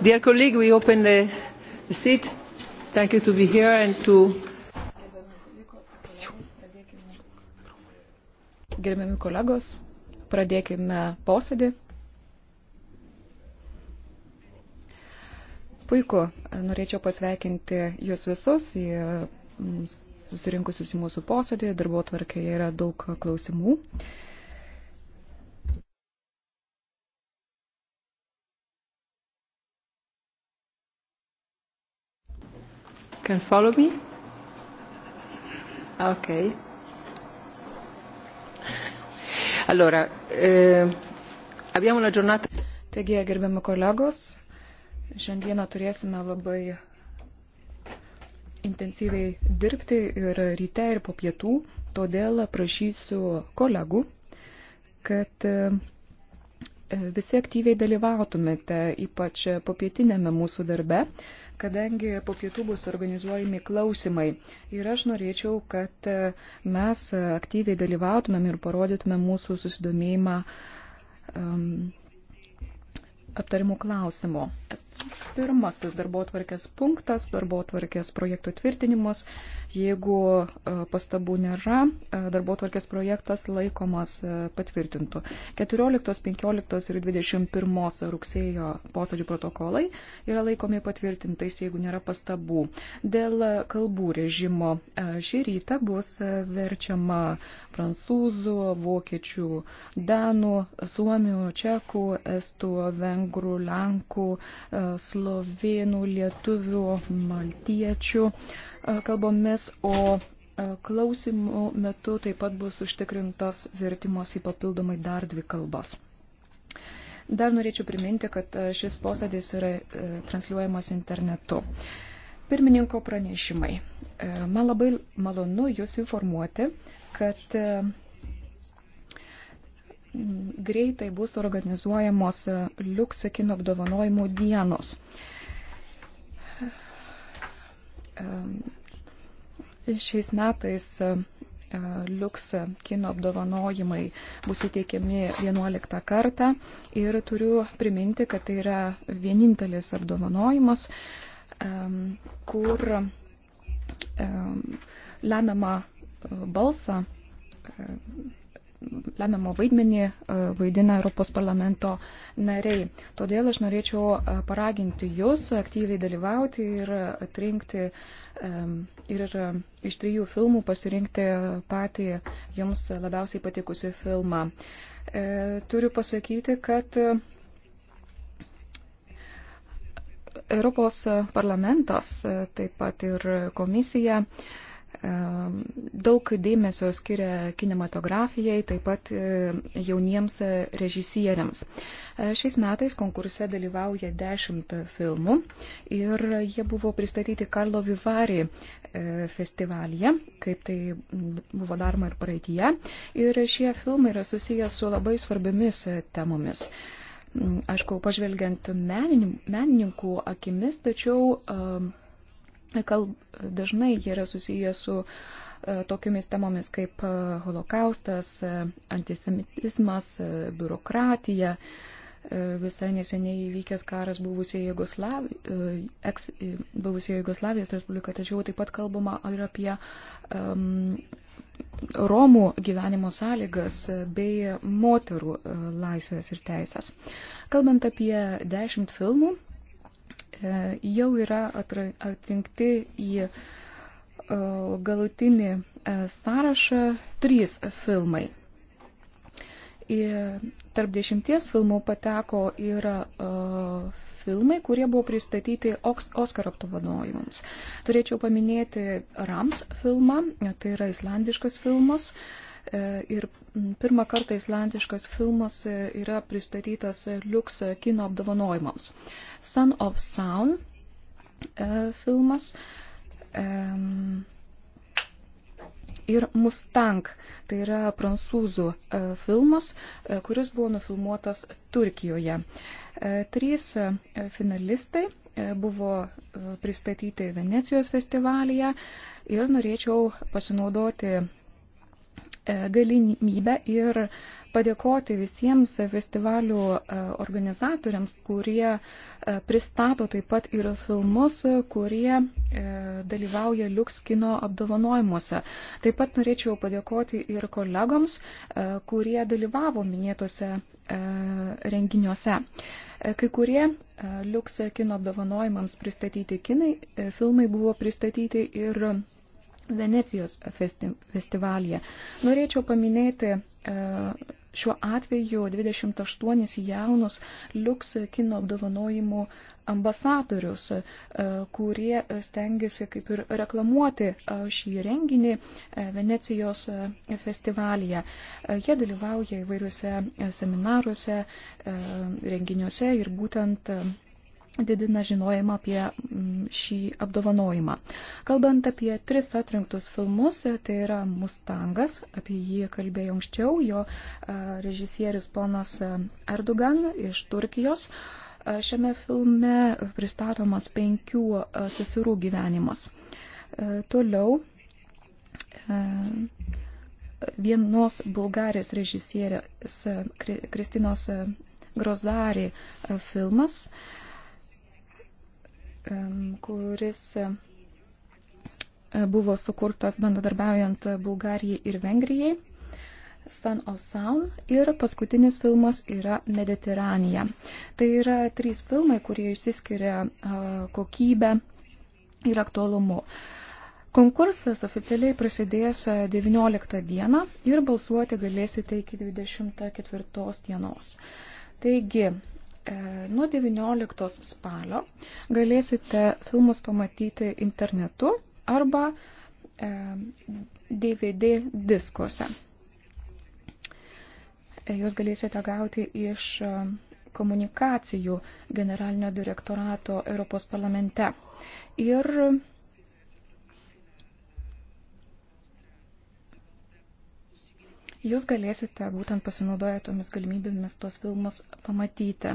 Dear colleague, we open the, the seat. Thank you to be here and to. Gerbiami kolegos, pradėkime posėdį. Puiku, norėčiau pasveikinti jūs visus į susirinkusius į mūsų posėdį. Darbo tvarkėje yra daug klausimų. Uh, Can follow me? Ok. Allora, eh, abbiamo una giornata. Taigi, gerbiami kolegos, šiandieną turėsime labai intensyviai dirbti ir ryte, ir po pietų, todėl prašysiu kolegų, kad visi aktyviai dalyvautumėte, ypač popietinėme mūsų darbe, kadangi po pietų bus organizuojami klausimai. Ir aš norėčiau, kad mes aktyviai dalyvautumėm ir parodytumėm mūsų susidomėjimą um, aptarimų klausimų. Pirmasis darbo atvarkės punktas, darbo atvarkės projektų tvirtinimas. Jeigu e, pastabų nėra, e, darbo atvarkės projektas laikomas e, patvirtintų. 14, 15 ir 21 rugsėjo posėdžių protokolai yra laikomi patvirtintais, jeigu nėra pastabų. Dėl kalbų režimo šį rytą bus verčiama prancūzų, vokiečių, danų, suomių, čekų, estų, vengrų, lenkų, slovenų, lietuvių, maltiečių e, kalbomis, o e, klausimų metu taip pat bus užtikrintas vertimas į papildomai dar dvi kalbas. Dar norėčiau priminti, kad e, šis posėdis yra transliuojamas internetu. Pirmininko pranešimai. Man labai malonu Jūs informuoti, kad greitai bus organizuojamos liuks kino apdovanojimų dienos. Ehm, šiais metais ehm, liuks kino apdovanojimai bus įteikiami 11 kartą ir turiu priminti, kad tai yra vienintelis apdovanojimas, ehm, kur lemiamą balsą lemiamą vaidmenį e, vaidina Europos parlamento nariai. Todėl aš norėčiau e, paraginti jūs aktyviai dalyvauti ir atrinkti e, ir iš trijų filmų pasirinkti patį jums labiausiai patikusi filmą. Turiu pasakyti, kad Europos parlamentas, taip pat ir komisija, daug dėmesio skiria kinematografijai, taip pat e, jauniems e, režisieriams. E, šiais metais konkurse dalyvauja dešimt filmų ir jie buvo pristatyti Karlo Vivari festivalyje, kaip tai buvo daroma ir praeitie. Ir šie filmai yra susijęs su labai svarbiamis temomis aišku, pažvelgiant menininkų akimis, tačiau um, kalb, dažnai jie yra susiję su e, tokiomis temomis kaip e, holokaustas, e, antisemitizmas, biurokratija. Visai neseniai įvykęs karas buvusioje Jugoslavijos Respublika, tačiau taip pat kalbama ir apie um, Romų gyvenimo sąlygas bei moterų laisvės ir teisės. Kalbant apie dešimt filmų, E, jau yra atrinkti į e, galutinį e, sąrašą trys filmai. Ir tarp dešimties filmų pateko ir uh, filmai, kurie buvo pristatyti Oscar apdovanojimams. Turėčiau paminėti Rams filmą, tai yra islandiškas filmas. Uh, E, ir pirmą kartą islandiškas filmas e, yra pristatytas e, Liux kino apdovanojimams. Son of Sound filmas ir Mustang. Tai yra prancūzų filmas, kuris buvo nufilmuotas Turkijoje. Trys finalistai buvo pristatyti Venecijos festivalyje ir norėčiau pasinaudoti E, galimybę ir padėkoti visiems festivalių e, organizatoriams, kurie e, pristato taip pat ir filmus, kurie dalyvauja Liuks kino apdovanojimuose. Taip pat norėčiau padėkoti ir kolegoms, kurie dalyvavo minėtose renginiuose. Kai kurie Liuks kino apdovanojimams pristatyti kinai, filmai buvo pristatyti ir Venecijos festi festivalyje. Norėčiau paminėti e, šiuo atveju 28 jaunus liuks kino apdovanojimų ambasadorius, e, kurie stengiasi kaip ir reklamuoti e, šį renginį Venecijos festivalyje. Jie dalyvauja įvairiuose seminaruose, renginiuose ir būtent didina žinojimą apie mm, šį apdovanojimą. Kalbant apie tris atrinktus filmus, tai yra Mustangas, apie jį kalbėjau anksčiau, jo režisierius ponas Erdogan iš Turkijos. Šiame filme pristatomas penkių sesirų gyvenimas. Toliau vienos bulgarės režisierės Kristinos Grozari filmas kuris buvo sukurtas bendradarbiaujant Bulgarijai ir Vengrijai. Sun of Sound ir paskutinis filmas yra Mediteranija. Tai yra trys filmai, kurie išsiskiria kokybę ir aktualumu. Konkursas oficialiai prasidės 19 dieną ir balsuoti galėsite iki 24 dienos. Taigi, E, nuo 19 spalio galėsite filmus pamatyti internetu arba DVD e, diskuose. E, Jūs galėsite gauti iš komunikacijų generalinio direktorato Europos parlamente. Ir jūs galėsite būtent pasinaudoję tomis galimybėmis tuos filmus pamatyti.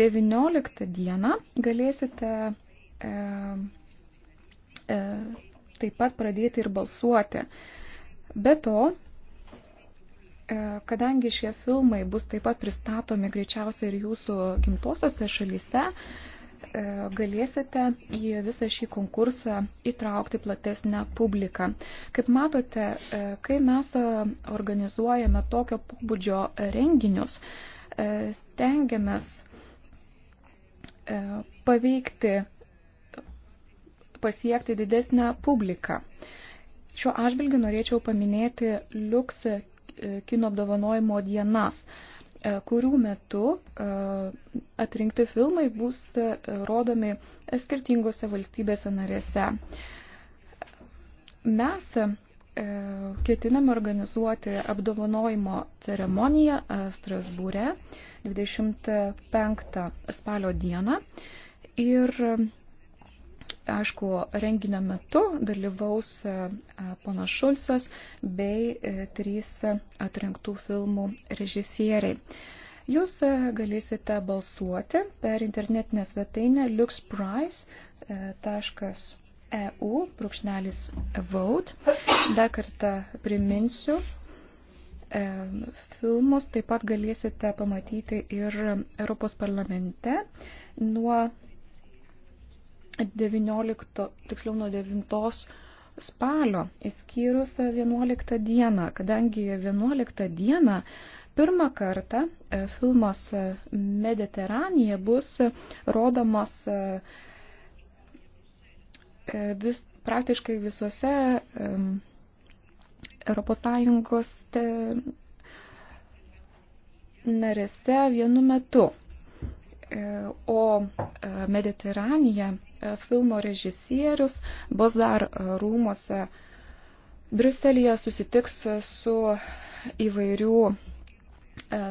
19 dieną galėsite e, e, taip pat pradėti ir balsuoti. Be to, e, kadangi šie filmai bus taip pat pristatomi greičiausiai ir jūsų gimtosiose šalyse, E, galėsite į visą šį konkursą įtraukti platesnę publiką. Kaip matote, e, kai mes e, organizuojame tokio pobūdžio renginius, stengiamės paveikti, pasiekti didesnę publiką. Šiuo atžvilgiu norėčiau paminėti Liuks kino apdovanojimo dienas. E, kurių metu e, atrinkti filmai bus e, rodomi skirtingose valstybėse narėse. Mes ketiname organizuoti apdovanojimo ceremoniją Strasbūre 25 spalio dieną ir Aišku, renginio metu dalyvaus e, e, ponas Šulcas bei e, trys atrinktų filmų režisieriai. Jūs galėsite balsuoti per internetinę svetainę luxprice.eu brūkšnelis vote. Dar kartą priminsiu, filmus taip pat galėsite pamatyti ir Europos parlamente nuo 19, tiksliau nuo 9 spalio, įskyrus 11 dieną, kadangi 11 dieną pirmą kartą e, filmas e, Mediteranija bus e, rodomas vis, praktiškai visuose ES narėse vienu metu. E, o e, Mediteranija e, filmo režisierius Bozar rūmose Briuselėje susitiks su įvairių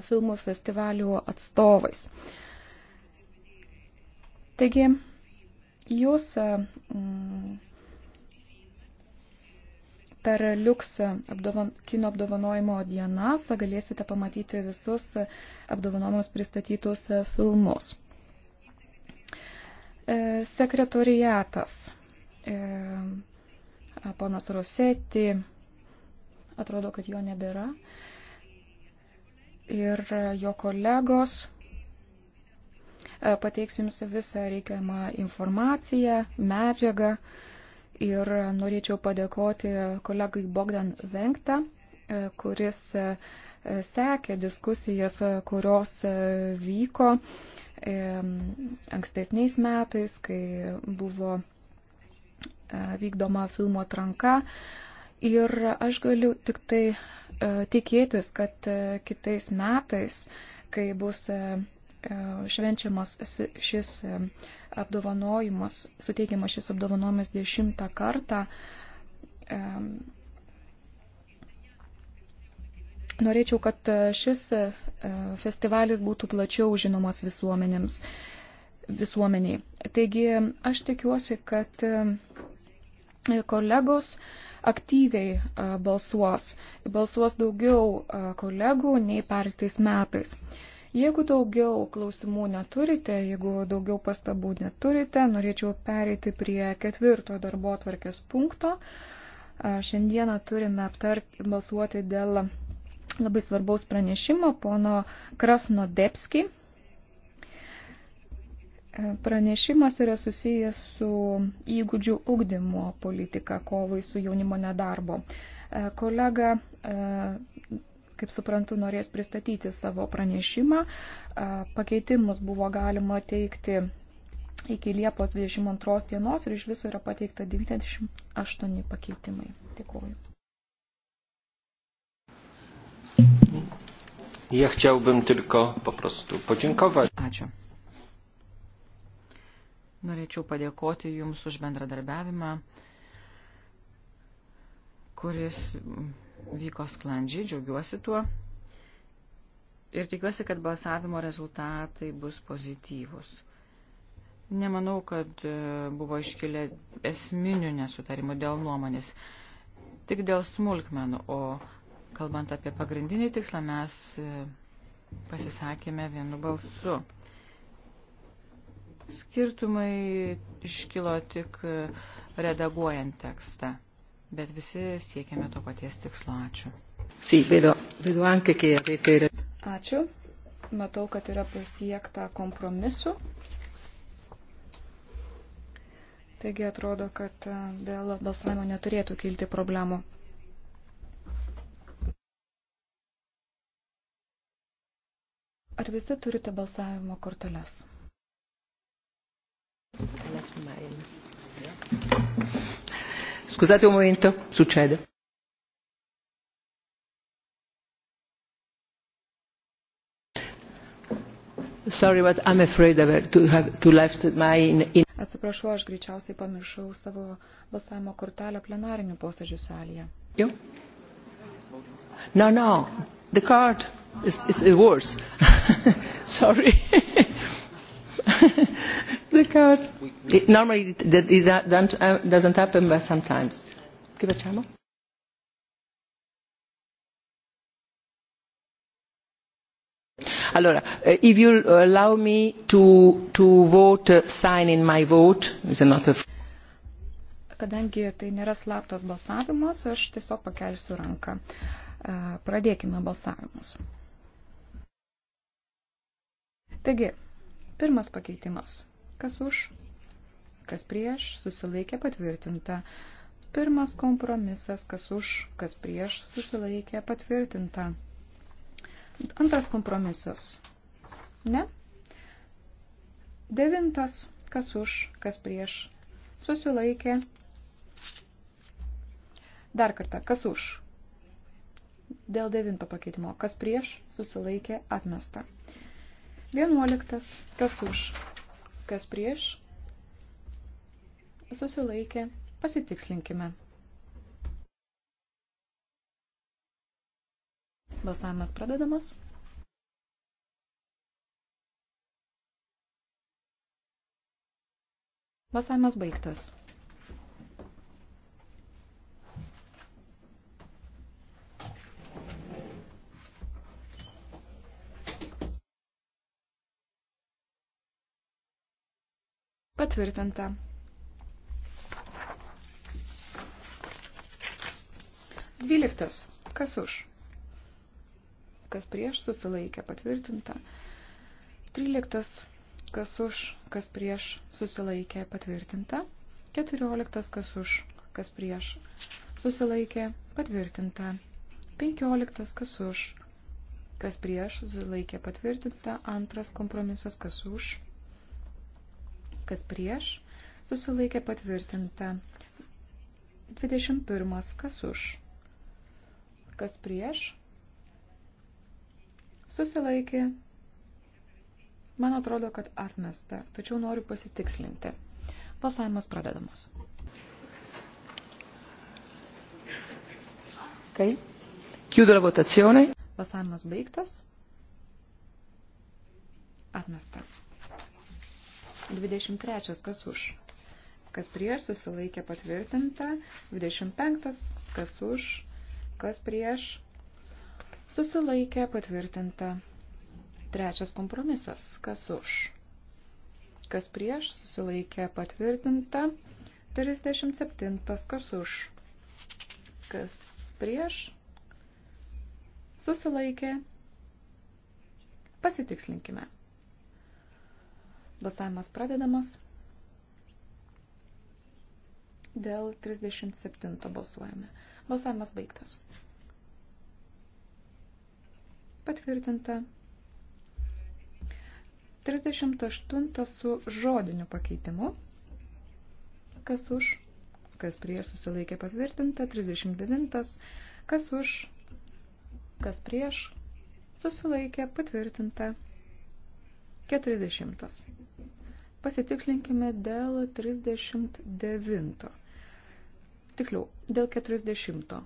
filmų festivalių atstovais. Taigi, jūs per Liuks apdovan, kino apdovanojimo dienas galėsite pamatyti visus apdovanojimus pristatytus filmus. E, sekretoriatas. E, ponas Rosetti. Atrodo, kad jo nebėra. Ir jo kolegos e, pateiks jums visą reikiamą informaciją, medžiagą. Ir norėčiau padėkoti kolegai Bogdan Vengta, e, kuris e, sekė diskusijas, e, kurios vyko ankstesniais metais, kai buvo vykdoma filmo tranka. Ir aš galiu tik tai tikėtis, kad kitais metais, kai bus E, švenčiamas šis e, apdovanojimas, suteikiamas šis apdovanojimas dešimtą kartą, e, norėčiau, kad šis festivalis būtų plačiau žinomas visuomenėms, visuomeniai. Taigi aš tikiuosi, kad kolegos aktyviai balsuos, balsuos daugiau kolegų nei pertais metais. Jeigu daugiau klausimų neturite, jeigu daugiau pastabų neturite, norėčiau pereiti prie ketvirto darbo atvarkės punkto. Šiandieną turime aptarti, balsuoti dėl labai svarbaus pranešimo pono Krasnodepski. Pranešimas yra susijęs su įgūdžių ugdymo politika kovai su jaunimo nedarbo. Kolega kaip suprantu, norės pristatyti savo pranešimą. Pakeitimus buvo galima teikti iki Liepos 22 dienos ir iš viso yra pateikta 98 pakeitimai. Dėkuoju. Ja chciałbym tylko po prostu podziękować. Ačiū. Norėčiau padėkoti Jums už bendradarbiavimą, kuris vyko sklandžiai, džiaugiuosi tuo. Ir tikiuosi, kad balsavimo rezultatai bus pozityvus. Nemanau, kad e, buvo iškilę esminių nesutarimų dėl nuomonės, tik dėl smulkmenų, o kalbant apie pagrindinį tikslą, mes e, pasisakėme vienu balsu. Skirtumai iškilo tik e, redaguojant tekstą bet visi siekiame to paties tikslo. Ačiū. Ačiū. Matau, kad yra pasiekta kompromisu. Taigi atrodo, kad e, dėl balsavimo neturėtų kilti problemų. Ar visi turite balsavimo korteles? Left mine. Yeah. Scusate un momento, succede. Sorry, but I'm afraid uh, to have to left my in, in. Atsiprašau, aš greičiausiai pamiršau savo balsavimo kortelę plenarinių posėdžių salėje. You? No, no, the card is, is worse. Sorry. the card. It, normally it, it, it don't, uh, doesn't happen, but sometimes. Che facciamo? Allora, uh, if you allow me to, to vote, uh, sign in my vote, is not a... Kadangi tai nėra slaptas balsavimas, aš tiesiog pakelsiu ranką. Uh, pradėkime balsavimus. Taigi, Pirmas pakeitimas. Kas už, kas prieš, susilaikė patvirtinta. Pirmas kompromisas, kas už, kas prieš, susilaikė patvirtinta. Antras kompromisas. Ne? Devintas, kas už, kas prieš, susilaikė. Dar kartą, kas už. Dėl devinto pakeitimo, kas prieš, susilaikė atmesta. Vienuoliktas. Kas už? Kas prieš? Susilaikė. Pasitikslinkime. Balsavimas pradedamas. Balsavimas baigtas. Patvirtinta. Dvyliktas. Kas už? Kas prieš susilaikė? Patvirtinta. Tryliktas. Kas už? Kas prieš susilaikė? Patvirtinta. Keturioliktas. Kas už? Kas prieš susilaikė? Patvirtinta. Penkioliktas. Kas už? Kas prieš susilaikė? Patvirtinta. Antras kompromisas. Kas už? kas prieš, susilaikė patvirtinta. 21. Kas už, kas prieš, susilaikė, man atrodo, kad atmesta, tačiau noriu pasitikslinti. Balsavimas pradedamas. Okay. Chiudo la votazione. Balsavimas baigtas. Atmestas. 23. Kas už? Kas prieš susilaikė patvirtinta. 25. Kas už? Kas prieš susilaikė patvirtinta. Trečias kompromisas. Kas už? Kas prieš susilaikė patvirtinta. 37. Kas už? Kas prieš susilaikė. Pasitikslinkime. Balsavimas pradedamas. Dėl 37 balsuojame. Balsavimas baigtas. Patvirtinta. 38 su žodiniu pakeitimu. Kas už? Kas prieš susilaikė patvirtinta. 39. Kas už? Kas prieš? Susilaikė patvirtinta. 40. Pasitikslinkime dėl 39. Tiksliau, dėl 40.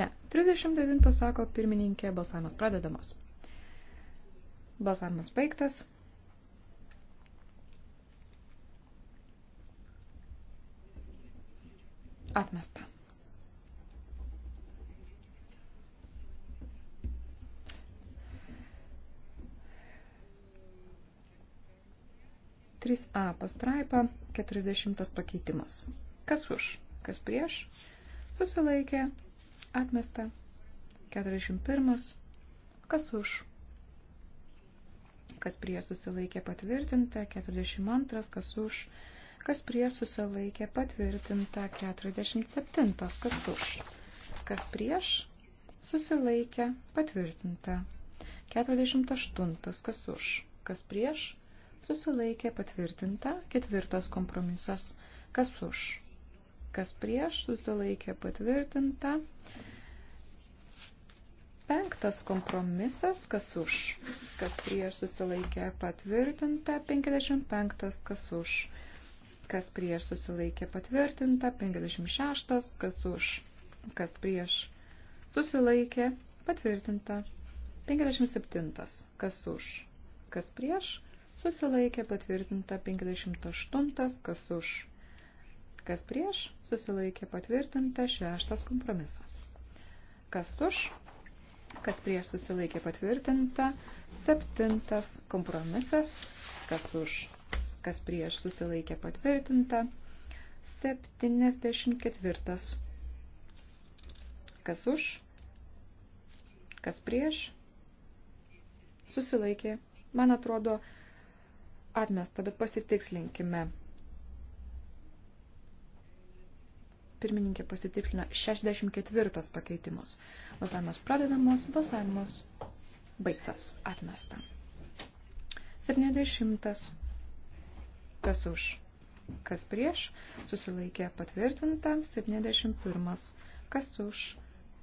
Ne, 39 sako pirmininkė, balsavimas pradedamas. Balsavimas baigtas. Atmesta. 3a pastraipa 40 pakeitimas. Kas už, kas prieš, susilaikė, atmesta 41, kas už, kas prieš susilaikė patvirtinta 42, kas už, kas prieš susilaikė patvirtinta 47, kas už, kas prieš susilaikė patvirtinta 48, kas už, kas prieš susilaikė patvirtinta, ketvirtas kompromisas, kas už, kas prieš, susilaikė patvirtinta, penktas kompromisas, kas už, kas prieš, susilaikė patvirtinta, 55, kas už, kas prieš, susilaikė patvirtinta, 56, kas už, kas prieš, susilaikė patvirtinta. 57. Kas už, kas prieš, susilaikė patvirtinta 58, kas už, kas prieš, susilaikė patvirtinta 6 kompromisas. Kas už, kas prieš susilaikė patvirtinta 7 kompromisas, kas už, kas prieš susilaikė patvirtinta 74. Kas už, kas prieš susilaikė, man atrodo, atmesta, bet pasitikslinkime. Pirmininkė pasitikslina 64 pakeitimas. Balsavimas pradedamas, balsavimas baigtas, atmesta. 70. Kas už? Kas prieš? Susilaikė patvirtinta. 71. Kas už?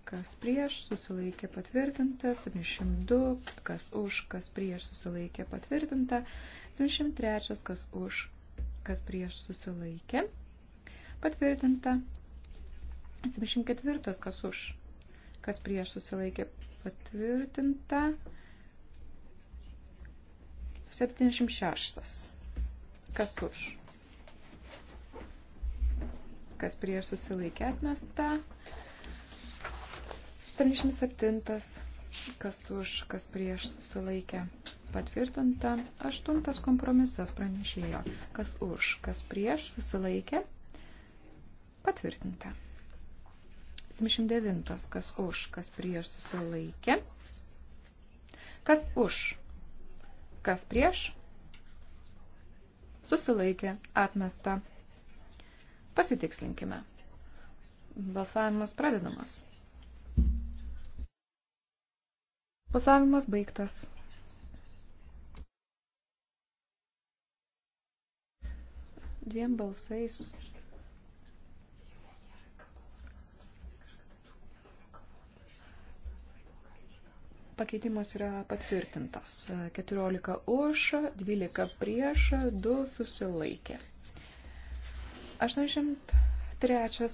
kas prieš, susilaikė patvirtinta, 72, kas už, kas prieš, susilaikė patvirtinta, 73, kas už, kas prieš, susilaikė patvirtinta, 74, kas už, kas prieš, susilaikė patvirtinta, 76, kas už kas prieš susilaikė atmesta, 77. Kas už, kas prieš susilaikė patvirtinta. 8. Kompromisas pranešėjo. Kas už, kas prieš susilaikė patvirtinta. 79. Kas už, kas prieš susilaikė. Kas už, kas prieš susilaikė atmesta. Pasitikslinkime. Balsavimas pradedamas. Balsavimas baigtas. Dviem balsais. Pakeitimas yra patvirtintas. 14 už, 12 prieš, 2 susilaikė. 83.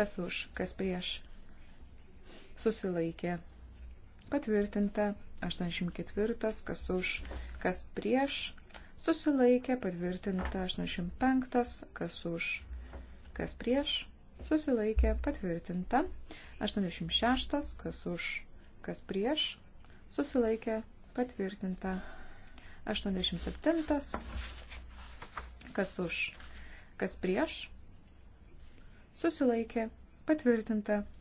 Kas už, kas prieš susilaikė patvirtinta 84, kas už, kas prieš, susilaikė, patvirtinta 85, kas už, kas prieš, susilaikė, patvirtinta 86, kas už, kas prieš, susilaikė, patvirtinta 87, kas už, kas prieš, susilaikė, patvirtinta 88.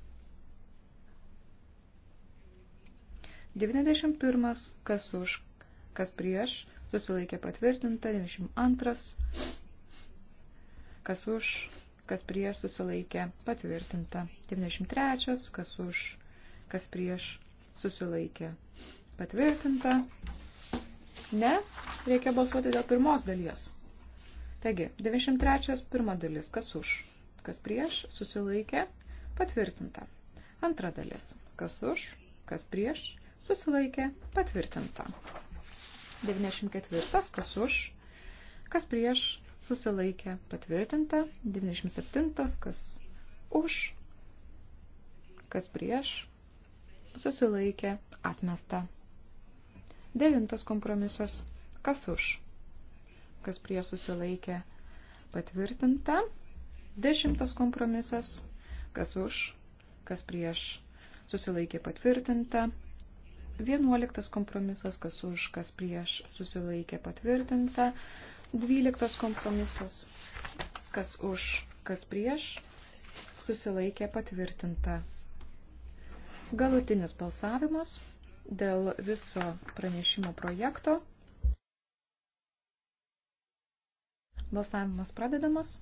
91. Kas už, kas prieš, susilaikė patvirtinta. 92. Kas už, kas prieš, susilaikė patvirtinta. 93. Kas už, kas prieš, susilaikė patvirtinta. Ne, reikia balsuoti dėl pirmos dalies. Taigi, 93. pirma dalis. Kas už, kas prieš, susilaikė patvirtinta. Antra dalis. Kas už, kas prieš, susilaikė patvirtinta. 94. Kas už, kas prieš, susilaikė patvirtinta. 97. Kas už, kas prieš, susilaikė atmesta. 9. Kompromisas. Kas už, kas prieš susilaikė patvirtinta. 10. Kompromisas. Kas už, kas prieš susilaikė patvirtinta. 11 kompromisas, kas už, kas prieš susilaikė patvirtinta. 12 kompromisas, kas už, kas prieš susilaikė patvirtinta. Galutinis balsavimas dėl viso pranešimo projekto. Balsavimas pradedamas.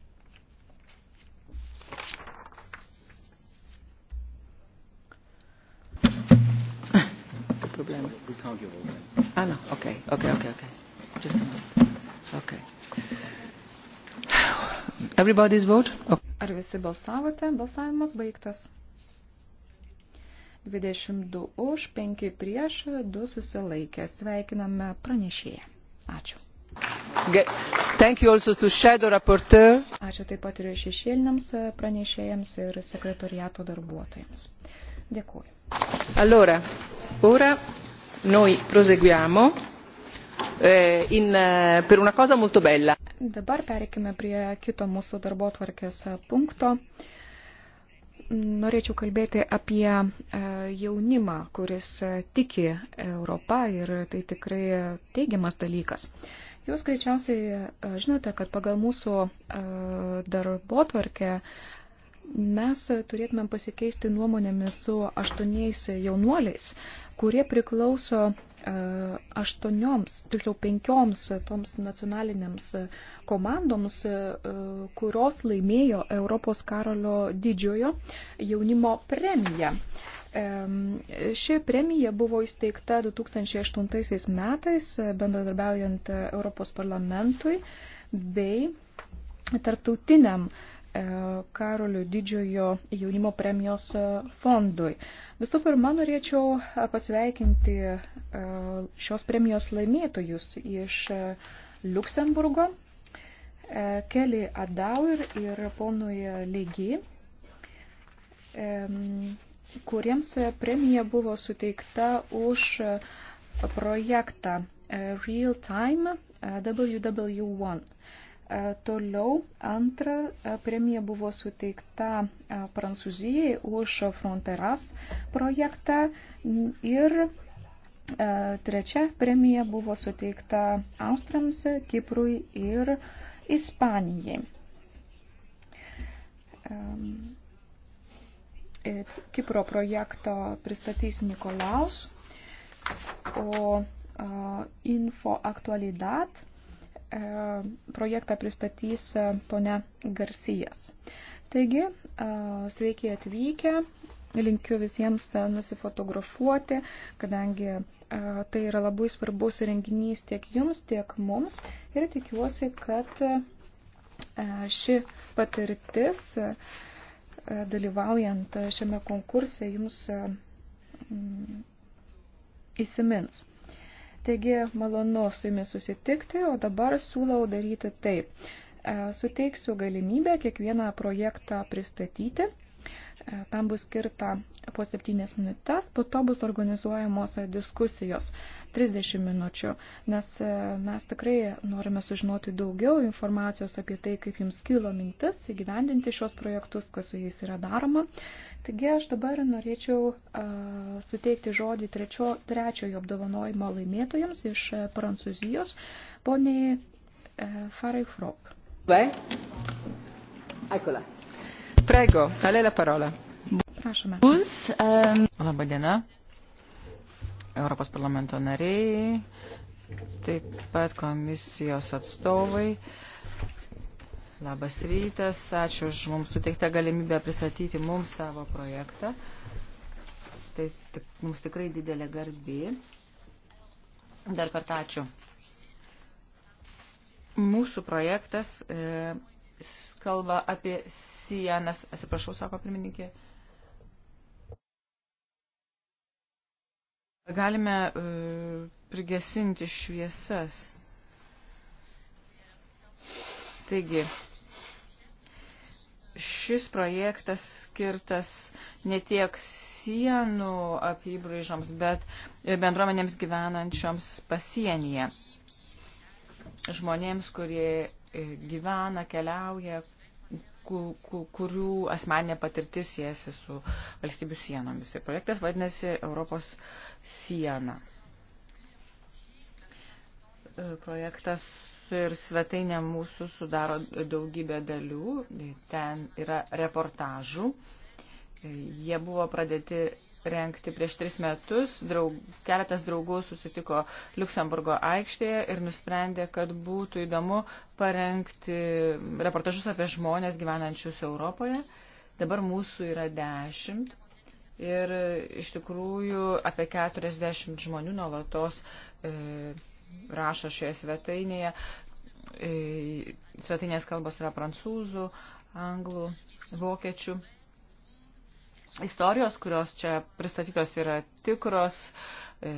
problema. We can't give all that. Ah, no. Okay. Okay. Okay. Okay. Just a minute. Okay. Everybody's vote? Okay. Ar visi balsavote? Balsavimas baigtas. 22 už, 5 prieš, 2 susilaikė. Sveikiname pranešėją. Ačiū. Thank you also to shadow rapporteur. Ačiū taip pat ir šešėliniams pranešėjams ir sekretoriato darbuotojams. Dėkuoju. Allora, ora noi proseguiamo eh, in, eh, per una cosa molto bella. Dabar pereikime prie kito mūsų darbo tvarkės eh, punkto. Norėčiau kalbėti apie eh, jaunimą, kuris eh, tiki Europą ir tai tikrai teigiamas dalykas. Jūs greičiausiai žinote, kad pagal mūsų darbo tvarkę mes turėtumėm pasikeisti nuomonėmis su aštuoniais jaunuoliais, kurie priklauso e, aštuonioms, tiksliau penkioms toms nacionalinėms komandoms, e, kurios laimėjo Europos karolio didžiojo jaunimo premiją. E, ši premija buvo įsteigta 2008 metais, bendradarbiaujant Europos parlamentui bei tarptautiniam uh, E, Karolio didžiojo jaunimo premijos e, fondui. Visų pirma, norėčiau e, pasveikinti šios premijos laimėtojus iš Luksemburgo, Kelly Adauer ir ponui Lygi, kuriems premija buvo suteikta už projektą Real Time WW1 E, toliau antra e, premija buvo suteikta e, Prancūzijai už Fronteras projektą ir trečia premija buvo suteikta Austrams, Kiprui ir Ispanijai. Kipro projektą pristatys Nikolaus, o info aktualidat E, projektą pristatys e, ponia Garcijas. Taigi, e, sveiki atvykę, linkiu visiems nusifotografuoti, kadangi tai yra labai svarbus renginys tiek jums, tiek mums ir tikiuosi, kad ši patirtis dalyvaujant šiame konkurse jums mm, įsimins. Taigi malonu su jumis susitikti, o dabar siūlau daryti taip. E, suteiksiu galimybę kiekvieną projektą pristatyti E, tam bus skirta po 7 minutės, po to bus organizuojamos e, diskusijos 30 minučių, nes e, mes tikrai norime sužinoti daugiau informacijos apie tai, kaip jums kilo mintis įgyvendinti šios projektus, kas su jais yra daroma. Taigi aš dabar norėčiau a, suteikti žodį trečio, trečiojo apdovanojimo laimėtojams iš Prancūzijos, poniai Farai Frop. Beh, eccola. Prego, alė la parola. Prašome. Bus, um... Labą dieną, Europos parlamento nariai, taip pat komisijos atstovai. Labas rytas, ačiū už mums suteiktą galimybę pristatyti mums savo projektą. Tai tik, mums tikrai didelė garbė. Dar kartą ačiū. Mūsų projektas e, kalba apie sienas. Atsiprašau, sako pirmininkė. Galime uh, prigesinti šviesas. Taigi, šis projektas skirtas ne tiek sienų apibraižoms, bet bendruomenėms gyvenančioms pasienyje. Žmonėms, kurie E, gyvena, keliauja, kurių asmeninė patirtis siejasi su valstybių sienomis. Ir projektas vadinasi Europos siena. E, projektas ir svetainė mūsų sudaro daugybę dalių, ten yra reportažų Jie buvo pradėti renkti prieš tris metus, draug, keletas draugų susitiko Luxemburgo aikštėje ir nusprendė, kad būtų įdomu parengti reportažus apie žmonės gyvenančius Europoje. Dabar mūsų yra dešimt ir iš tikrųjų apie 40 žmonių nuolatos e, rašo šioje svetainėje. E, svetainės kalbos yra prancūzų, anglų, vokiečių istorijos, kurios čia pristatytos yra tikros, e,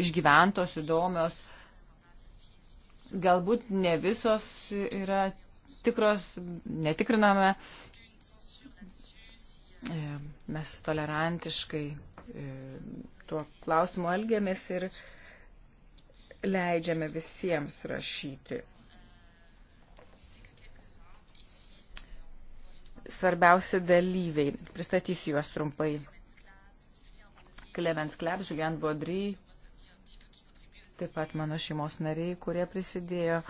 išgyventos, įdomios. Galbūt ne visos yra tikros, netikriname. E, mes tolerantiškai e, tuo klausimu elgiamės ir leidžiame visiems rašyti. svarbiausi dalyviai. Pristatysiu juos trumpai. Klemens Klep, Žiulian Bodry, taip pat mano šeimos nariai, kurie prisidėjo.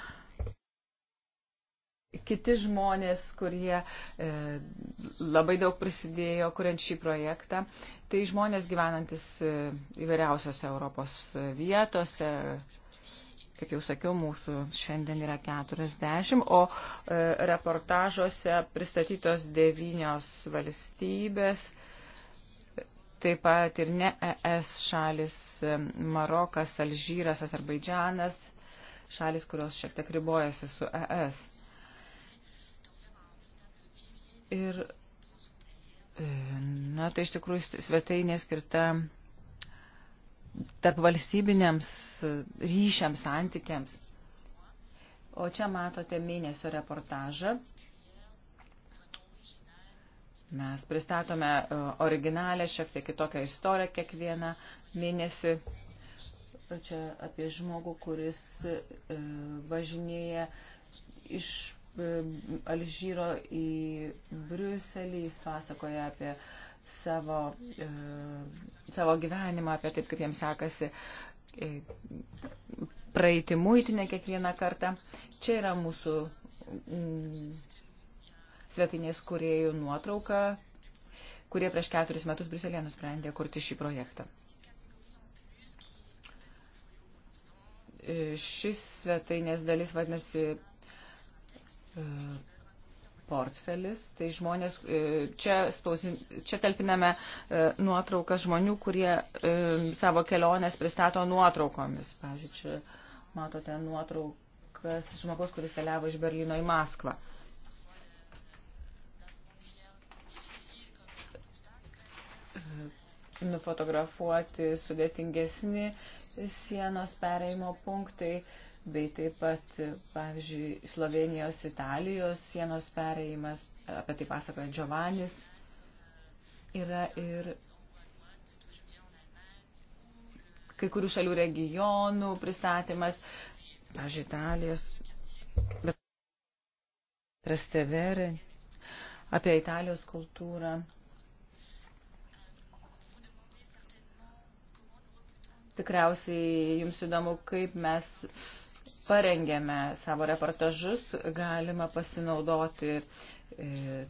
Kiti žmonės, kurie e, labai daug prisidėjo, kuriant šį projektą, tai žmonės gyvenantis e, įvairiausiose Europos vietose, e, Kaip jau sakiau, mūsų šiandien yra 40, o e, reportažuose pristatytos devynios valstybės, taip pat ir ne ES šalis e, Marokas, Alžyras, Azerbaidžianas, šalis, kurios šiek tiek ribojasi su ES. Ir, e, na, tai iš tikrųjų svetainė skirta tarp valstybiniams ryšiams, santykiams. O čia matote mėnesio reportažą. Mes pristatome e, originalę, šiek tiek kitokią istoriją kiekvieną mėnesį. Čia apie žmogų, kuris e, važinėja iš e, Alžyro į Briuselį, jis pasakoja apie uh, savo, e, savo gyvenimą, apie taip, kaip jiems sekasi e, praeiti muitinę kiekvieną kartą. Čia yra mūsų mm, svetinės kuriejų nuotrauka, kurie prieš keturis metus Briuselėje nusprendė kurti šį projektą. E, šis svetainės dalis vadinasi e, portfelis, tai žmonės, e, čia, spausin, čia talpiname e, nuotraukas žmonių, kurie e, savo keliones pristato nuotraukomis. Pavyzdžiui, čia matote nuotraukas žmogus, kuris keliavo iš Berlyno į Maskvą. Nufotografuoti sudėtingesni sienos pereimo punktai bei taip pat, pavyzdžiui, Slovenijos, Italijos sienos pereimas, apie tai pasakoja Giovannis, yra ir kai kurių šalių regionų pristatymas, pavyzdžiui, Italijos, bet Trastevere, apie Italijos kultūrą. Tikriausiai jums įdomu, kaip mes uh, parengėme savo reportažus, galima pasinaudoti e,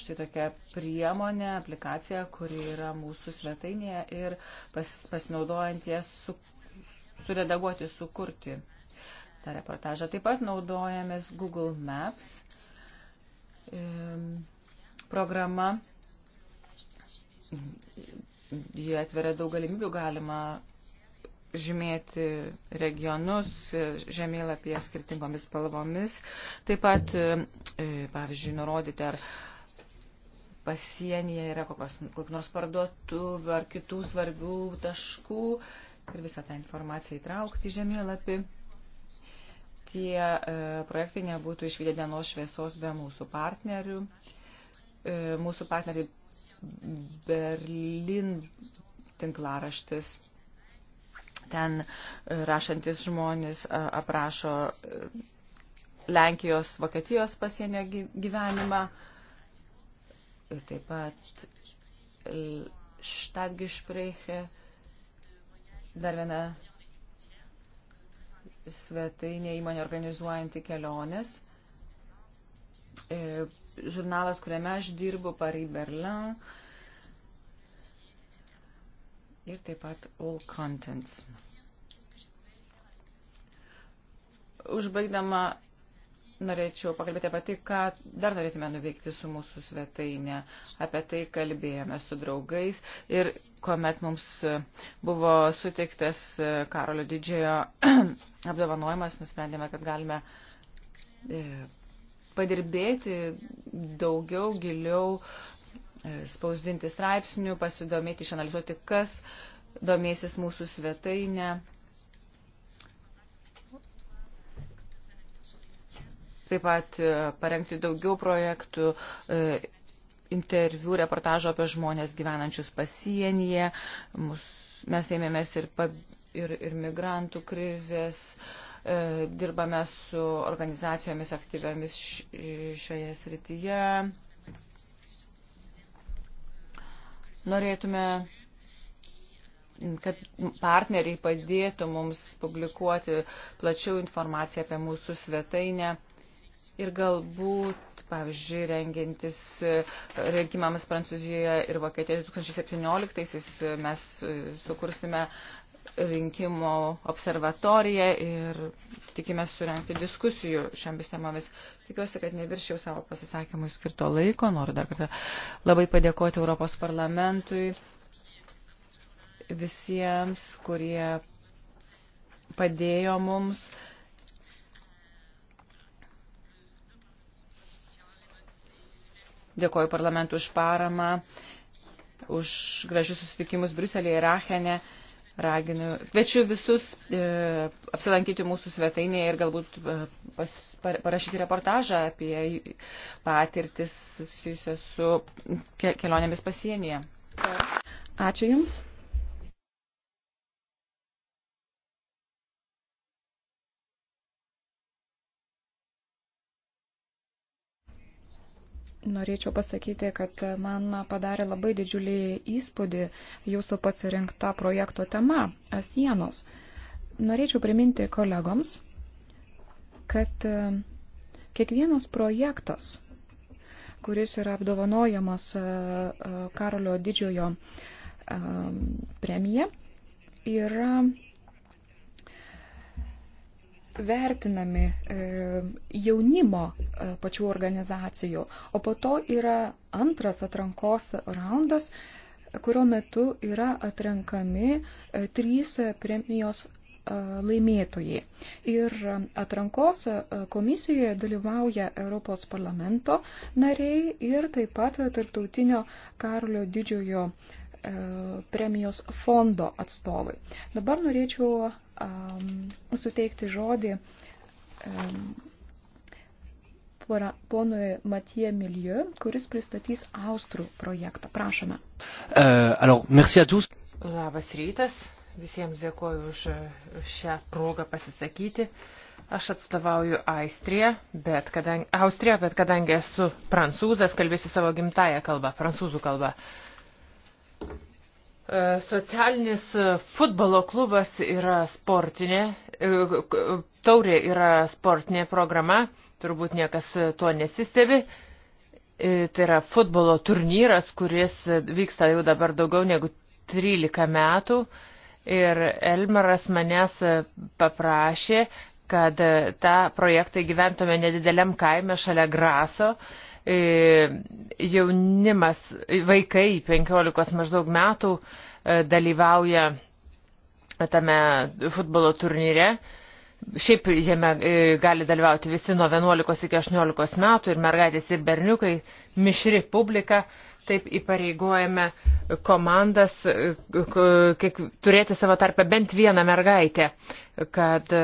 štai tokią priemonę, aplikaciją, kuri yra mūsų svetainėje ir pas, pasinaudojant ją su, suredaguoti, sukurti tą reportažą. Taip pat naudojamės Google Maps e, programa. Jie atveria daug galimybių, galima žymėti regionus žemėlapyje skirtingomis spalvomis. Taip pat, e, pavyzdžiui, nurodyti, ar pasienyje yra kokios, kokių nors parduotuvių ar kitų svarbių taškų ir visą tą informaciją įtraukti žemėlapį. Tie e, projektai nebūtų išvykę dienos šviesos be mūsų partnerių. E, mūsų partneriai Berlin tinklaraštis ten e, rašantis žmonės e, aprašo e, Lenkijos, Vokietijos pasienio gyvenimą. Ir taip pat Štadgišpreiche dar viena svetainė įmonė organizuojanti keliones. Žurnalas, kuriame aš dirbu, Paris Berlin, ir taip pat all contents. Užbaigdama norėčiau pakalbėti apie tai, ką dar norėtume nuveikti su mūsų svetainė. Apie tai kalbėjome su draugais ir kuomet mums buvo suteiktas Karolio didžiojo apdovanojimas, nusprendėme, kad galime e, padirbėti daugiau, giliau, spausdinti straipsnių, pasidomėti, išanalizuoti, kas domėsis mūsų svetainė. Taip pat e, parengti daugiau projektų, e, interviu, reportažo apie žmonės gyvenančius pasienyje. Mes ėmėmės ir, ir, ir migrantų krizės e, dirbame su organizacijomis aktyviomis šioje srityje. Norėtume, kad partneriai padėtų mums publikuoti plačiau informaciją apie mūsų svetainę ir galbūt, pavyzdžiui, rengintis rinkimams Prancūzijoje ir Vokietijoje 2017 mes sukursime rinkimo observatoriją ir tikime surenkti diskusijų šiomis temomis. Tikiuosi, kad neviršiau savo pasisakymui skirto laiko. Noriu dar kartą labai padėkoti Europos parlamentui visiems, kurie padėjo mums. Dėkoju parlamentui už paramą, už gražius susitikimus Briuselėje ir Achenė. Raginu, kviečiu visus e, apsilankyti mūsų svetainėje ir galbūt e, pas, parašyti reportažą apie patirtis susijusią su ke, kelionėmis pasienyje. Ačiū Jums. Norėčiau pasakyti, kad man padarė labai didžiulį įspūdį jūsų pasirinkta projekto tema - sienos. Norėčiau priminti kolegoms, kad e, kiekvienas projektas, kuris yra apdovanojamas e, e, Karolio didžiojo premija, yra vertinami e, jaunimo e, pačių organizacijų, o po to yra antras atrankos raundas, kurio metu yra atrenkami e, trys premijos laimėtojai. Ir atrankos komisijoje dalyvauja Europos parlamento nariai ir taip pat tarptautinio Karolio didžiojo premijos fondo atstovai. Dabar norėčiau um, suteikti žodį um, ponui Matie Milieu, kuris pristatys Austrų projektą. Prašome. Uh, alors, merci à tous. Labas rytas. Visiems dėkoju už šią progą pasisakyti. Aš atstovauju Austriją, bet kadangi, Austriją, bet kadangi esu prancūzas, kalbėsiu savo gimtają kalbą, prancūzų kalbą. E, socialinis futbolo klubas yra sportinė, e, taurė yra sportinė programa, turbūt niekas tuo nesistebi. E, tai yra futbolo turnyras, kuris vyksta jau dabar daugiau negu 13 metų. Ir Elmaras manęs paprašė, kad tą projektą gyventume nedideliam kaime šalia Graso E, jaunimas, vaikai 15 maždaug metų e, dalyvauja tame futbolo turnyre. Šiaip jame e, gali dalyvauti visi nuo 11 iki 18 metų ir mergaitės ir berniukai, mišri publika, taip įpareigojame komandas kiek, turėti savo tarpę bent vieną mergaitę, kad e,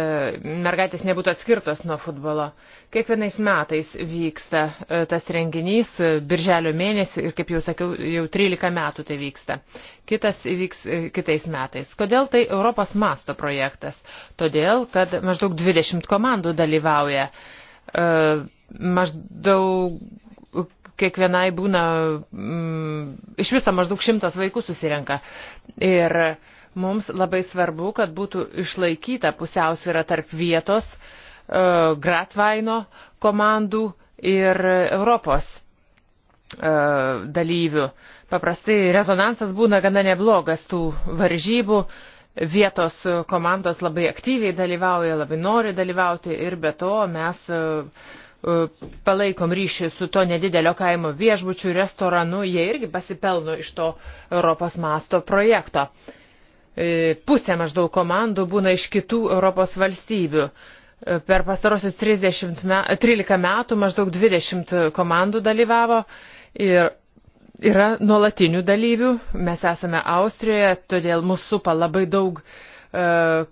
mergaitės nebūtų atskirtos nuo futbolo. Kiekvienais metais vyksta e, tas renginys, e, birželio mėnesį ir, kaip jau sakiau, jau 13 metų tai vyksta. Kitas įvyks kitais metais. Kodėl tai Europos masto projektas? Todėl, kad maždaug 20 komandų dalyvauja maždaug kiekvienai būna mm, iš viso maždaug šimtas vaikų susirenka. Ir mums labai svarbu, kad būtų išlaikyta pusiausvyrą tarp vietos, uh, Gratvaino komandų ir Europos uh, dalyvių. Paprastai rezonansas būna gana neblogas tų varžybų, vietos komandos labai aktyviai dalyvauja, labai nori dalyvauti ir be to mes uh, E, palaikom ryšį su to nedidelio kaimo viešbučių restoranu, jie irgi pasipelno iš to Europos masto projekto. E, pusė maždaug komandų būna iš kitų Europos valstybių. E, per pastarosius 30, me, 13 metų maždaug 20 komandų dalyvavo ir yra nuolatinių dalyvių. Mes esame Austrijoje, todėl mūsų supa labai daug uh, E,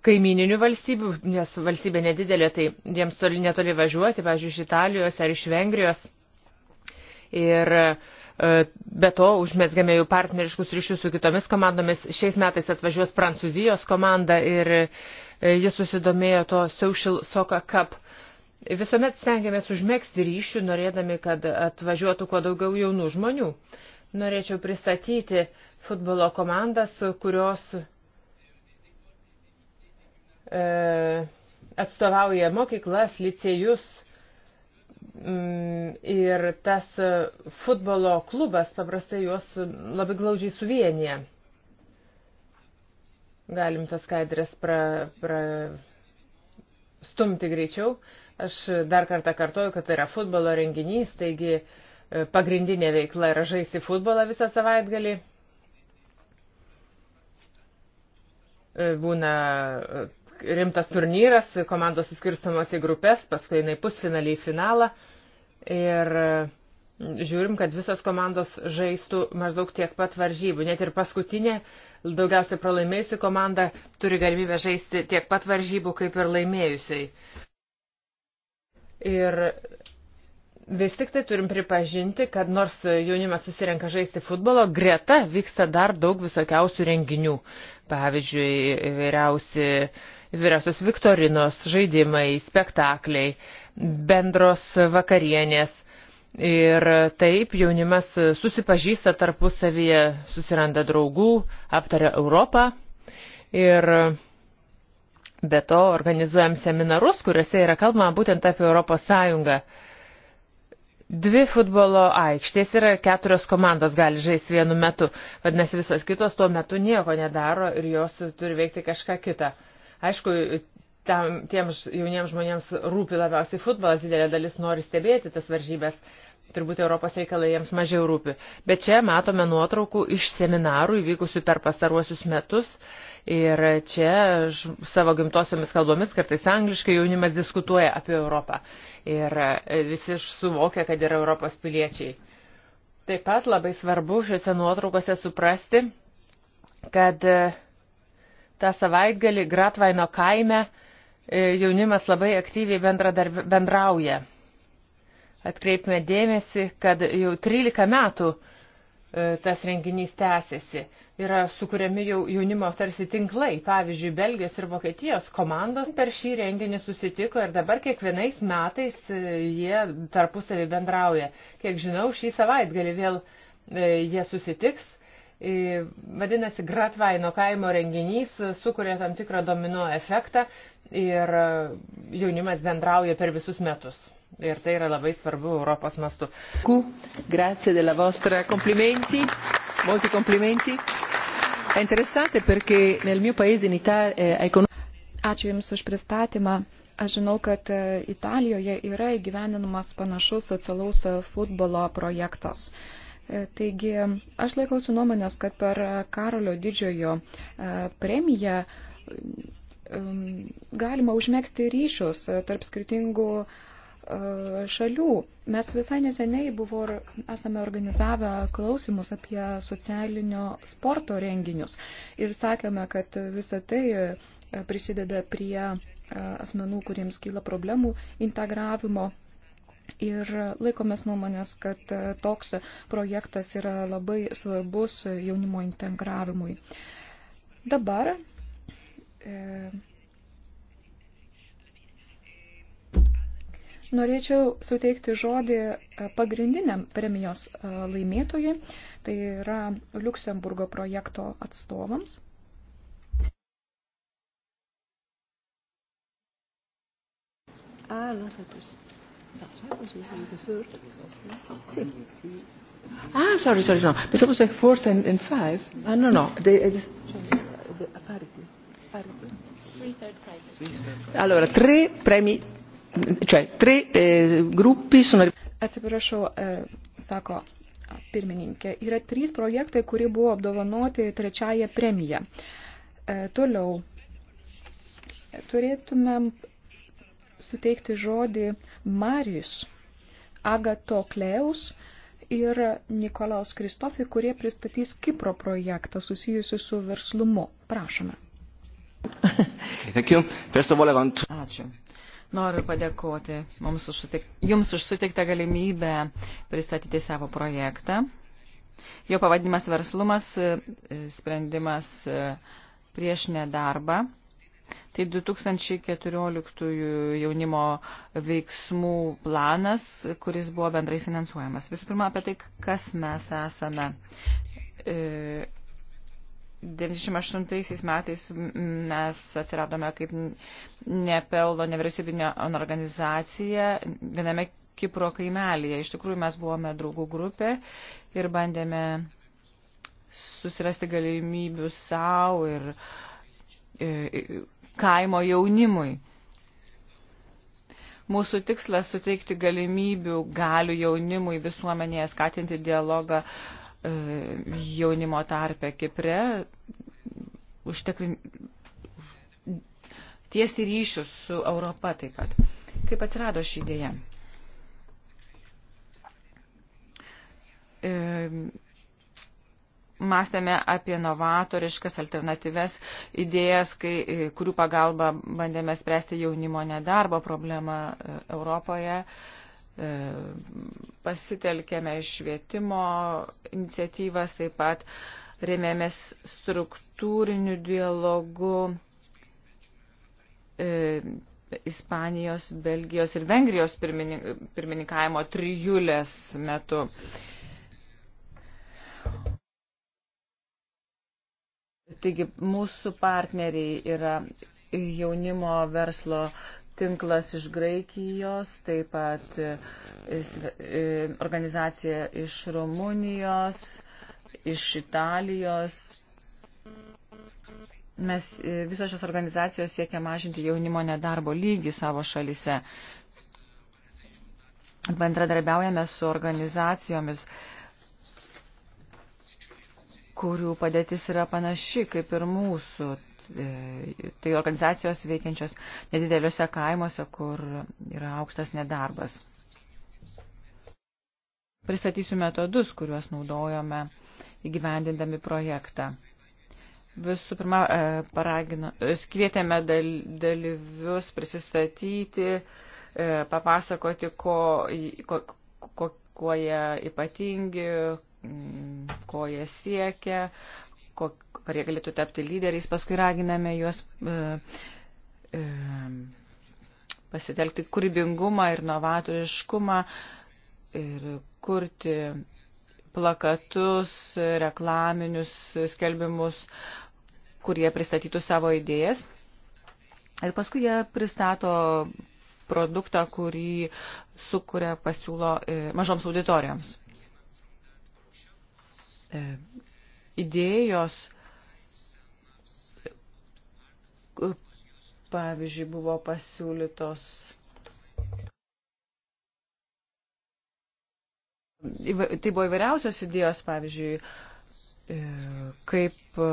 kaimininių valstybių, nes valstybė nedidelė, tai jiems toli netoli važiuoti, pavyzdžiui, iš Italijos ar iš Vengrijos. Ir e, be to užmesgame jau partneriškus ryšius su kitomis komandomis. Šiais metais atvažiuos Prancūzijos komanda ir e, jis susidomėjo to Social Soccer Cup. Visuomet stengiamės užmėgsti ryšių, norėdami, kad atvažiuotų kuo daugiau jaunų žmonių. Norėčiau pristatyti futbolo komandas, kurios E, atstovauja mokyklas, licėjus mm, ir tas futbolo klubas paprastai juos labai glaudžiai suvienyje. Galim tas skaidrės pra, pra stumti greičiau. Aš dar kartą kartoju, kad tai yra futbolo renginys, taigi e, pagrindinė veikla yra žaisti futbolą visą savaitgalį. E, būna rimtas turnyras, komandos suskirstamos į grupės, paskui jinai pusfinalį į finalą. Ir mm, žiūrim, kad visos komandos žaistų maždaug tiek pat varžybų. Net ir paskutinė, daugiausiai pralaimėjusi komanda turi galimybę žaisti tiek pat varžybų, kaip ir laimėjusiai. Ir vis tik tai turim pripažinti, kad nors jaunimas susirenka žaisti futbolo, greta vyksta dar daug visokiausių renginių. Pavyzdžiui, vairiausi uh, Vyriausios Viktorinos žaidimai, spektakliai, bendros vakarienės. Ir taip jaunimas susipažįsta tarpusavyje, susiranda draugų, aptaria Europą. Ir be to organizuojam seminarus, kuriuose yra kalbama būtent apie Europos Sąjungą. Dvi futbolo aikštės yra keturios komandos gali žaisti vienu metu, vadinasi visos kitos tuo metu nieko nedaro ir jos turi veikti kažką kitą. Uh, Aišku, tam, tiems jauniems žmonėms rūpi labiausiai futbolas, didelė dalis nori stebėti tas varžybės, turbūt Europos reikalai jiems mažiau rūpi. Bet čia matome nuotraukų iš seminarų įvykusių per pastaruosius metus ir čia savo gimtosiomis kalbomis, kartais angliškai jaunimas diskutuoja apie Europą ir visi suvokia, kad yra Europos piliečiai. Taip pat labai svarbu šiuose nuotraukose suprasti, kad uh, tą savaitgalį Gratvaino kaime e, jaunimas labai aktyviai bendrauja. Atkreipime dėmesį, kad jau 13 metų e, tas renginys tęsiasi. Yra sukūriami jau jaunimo tarsi tinklai, pavyzdžiui, Belgijos ir Vokietijos komandos per šį renginį susitiko ir dabar kiekvienais metais e, jie tarpusavį bendrauja. Kiek žinau, šį savaitgalį vėl jie susitiks Vadinasi, Gratvaino kaimo renginys sukuria tam tikrą domino efektą ir jaunimas bendrauja per visus metus. Ir tai yra labai svarbu Europos mastu. Grazie della vostra complimenti, molti complimenti. È interessante perché nel mio paese in Italia eh, Ačiū Jums už pristatymą. Aš žinau, kad eh, Italijoje yra įgyveninamas panašus socialaus eh, futbolo projektas. Uh, E, taigi, aš laikausi nuomonės, kad per Karolio didžiojo e, premiją galima užmėgsti ryšius e, tarp skirtingų šalių. Mes visai neseniai buvo, esame organizavę klausimus apie socialinio sporto renginius ir sakėme, kad visa tai prisideda prie asmenų, kuriems kyla problemų integravimo Ir laikomės nuomonės, kad e, toks projektas yra labai svarbus jaunimo integravimui. Dabar e, norėčiau suteikti žodį e, pagrindiniam premijos e, laimėtojui, tai yra Luksemburgo projekto atstovams. Ah, non, c'est plus. Sì. Ah, sorry, sorry, no. Pensavo fosse fourth and, and five. Ah, no, no. The, the, the, parity. Parity. Allora, tre premi, cioè tre eh, gruppi sono... Atsiprašau, eh, sako pirmininkė, yra trys projektai, kurie buvo apdovanoti trečiaja premija. E, toliau, turėtumėm suteikti žodį Marius Agatokleus ir Nikolaus Kristofi, kurie pristatys Kipro projektą susijusiu su verslumu. Prašome. Ačiū. Noriu padėkoti mums už sutik, jums už sutiktą galimybę pristatyti savo projektą. Jo pavadinimas verslumas, e, e, sprendimas e, prieš nedarbą. Tai 2014 jaunimo veiksmų planas, kuris buvo bendrai finansuojamas. Visų pirma, apie tai, kas mes esame. 1998 e, metais mes atsiradome kaip nepelno nevyriausybinė organizacija viename Kipro kaimelėje. Iš tikrųjų mes buvome draugų grupė ir bandėme susirasti galimybių savo ir e, kaimo jaunimui. Mūsų tikslas suteikti galimybių galių jaunimui visuomenėje skatinti dialogą e, jaunimo tarpe Kipre, užtekrin... tiesti ryšius su Europa taip pat. Kaip atsirado ši idėja? E mąstėme apie novatoriškas alternatyves idėjas, kai, e, kurių pagalba bandėme spręsti jaunimo nedarbo problemą e, Europoje. E, pasitelkėme švietimo iniciatyvas, taip pat rėmėmės struktūriniu dialogu Ispanijos, Belgijos ir Vengrijos pirmininkavimo trijulės metu. E, Taigi mūsų partneriai yra jaunimo verslo tinklas iš Graikijos, taip pat e, e, organizacija iš Rumunijos, iš Italijos. Mes e, visos šios organizacijos siekia mažinti jaunimo nedarbo lygį savo šalise. Bendradarbiaujame su organizacijomis, kurių padėtis yra panaši kaip ir mūsų. E, tai organizacijos veikiančios nedideliuose kaimuose, kur yra aukštas nedarbas. Pristatysiu metodus, kuriuos naudojome įgyvendindami projektą. Visų pirma, e, paragino, e, kvietėme dal, dalyvius prisistatyti, papasakoti, ko, ko, ko, kuo jie ypatingi, Mm, ko jie siekia, ar jie galėtų tapti lyderiais, paskui raginame juos e, e, pasitelkti kūrybingumą ir novatoriškumą ir kurti plakatus, reklaminius skelbimus, kurie pristatytų savo idėjas. Ir paskui jie pristato produktą, kurį sukuria pasiūlo e, mažoms auditorijoms. E, idėjos, pavyzdžiui, buvo pasiūlytos Tai buvo įvairiausios idėjos, pavyzdžiui, e, kaip e,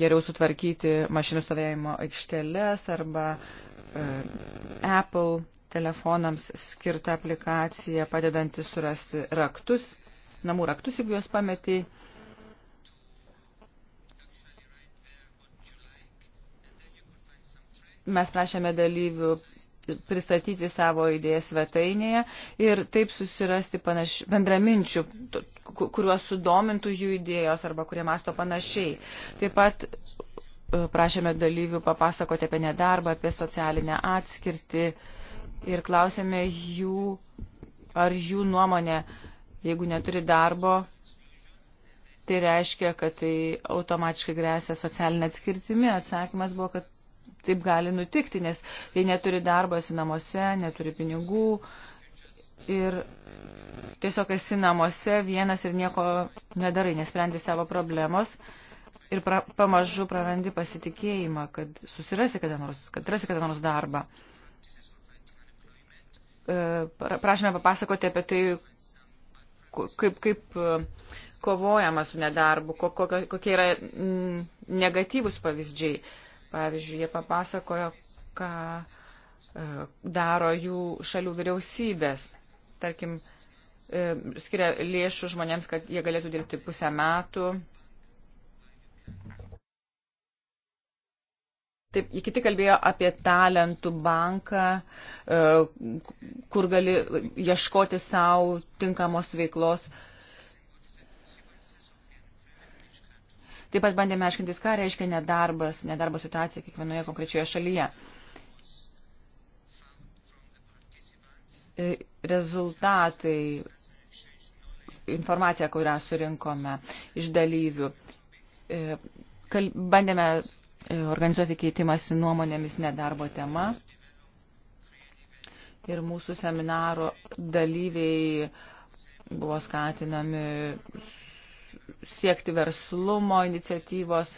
geriau sutvarkyti mašinų stovėjimo aikšteles arba Apple telefonams skirtą aplikaciją, padedantį surasti raktus namų raktus, jeigu juos pameti. Mes prašėme dalyvių pristatyti savo idėją svetainėje ir taip susirasti panaš, bendraminčių, kuriuos sudomintų jų idėjos arba kurie masto panašiai. Taip pat e, prašėme dalyvių papasakoti apie nedarbą, apie socialinę atskirtį ir klausėme jų, ar jų nuomonė Jeigu neturi darbo, tai reiškia, kad tai automatiškai grėsia socialinė atskirtimi. Atsakymas buvo, kad taip gali nutikti, nes jie neturi darbo, esi namuose, neturi pinigų ir tiesiog esi namuose vienas ir nieko nedarai, nesprendi savo problemos ir pra, pamažu prarandi pasitikėjimą, kad susirasi kada nors, kad rasi kada nors darbą. E, prašome papasakoti apie tai, kaip, kaip e, kovojama su nedarbu, kokie yra mm, negatyvus pavyzdžiai. Pavyzdžiui, jie papasakojo, ką e, daro jų šalių vyriausybės. Tarkim, e, skiria lėšų žmonėms, kad jie galėtų dirbti pusę metų. Taip, kiti kalbėjo apie talentų banką, e, kur gali ieškoti savo tinkamos veiklos. Taip pat bandėme aiškintis, ką reiškia nedarbas, nedarbo situacija kiekvienoje konkrečioje šalyje. E, rezultatai, informacija, kurią surinkome iš dalyvių. E, bandėme E, organizuoti keitimąsi nuomonėmis nedarbo tema. Ir mūsų seminaro dalyviai buvo skatinami siekti verslumo iniciatyvos,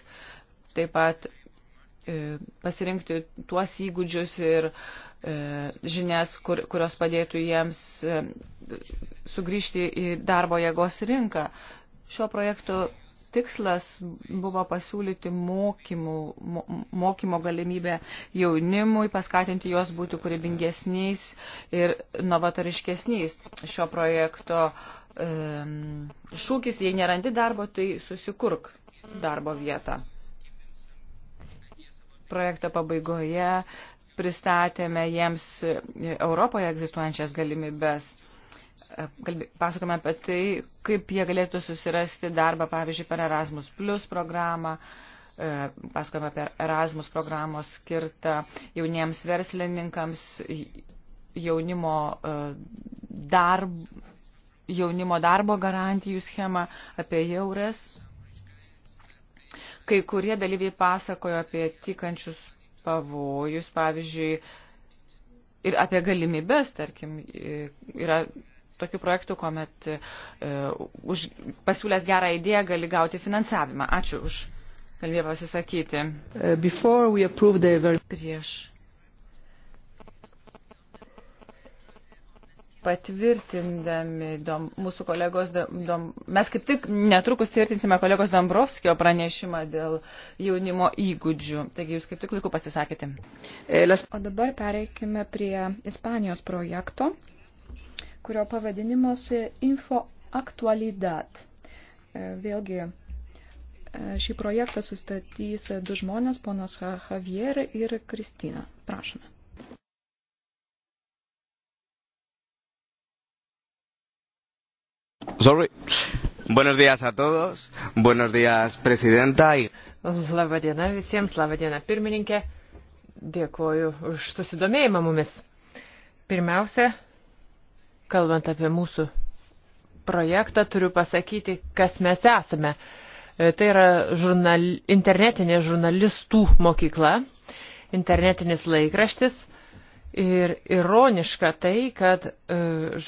taip pat e, pasirinkti tuos įgūdžius ir e, žinias, kur, kurios padėtų jiems sugrįžti į darbo jėgos rinką. Šiuo projektu tikslas buvo pasiūlyti mokymų, mokymo galimybę jaunimui, paskatinti juos būti kūrybingesniais ir novatoriškesniais. Šio projekto šūkis, jei nerandi darbo, tai susikurk darbo vietą. Projekto pabaigoje pristatėme jiems Europoje egzistuojančias galimybes pasakome apie tai, kaip jie galėtų susirasti darbą, pavyzdžiui, per Erasmus Plus programą, e, pasakome apie Erasmus programos skirtą jauniems verslininkams, jaunimo, e, darb, jaunimo darbo garantijų schemą, apie jaures. Kai kurie dalyviai pasakojo apie tikančius pavojus, pavyzdžiui, ir apie galimybės, tarkim, e, yra tokių projektų, kuomet e, už, pasiūlęs gerą idėją gali gauti finansavimą. Ačiū už galimybę pasisakyti. Uh, the... Prieš patvirtindami dom, mūsų kolegos, dom, mes kaip tik netrukus tvirtinsime kolegos Dombrovskio pranešimą dėl jaunimo įgūdžių. Taigi jūs kaip tik laiku pasisakėte. Uh, o dabar pereikime prie Ispanijos projekto kurio pavadinimas Info aktualidat. E, vėlgi e, šį projektą sustatys du žmonės, ponas Javier ir Kristina. Prašome. Sorry. Buenos días a todos. Buenos días, presidenta. Labą dieną visiems, labą dieną pirmininkė. Dėkuoju už susidomėjimą mumis. Pirmiausia, Kalbant apie mūsų projektą, turiu pasakyti, kas mes esame. E, tai yra žurnal, internetinė žurnalistų mokykla, internetinis laikraštis. Ir ironiška tai, kad e,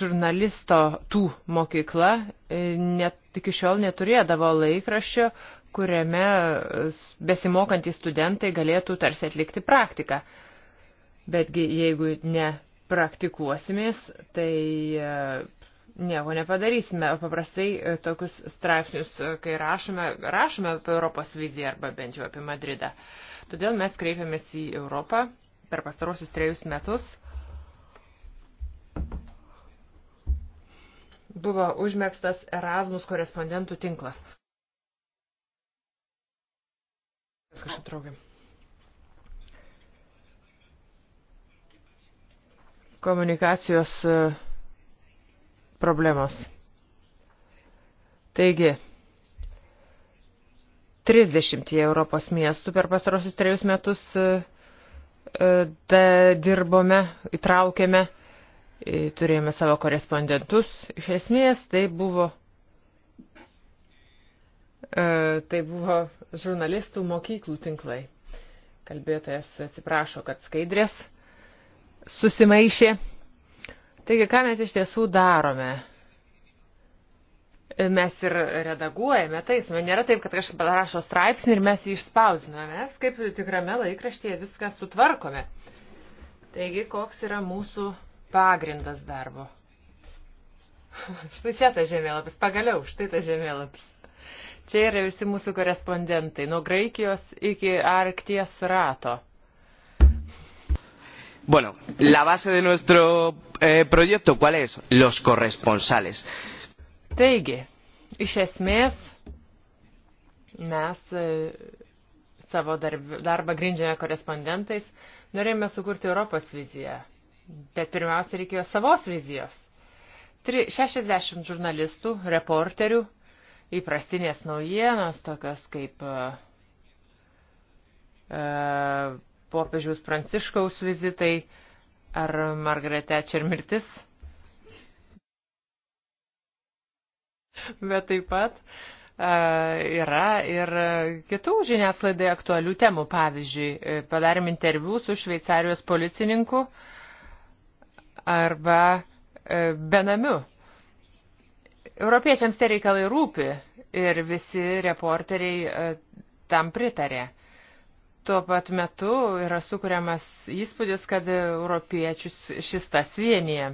žurnalisto tų mokykla e, net, iki šiol neturėdavo laikraščio, kuriame e, besimokantys studentai galėtų tarsi atlikti praktiką. Betgi jeigu ne praktikuosimės, tai e, nieko nepadarysime. Paprastai e, tokius straipsnius, e, kai rašome, rašome apie Europos viziją arba bent jau apie Madridą. Todėl mes kreipiamės į Europą per pastarosius trejus metus. Buvo užmėgstas Erasmus korespondentų tinklas. Kažkaip traukiam. komunikacijos e, problemos. Taigi, 30 Europos miestų per pasarosius trejus metus e, e, dirbome, įtraukėme, turėjome savo korespondentus. Iš esmės tai buvo, tai buvo žurnalistų mokyklų tinklai. Kalbėtojas atsiprašo, kad skaidrės susimaišė. Taigi, ką mes iš tiesų darome? Mes ir redaguojame, taisome. Nėra taip, kad kažkas parašo straipsnį ir mes jį išspausdiname. Mes kaip tikrame laikraštyje viską sutvarkome. Taigi, koks yra mūsų pagrindas darbo? štai čia tas žemėlapis, pagaliau, štai tas žemėlapis. Čia yra visi mūsų korespondentai, nuo Graikijos iki Arkties rato. Bueno, la base de nuestro eh, proyecto, ¿cuál es? Los corresponsales. Taigi, iš esmės, mes e, savo darbą grindžiame korespondentais, norėjome sukurti Europos viziją, bet pirmiausia reikėjo savos vizijos. 60 žurnalistų, reporterių, įprastinės naujienos, tokios kaip e, e popiežiaus Pranciškaus vizitai ar Margaret Thatcher mirtis. Bet taip pat yra ir kitų žiniasklaidai aktualių temų. Pavyzdžiui, padarėm interviu su šveicarijos policininku arba e, benamiu. Europiečiams tie reikalai rūpi ir visi reporteriai e, tam pritarė. Tuo pat metu yra sukuriamas įspūdis, kad europiečius šis tas vienyje.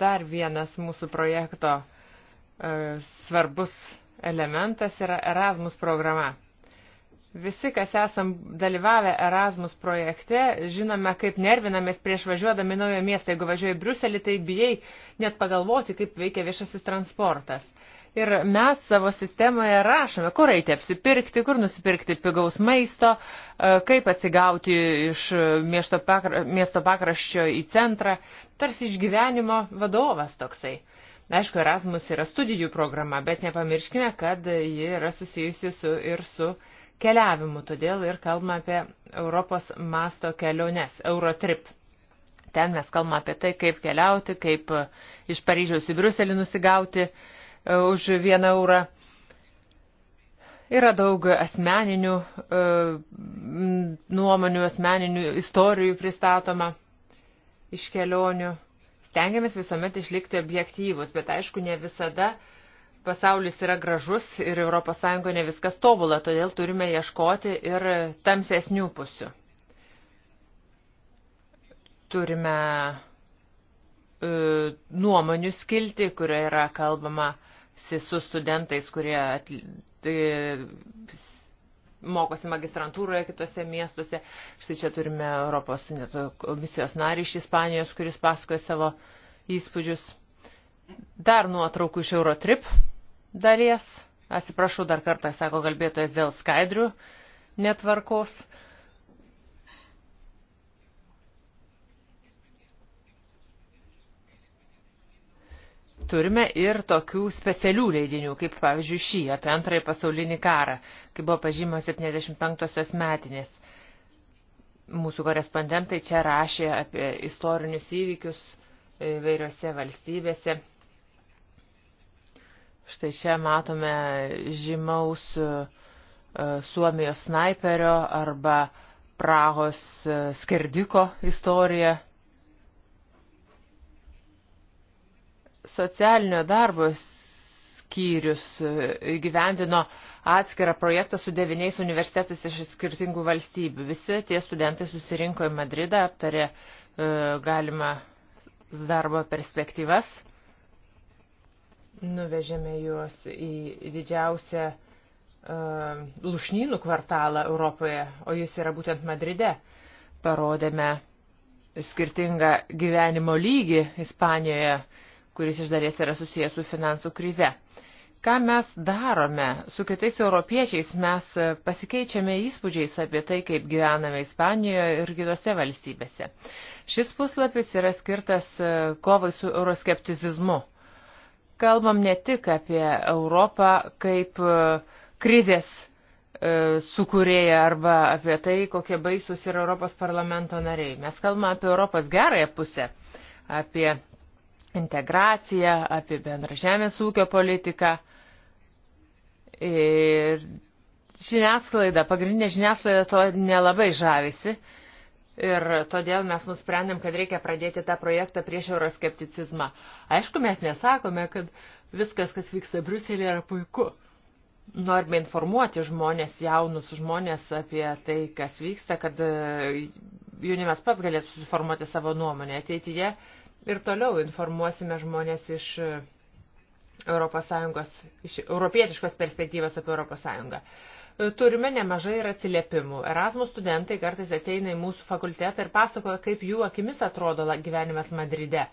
Dar vienas mūsų projekto e, svarbus elementas yra Erasmus programa. Visi, kas esam dalyvavę Erasmus projekte, žinome, kaip nervinamės prieš važiuodami naują miestą. Jeigu važiuoji Briuselį, tai bijai net pagalvoti, kaip veikia viešasis transportas. E, Ir mes savo sistemoje rašome, kur eiti apsipirkti, kur nusipirkti pigaus maisto, e, kaip atsigauti iš miesto, pakra, miesto pakraščio į centrą. Tarsi išgyvenimo vadovas toksai. Aišku, Erasmus yra studijų programa, bet nepamirškime, kad ji yra susijusi su, ir su keliavimu. Todėl ir kalbame apie Europos masto keliones, Eurotrip. Ten mes kalbame apie tai, kaip keliauti, kaip iš Paryžiaus į Briuselį nusigauti E, už vieną eurą. Yra daug asmeninių e, nuomonių, asmeninių istorijų pristatoma iš kelionių. Stengiamės visuomet išlikti objektyvus, bet aišku, ne visada pasaulis yra gražus ir ES ne viskas tobula, todėl turime ieškoti ir tamsesnių pusių. Turime e, nuomonių skilti, kurioje yra kalbama su studentais, kurie atli... Tai, mokosi magistrantūroje kitose miestuose. Štai čia turime Europos komisijos narį iš Ispanijos, kuris pasakoja savo įspūdžius. Dar nuotraukų iš Eurotrip dalies. Atsiprašau dar kartą, sako kalbėtojas dėl skaidrių netvarkos. turime ir tokių specialių leidinių, kaip pavyzdžiui šį apie antrąjį pasaulinį karą, kai buvo pažymos 75-osios metinės. Mūsų korespondentai čia rašė apie istorinius įvykius įvairiose valstybėse. Štai čia matome žymaus e, Suomijos snaiperio arba Prahos e, skerdiko istoriją Socialinio darbo skyrius e, įgyvendino atskirą projektą su devyniais universitetais iš skirtingų valstybių. Visi tie studentai susirinko į Madridą, aptarė e, galima darbo perspektyvas. Nuvežėme juos į didžiausią e, lušnynų kvartalą Europoje, o jis yra būtent Madride. Parodėme skirtingą gyvenimo lygį Ispanijoje kuris iš dalies yra susijęs su finansų krize. Ką mes darome? Su kitais europiečiais mes e, pasikeičiame įspūdžiais apie tai, kaip gyvename Ispanijoje ir kitose valstybėse. Šis puslapis yra skirtas e, kovai su euroskepticizmu. Kalbam ne tik apie Europą kaip e, krizės sukūrėja arba apie tai, kokie baisus yra Europos parlamento nariai. Mes kalbame apie Europos gerąją pusę, apie integraciją, apie bendrą žemės ūkio politiką. Ir žiniasklaida, pagrindinė žiniasklaida to nelabai žavisi. Ir todėl mes nusprendėm, kad reikia pradėti tą projektą prieš euroskepticizmą. Aišku, mes nesakome, kad viskas, kas vyksta Bruselėje, yra puiku. Norime informuoti žmonės, jaunus žmonės apie tai, kas vyksta, kad jaunimas e, pats galėtų susiformuoti savo nuomonę. Ateityje ir toliau informuosime žmonės iš ES, iš europietiškos perspektyvos apie ES. E, turime nemažai ir atsiliepimų. Erasmus studentai kartais ateina į mūsų fakultetą ir pasakoja, kaip jų akimis atrodo gyvenimas Madride,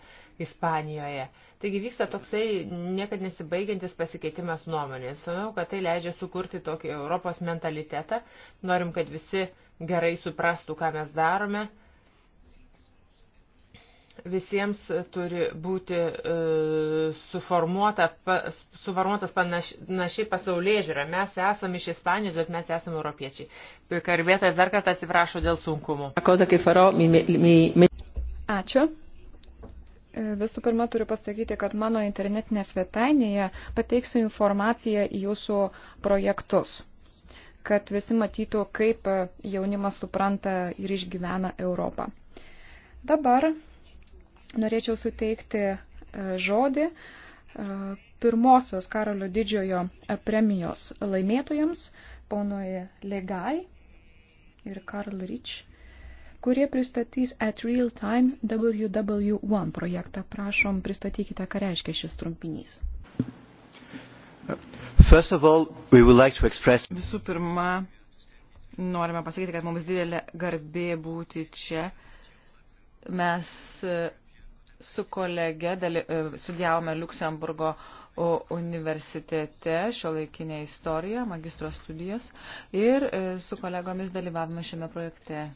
Ispanijoje. Taigi vyksta toksai niekad nesibaigiantis pasikeitimas nuomonės. Manau, kad tai leidžia sukurti tokį Europos mentalitetą. Norim, kad visi gerai suprastų, ką mes darome visiems turi būti e, suformuota, suformuotas panašiai pasaulyje žiūra. Mes esame iš Ispanijos, bet mes esame europiečiai. Kalbėtojas dar kartą atsiprašo dėl sunkumų. Ačiū. E, visų pirma, turiu pasakyti, kad mano internetinė svetainėje pateiksiu informaciją į jūsų projektus, kad visi matytų, kaip e, jaunimas supranta ir išgyvena Europą. Dabar norėčiau suteikti e, žodį e, pirmosios Karolio didžiojo e, premijos laimėtojams, ponui Legai ir Karl Rich, kurie pristatys At Real Time WW1 projektą. Prašom, pristatykite, ką reiškia šis trumpinys. All, like express... Visų pirma, norime pasakyti, kad mums didelė garbė būti čia. Mes su kolege e, studijavome Luksemburgo universitete šio laikinė istorija, magistro studijos ir e, su kolegomis dalyvavome šiame projekte.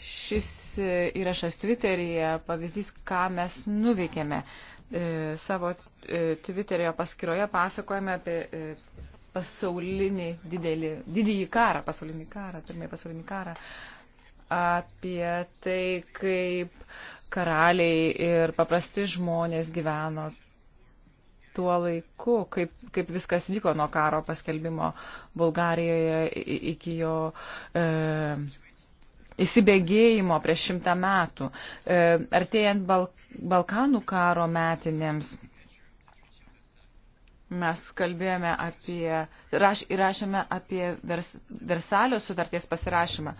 Šis e, įrašas Twitteryje pavyzdys, ką mes nuveikėme. Savo Twitterio paskyroje pasakojame apie pasaulinį didelį, didįjį karą, pasaulinį karą, pirmąjį pasaulinį karą, apie tai, kaip uh, karaliai ir paprasti žmonės gyveno tuo laiku, kaip, kaip viskas vyko nuo karo paskelbimo Bulgarijoje iki jo e, įsibėgėjimo prieš šimtą metų. E, artėjant Bal Balkanų karo metinėms mes kalbėjome apie, raš, įrašėme apie vers, Versalio sutarties pasirašymą.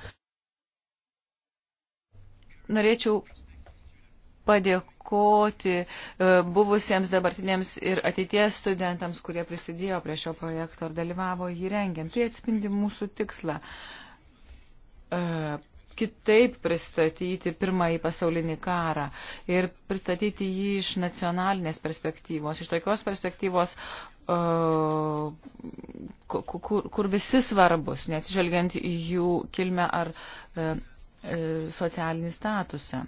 Norėčiau padėkoti e, buvusiems dabartiniams ir ateities studentams, kurie prisidėjo prie šio projekto ir dalyvavo jį rengiant. Tai atspindi mūsų tikslą e, kitaip pristatyti pirmąjį pasaulinį karą ir pristatyti jį iš nacionalinės perspektyvos, iš tokios perspektyvos, e, kur, kur visi svarbus, neatsižvelgiant į jų kilmę ar socialinį statusą.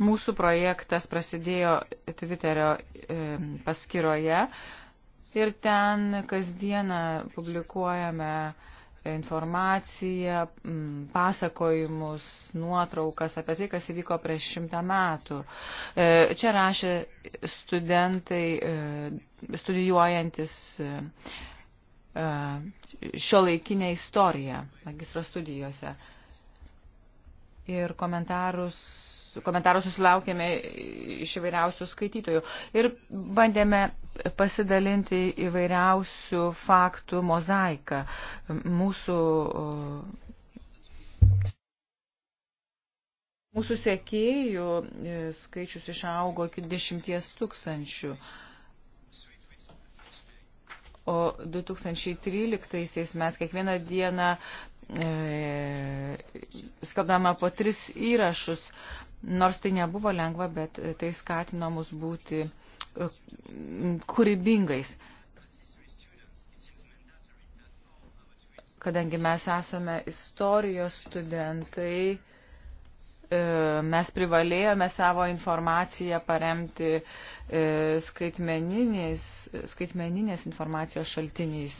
Mūsų projektas prasidėjo Twitterio e, paskyroje ir ten kasdieną publikuojame informaciją, pasakojimus, nuotraukas apie tai, kas įvyko prieš šimtą metų. E, čia rašė studentai, e, studijuojantis šio laikinę istoriją magistro studijose. Ir komentarus komentarų susilaukėme iš įvairiausių skaitytojų ir bandėme pasidalinti įvairiausių faktų mozaiką mūsų, mūsų sekėjų skaičius išaugo iki 10 tūkstančių. O 2013 mes kiekvieną dieną e, skaldama po tris įrašus. Nors tai nebuvo lengva, bet tai skatino mus būti e, kūrybingais. Kadangi mes esame istorijos studentai, e, mes privalėjome savo informaciją paremti e, skaitmeninės, skaitmeninės informacijos šaltiniais.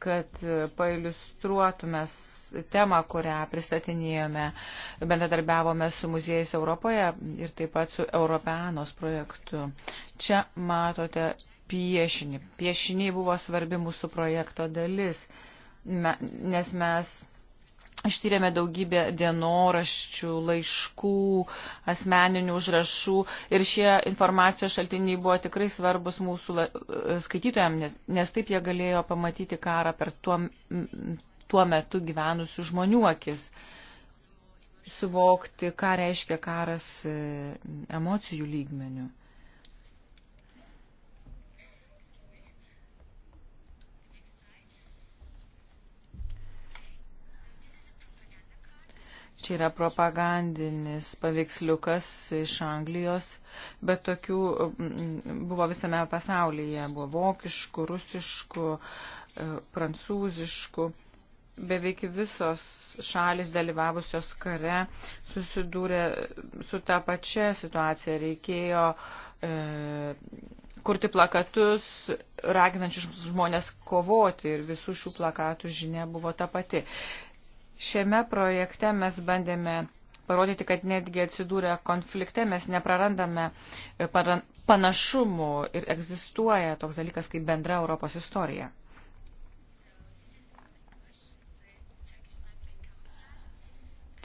kad pailustruotume temą, kurią pristatinėjome, bendradarbiavome su muziejais Europoje ir taip pat su Europeanos projektu. Čia matote piešinį. Piešiniai buvo svarbi mūsų projekto dalis, nes mes Ištyrėme daugybę dienoraščių, laiškų, asmeninių užrašų ir šie informacijos šaltiniai buvo tikrai svarbus mūsų e, skaitytojams, nes, nes taip jie galėjo pamatyti karą per tuo, tuo metu gyvenusių žmonių akis, suvokti, ką reiškia karas e, emocijų lygmenių. Čia yra propagandinis paveiksliukas iš Anglijos, bet tokių mm, buvo visame pasaulyje. Buvo vokiškų, rusiškų, e, prancūziškų. Beveik visos šalis dalyvavusios kare susidūrė su ta pačia situacija. Reikėjo e, kurti plakatus, raginančius žmonės kovoti ir visų šių plakatų žinia buvo ta pati. Šiame projekte mes bandėme parodyti, kad netgi atsidūrę konflikte mes neprarandame e, panašumų ir egzistuoja toks dalykas kaip bendra Europos istorija.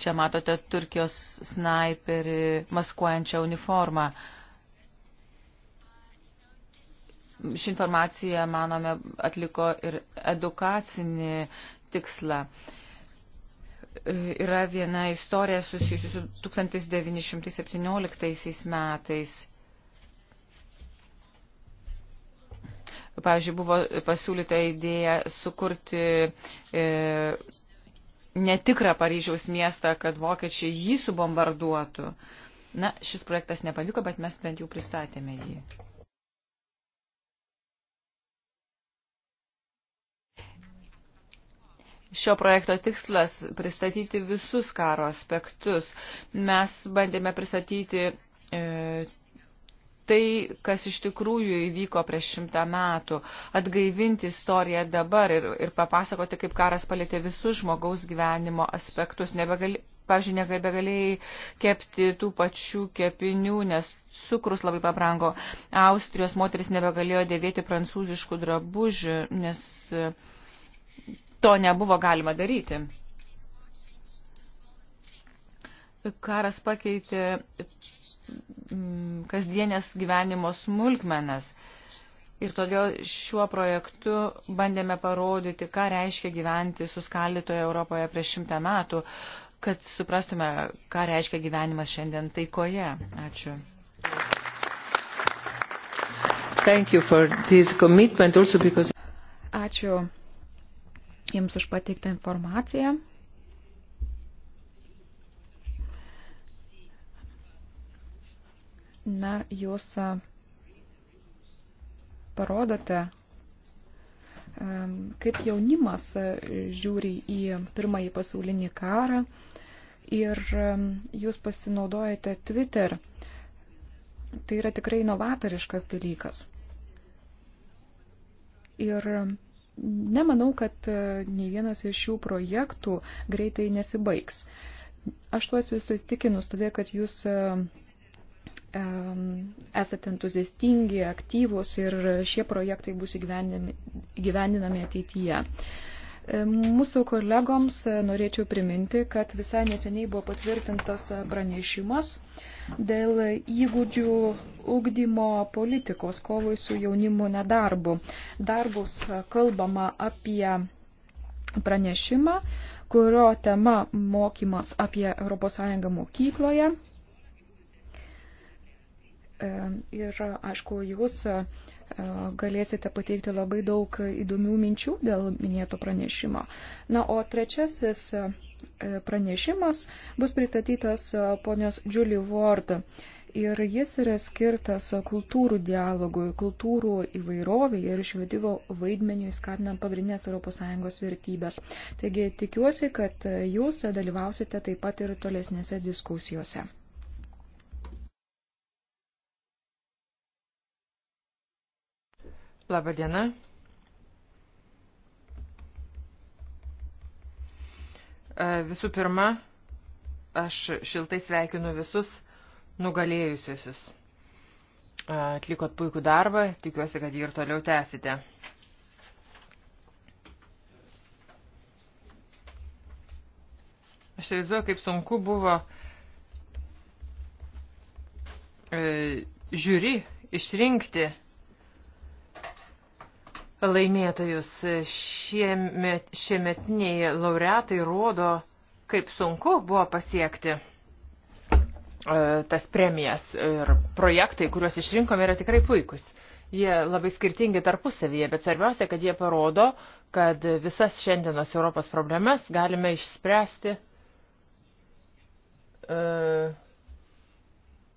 Čia matote Turkijos snaiperį maskuojančią uniformą. Ši informacija, manome, atliko ir edukacinį tikslą. Uh, yra viena istorija susijusi su 1917 metais. Pavyzdžiui, buvo pasiūlyta idėja sukurti e, netikrą Paryžiaus miestą, kad vokiečiai jį subombarduotų. Na, šis projektas nepavyko, bet mes bent jau pristatėme jį. šio projekto tikslas pristatyti visus karo aspektus. Mes bandėme pristatyti e, tai, kas iš tikrųjų įvyko prieš šimtą metų, atgaivinti istoriją dabar ir, ir papasakoti, kaip karas palėtė visus žmogaus gyvenimo aspektus. Nebegali, pavyzdžiui, nebegalėjai kepti tų pačių kepinių, nes cukrus labai pabrango. Austrijos moteris nebegalėjo dėvėti prancūziškų drabužių, nes. E, to nebuvo galima daryti. Karas pakeitė mm, kasdienės gyvenimo smulkmenas. Ir todėl šiuo projektu bandėme parodyti, ką reiškia gyventi suskaldytoje Europoje prieš šimtą metų, kad suprastume, ką reiškia gyvenimas šiandien taikoje. Ačiū. Thank you for this commitment also because... Ačiū Jums už pateiktą informaciją. Na, Jūs parodote, kaip jaunimas žiūri į pirmąjį pasaulinį karą ir jūs pasinaudojate Twitter. Tai yra tikrai inovatoriškas dalykas. Ir nemanau, kad e, nei vienas iš šių projektų greitai nesibaigs. Aš tuos visus įstikinus, todėl kad jūs e, e, esate entuziastingi, aktyvūs ir šie projektai bus įgyvendinami ateityje. Mūsų kolegoms e, norėčiau priminti, kad visai neseniai buvo patvirtintas e, pranešimas dėl įgūdžių ugdymo politikos kovai su jaunimu nedarbu. Darbus e, kalbama apie pranešimą, kurio tema mokymas apie ES mokykloje. Ir, aišku, jūs galėsite pateikti labai daug įdomių minčių dėl minėto pranešimo. Na, o trečiasis e, pranešimas bus pristatytas e, ponios Julie Ward. Ir jis yra skirtas kultūrų dialogui, kultūrų įvairoviai ir švietimo vaidmeniui skatinant pagrindinės ES vertybės. Taigi tikiuosi, kad jūs dalyvausite taip pat ir tolesnėse diskusijose. Labadiena. E, visų pirma, aš šiltai sveikinu visus nugalėjusiosius. E, atlikot puikų darbą, tikiuosi, kad jį ir toliau tęsite. Aš įsivaizduoju, kaip sunku buvo e, žiūri išrinkti laimėtojus. Šiemet, šiemetiniai laureatai rodo, kaip sunku buvo pasiekti e, tas premijas ir projektai, kuriuos išrinkome, yra tikrai puikus. Jie labai skirtingi tarpusavyje, bet svarbiausia, kad jie parodo, kad visas šiandienos Europos problemas galime išspręsti e,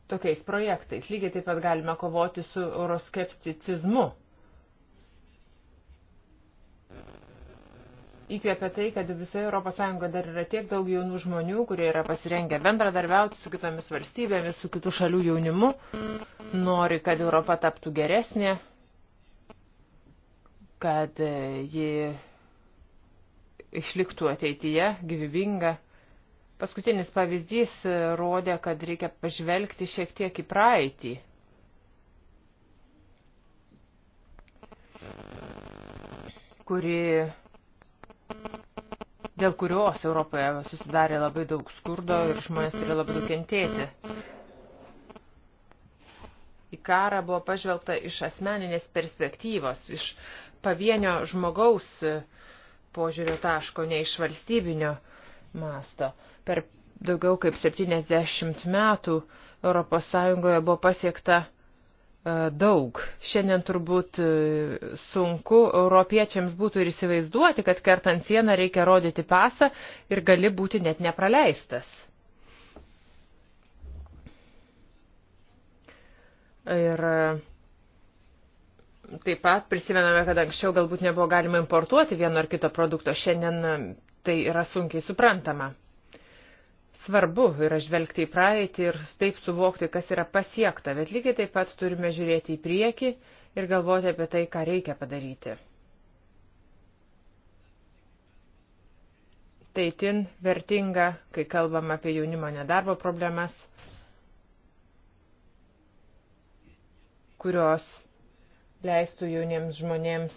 tokiais projektais. Lygiai taip pat galime kovoti su euroskepticizmu. E, įkvėpia tai, kad visoje ES dar yra tiek daug jaunų žmonių, kurie yra pasirengę bendradarbiauti su kitomis valstybėmis, su kitų šalių jaunimu, nori, kad Europa taptų geresnė, kad e, ji išliktų ateityje gyvybinga. Paskutinis pavyzdys e, rodė, kad reikia pažvelgti šiek tiek į praeitį. kuri dėl kurios Europoje susidarė labai daug skurdo ir žmonės turi labai daug kentėti. Į karą buvo pažvelgta iš asmeninės perspektyvos, iš pavienio žmogaus požiūrio taško, ne iš valstybinio masto. Per daugiau kaip 70 metų ES buvo pasiekta E, daug. Šiandien turbūt e, sunku europiečiams būtų ir įsivaizduoti, kad kertant sieną reikia rodyti pasą ir gali būti net nepraleistas. Ir e, taip pat prisimename, kad anksčiau galbūt nebuvo galima importuoti vieno ar kito produkto, šiandien tai yra sunkiai suprantama. Svarbu yra žvelgti į praeitį ir taip suvokti, kas yra pasiekta, bet lygiai taip pat turime žiūrėti į priekį ir galvoti apie tai, ką reikia padaryti. Tai tin vertinga, kai kalbam apie jaunimo nedarbo problemas, kurios leistų jauniems žmonėms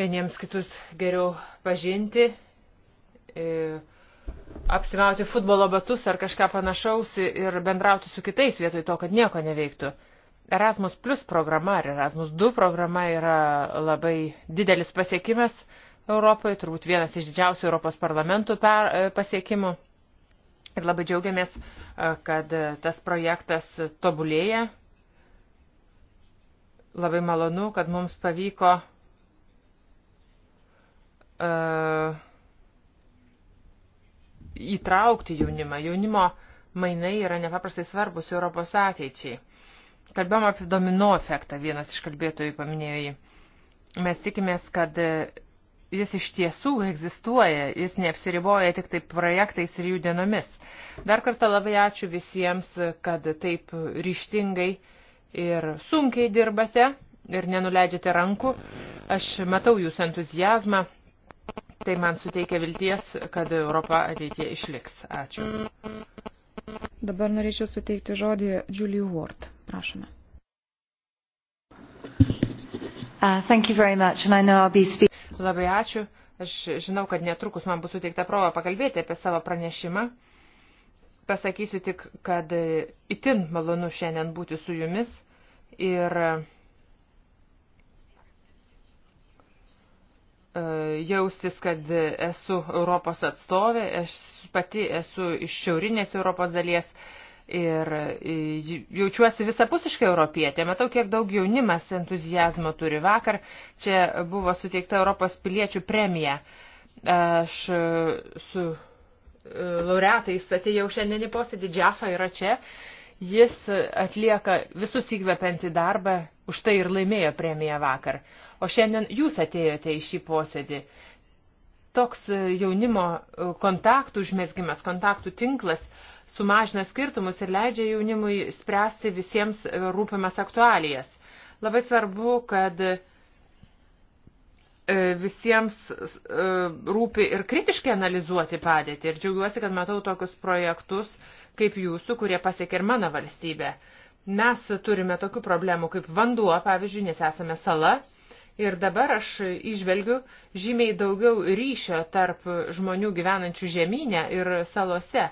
vieniems kitus geriau pažinti, e, apsimauti futbolo batus ar kažką panašaus ir bendrauti su kitais vietoj to, kad nieko neveiktų. Erasmus Plus programa ar Erasmus 2 programa yra labai didelis pasiekimas Europoje, turbūt vienas iš didžiausių Europos parlamentų per, e, pasiekimų. Ir labai džiaugiamės, e, kad e, tas projektas tobulėja. Labai malonu, kad mums pavyko uh, įtraukti jaunimą. Jaunimo mainai yra nepaprastai svarbus Europos ateičiai. Kalbėjom apie domino efektą, vienas iš kalbėtojų paminėjo jį. Mes tikimės, kad e, jis iš tiesų egzistuoja, jis neapsiriboja tik taip projektais ir jų dienomis. Dar kartą labai ačiū visiems, kad taip ryštingai ir sunkiai dirbate ir nenuleidžiate rankų. Aš matau jūsų entuzijazmą. Tai man suteikia vilties, kad Europa ateitie išliks. Ačiū. Dabar norėčiau suteikti žodį Julie Ward. Prašome. Uh, thank you very much, and I know I'll be speaking. Labai ačiū. Aš žinau, kad netrukus man bus suteikta proga pakalbėti apie savo pranešimą. Pasakysiu tik, kad itin malonu šiandien būti su jumis ir E, jaustis, kad esu Europos atstovė, aš pati esu iš šiaurinės Europos dalies ir e, jaučiuosi visapusiškai europietė. Matau, kiek daug jaunimas entuzijazmo turi vakar. Čia buvo suteikta Europos piliečių premija. Aš e, su laureatais atėjau šiandien į posėdį, Džafa yra čia. Jis atlieka visus įkvepiantį darbą už tai ir laimėjo premiją vakar. O šiandien jūs atėjote į šį posėdį. Toks e, jaunimo e, kontaktų užmėsgimas, kontaktų tinklas sumažina skirtumus ir leidžia jaunimui spręsti visiems e, rūpimas aktualijas. Labai svarbu, kad visiems rūpi ir kritiškai analizuoti padėtį. Ir džiaugiuosi, kad matau tokius projektus kaip jūsų, kurie pasiekė ir mano valstybę. Mes turime tokių problemų kaip vanduo, pavyzdžiui, nes esame sala. Ir dabar aš išvelgiu žymiai daugiau ryšio tarp žmonių gyvenančių žemynę ir salose.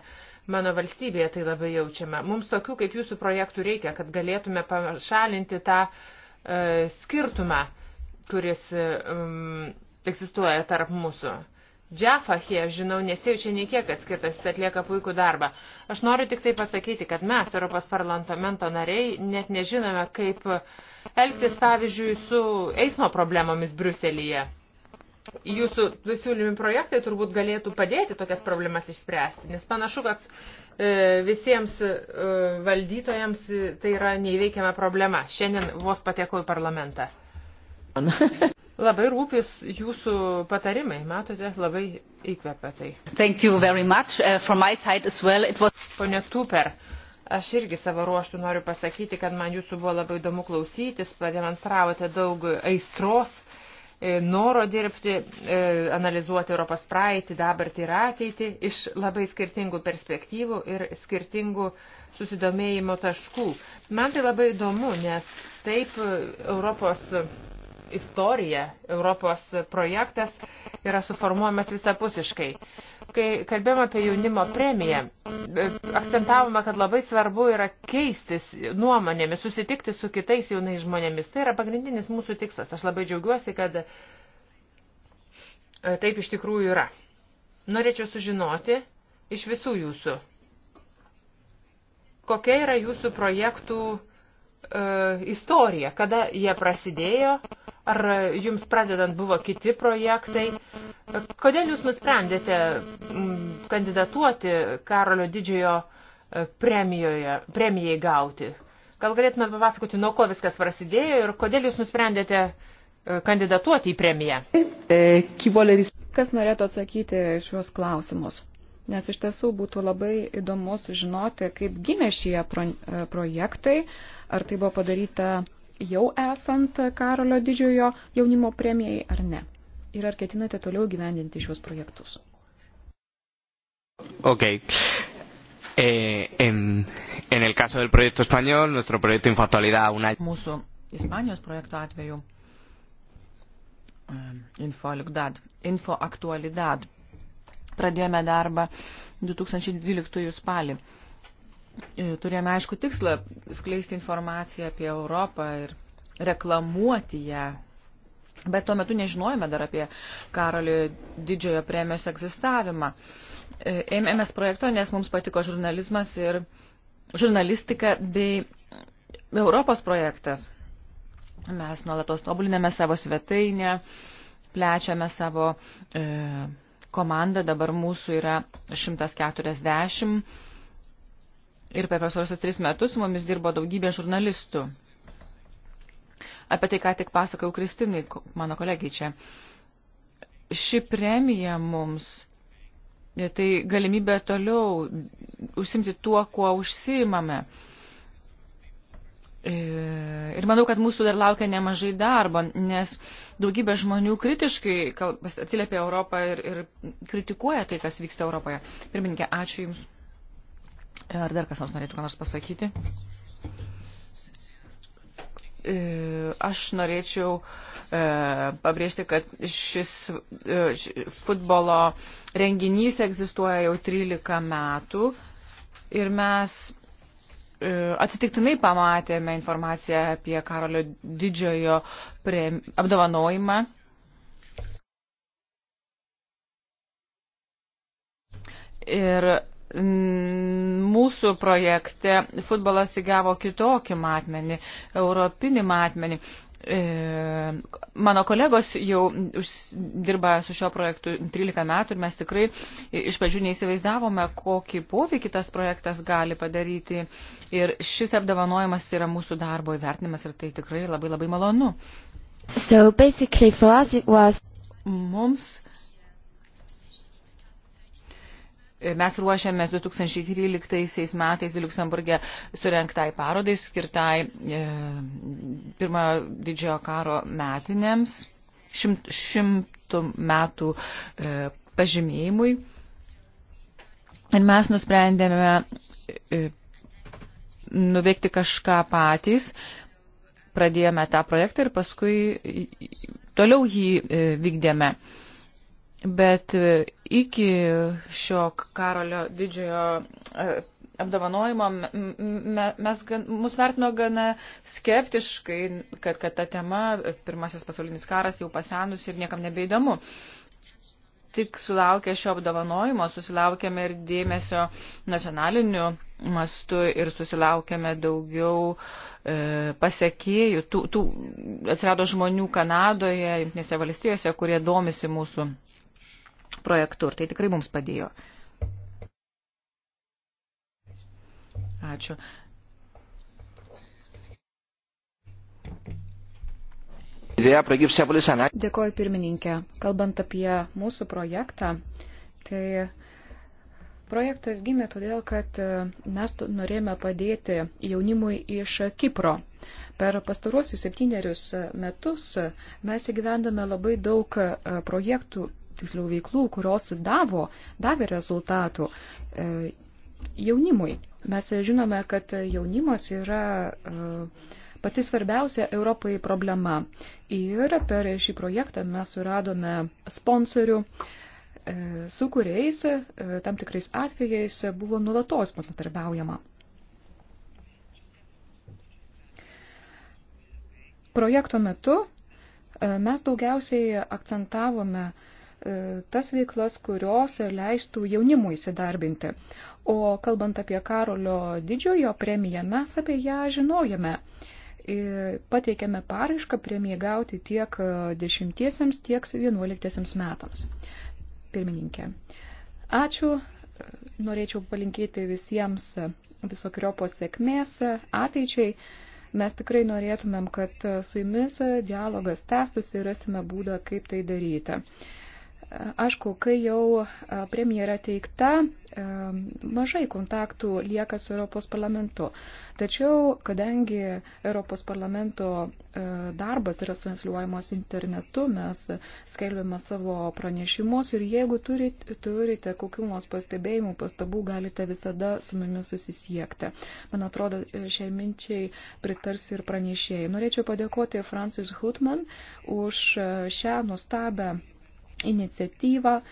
Mano valstybėje tai labai jaučiame. Mums tokių kaip jūsų projektų reikia, kad galėtume pašalinti tą e, skirtumą, kuris e, egzistuoja tarp mūsų. E, Džafachė, žinau, nesijaučia nei kiek atskirtas, jis atlieka puikų darbą. Aš noriu tik tai pasakyti, kad mes, Europos parlamento nariai, net nežinome, kaip elgtis, pavyzdžiui, su eismo problemomis Briuselyje. Jūsų siūlymi projektai turbūt galėtų padėti tokias problemas išspręsti, nes panašu, kad e, visiems e, valdytojams tai yra neįveikiama problema. Šiandien vos patekau į parlamentą. Labai rūpis jūsų patarimai, matote, labai įkvepia tai. Thank you very much. Uh, from my side as well, it was... Pone Tuper, aš irgi savo ruoštų noriu pasakyti, kad man jūsų buvo labai įdomu klausytis, pademonstravote daug aistros, e, noro dirbti, e, analizuoti Europos praeitį, dabartį ir ateitį iš labai skirtingų perspektyvų ir skirtingų susidomėjimo taškų. Man tai labai įdomu, nes taip e, Europos istorija, Europos projektas yra suformuojamas visapusiškai. Kai kalbėjome apie jaunimo premiją, e, akcentavome, kad labai svarbu yra keistis nuomonėmis, susitikti su kitais jaunais žmonėmis. Tai yra pagrindinis mūsų tikslas. Aš labai džiaugiuosi, kad e, taip iš tikrųjų yra. Norėčiau sužinoti iš visų jūsų, kokia yra jūsų projektų e, istorija, kada jie prasidėjo, Ar jums pradedant buvo kiti projektai? Kodėl jūs nusprendėte mm, kandidatuoti Karolio didžiojo e, premijoje, premijai gauti? Gal galėtumėte papasakoti, nuo ko viskas prasidėjo ir kodėl jūs nusprendėte e, kandidatuoti į premiją? E, Kas norėtų atsakyti šiuos klausimus? Nes iš tiesų būtų labai įdomu sužinoti, kaip gimė šie projektai, ar tai buvo padaryta jau esant Karolio didžiojo jaunimo premijai ar ne? Ir ar ketinate toliau gyvendinti šios projektus? Ok. Eh, en, en el caso del proyecto español, nuestro proyecto Infactualidad una... Mūsų Ispanijos projekto atveju eh, Infoaktualidad. Info Pradėjome darbą 2012 spalį. E, turėjome aišku tikslą skleisti informaciją apie Europą ir reklamuoti ją. Bet tuo metu nežinojome dar apie Karolio didžiojo premijos egzistavimą. E, ėmėmės projekto, nes mums patiko žurnalizmas ir žurnalistika bei Europos projektas. Mes nuolatos tobuliname savo svetainę, plečiame savo e, komandą, dabar mūsų yra 140 Ir per pasarosius tris metus su mumis dirbo daugybė žurnalistų. Apie tai, ką tik pasakau Kristinai, mano kolegiai čia. Ši premija mums, e, tai galimybė toliau užsimti tuo, kuo užsiimame. E, ir manau, kad mūsų dar laukia nemažai darbo, nes daugybė žmonių kritiškai atsiliepia Europą ir, ir kritikuoja tai, kas vyksta Europoje. Pirmininkė, ačiū Jums. Ar dar kas nors norėtų ką nors pasakyti? E, aš norėčiau e, pabrėžti, kad šis e, futbolo renginys egzistuoja jau 13 metų ir mes atsitiktinai pamatėme informaciją apie Karolio didžiojo apdovanojimą. Ir Mm, mūsų projekte futbolas įgavo kitokį matmenį, europinį matmenį. E, mano kolegos jau dirba su šio projektu 13 metų ir mes tikrai iš pradžių neįsivaizdavome, kokį poveikį tas projektas gali padaryti. Ir šis apdovanojimas yra mūsų darbo įvertinimas ir tai tikrai labai labai malonu. So basically for us it was... Mums Mes ruošiamės 2013 metais Liuksemburgė surenktai parodai, skirtai e, pirmojo didžiojo karo metinėms, šimt, šimtų metų e, pažymėjimui. Ir mes nusprendėme e, nuveikti kažką patys, pradėjome tą projektą ir paskui toliau jį e, vykdėme. E, Bet e, iki šio Karolio didžiojo e, apdovanojimo mes, mus vertino gana skeptiškai, kad, kad ta tema, e, pirmasis pasaulinis karas jau pasenus ir niekam nebeįdomu. Tik sulaukę šio apdovanojimo susilaukėme ir dėmesio nacionaliniu mastu ir susilaukėme daugiau e, pasiekėjų. Tų, tų atsirado žmonių Kanadoje, Junktinėse valstijose, kurie domisi mūsų projektu ir tai tikrai mums padėjo. Ačiū. Dėkoju pirmininkė. Kalbant apie mūsų projektą, tai projektas gimė todėl, kad e, mes norėjome padėti jaunimui iš Kipro. Per pastaruosius septynerius metus mes įgyvendame labai daug e, projektų tiksliau veiklų, kurios davo, davė rezultatų e, jaunimui. Mes žinome, kad jaunimas yra e, pati svarbiausia Europai problema. Ir per šį projektą mes suradome sponsorių, e, su kuriais tam tikrais atvejais buvo nulatos patarbiaujama. Projekto metu mes daugiausiai akcentavome uh, E, tas veiklas, kurios leistų jaunimui įsidarbinti. O kalbant apie Karolio didžiojo premiją, mes apie ją žinojame. E, pateikėme paraišką premiją gauti tiek 10, tiek 11 metams. Pirmininkė. Ačiū. Norėčiau palinkėti visiems visokiojopos sėkmės ateičiai mes tikrai norėtumėm, kad su jumis dialogas tęstųsi ir rasime būdą, kaip tai daryti. Aišku, kai jau premjera teikta, mažai kontaktų lieka su Europos parlamentu. Tačiau, kadangi Europos parlamento darbas yra transliuojamas internetu, mes skelbėme savo pranešimus ir jeigu turite, turite kokių nors pastebėjimų, pastabų, galite visada su mumis susisiekti. Man atrodo, e, šiai minčiai pritars ir pranešėjai. Norėčiau padėkoti Francis Hutman už šią nustabę iniciatyvą, e,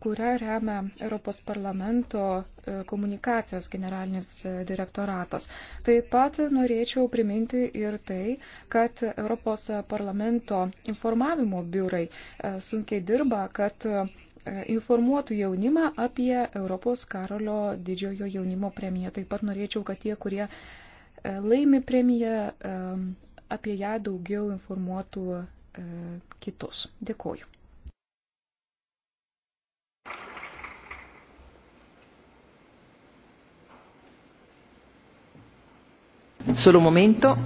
kurią remia Europos parlamento e, komunikacijos generalinis e, direktoratas. Taip pat norėčiau priminti ir tai, kad Europos parlamento informavimo biurai sunkiai dirba, kad informuotų jaunimą apie Europos Karolio didžiojo jaunimo premiją. Taip pat norėčiau, kad tie, kurie laimi premiją, apie ją daugiau informuotų kitus. Dėkoju. solo un momento.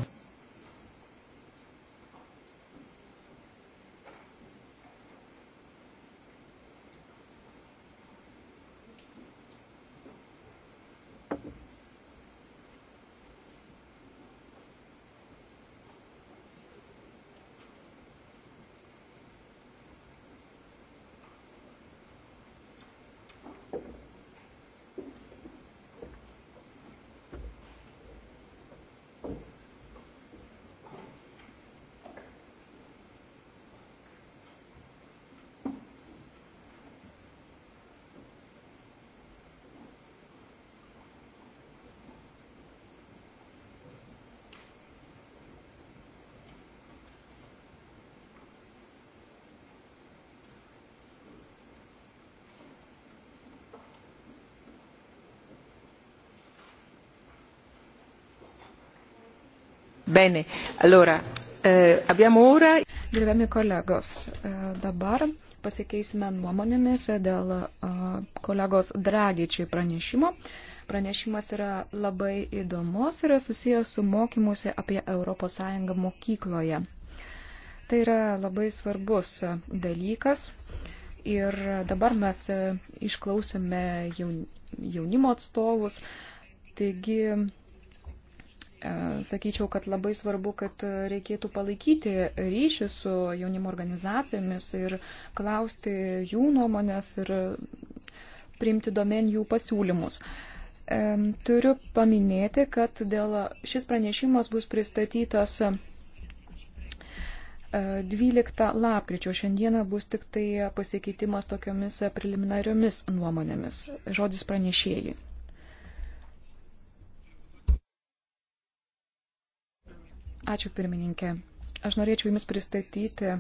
Bene, allora, eh, abbiamo ora... Gerbiami kolegos, eh, dabar pasikeisime nuomonėmis dėl eh, kolegos Dragičiai pranešimo. Pranešimas yra labai įdomus ir susijęs su mokymuose apie ES mokykloje. Tai yra labai svarbus dalykas ir dabar mes eh, išklausėme jaunimo atstovus. Taigi E, sakyčiau, kad labai svarbu, kad reikėtų palaikyti ryšį su jaunimo organizacijomis ir klausti jų nuomonės ir priimti domen jų pasiūlymus. E, turiu paminėti, kad dėl šis pranešimas bus pristatytas 12 e, lapkričio. Šiandieną bus tik tai pasikeitimas tokiomis preliminariomis nuomonėmis. Žodis pranešėjai. Ačiū pirmininkė. Aš norėčiau Jums pristatyti e,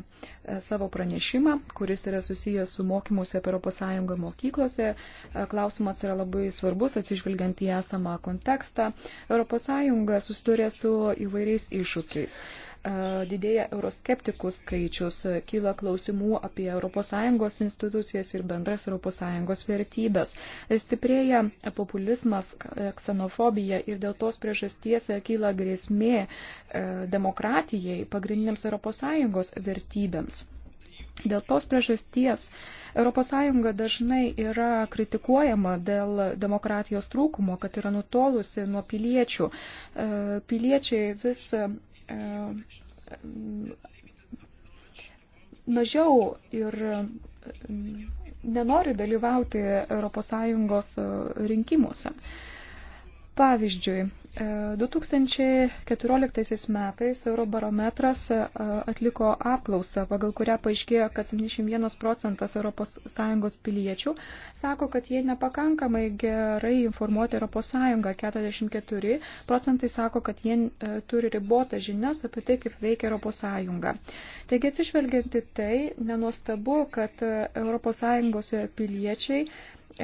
savo pranešimą, kuris yra susijęs su mokymuose per Europos Sąjungą mokyklose. E, klausimas yra labai svarbus, atsižvelgiant į esamą kontekstą. Europos Sąjunga susiduria su įvairiais iššūkiais. E, didėja euroskeptikų skaičius, kyla klausimų apie ES institucijas ir bendras ES vertybės. Stiprėja populizmas, ksenofobija ir dėl tos priežasties kyla grėsmė e, demokratijai, pagrindiniams ES vertybėms. Dėl tos priežasties ES dažnai yra kritikuojama dėl demokratijos trūkumo, kad yra nutolusi nuo piliečių. E, piliečiai vis E, mažiau ir e, nenori dalyvauti ES e, rinkimuose. Pavyzdžiui, 2014 e, metais Eurobarometras e, atliko apklausą, pagal kurią paaiškėjo, kad 71 procentas ES piliečių sako, kad jie nepakankamai gerai informuoti ES, 44 procentai sako, kad jie e, turi ribotą žinias apie tai, kaip veikia ES. Taigi atsižvelgianti tai, nenuostabu, kad ES piliečiai E,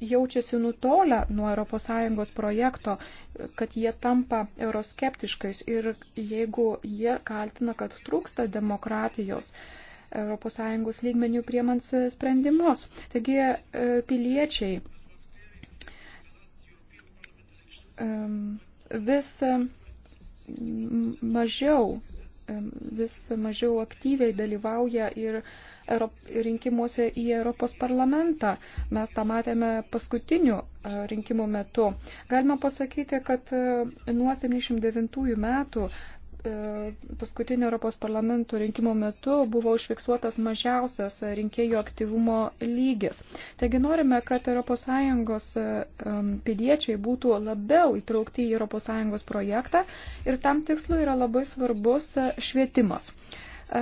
jaučiasi nutolę nuo ES projekto, kad jie tampa euroskeptiškais ir jeigu jie kaltina, kad trūksta demokratijos ES lygmenių priemant sprendimus. Taigi e, piliečiai e, vis mažiau vis mažiau aktyviai dalyvauja ir rinkimuose į Europos parlamentą. Mes tą matėme paskutinių rinkimų metu. Galima pasakyti, kad nuo 79 metų E, paskutinio Europos parlamento rinkimo metu buvo užfiksuotas mažiausias rinkėjų aktyvumo lygis. Taigi norime, kad ES e, e, piliečiai būtų labiau įtraukti į ES projektą ir tam tikslu yra labai svarbus švietimas.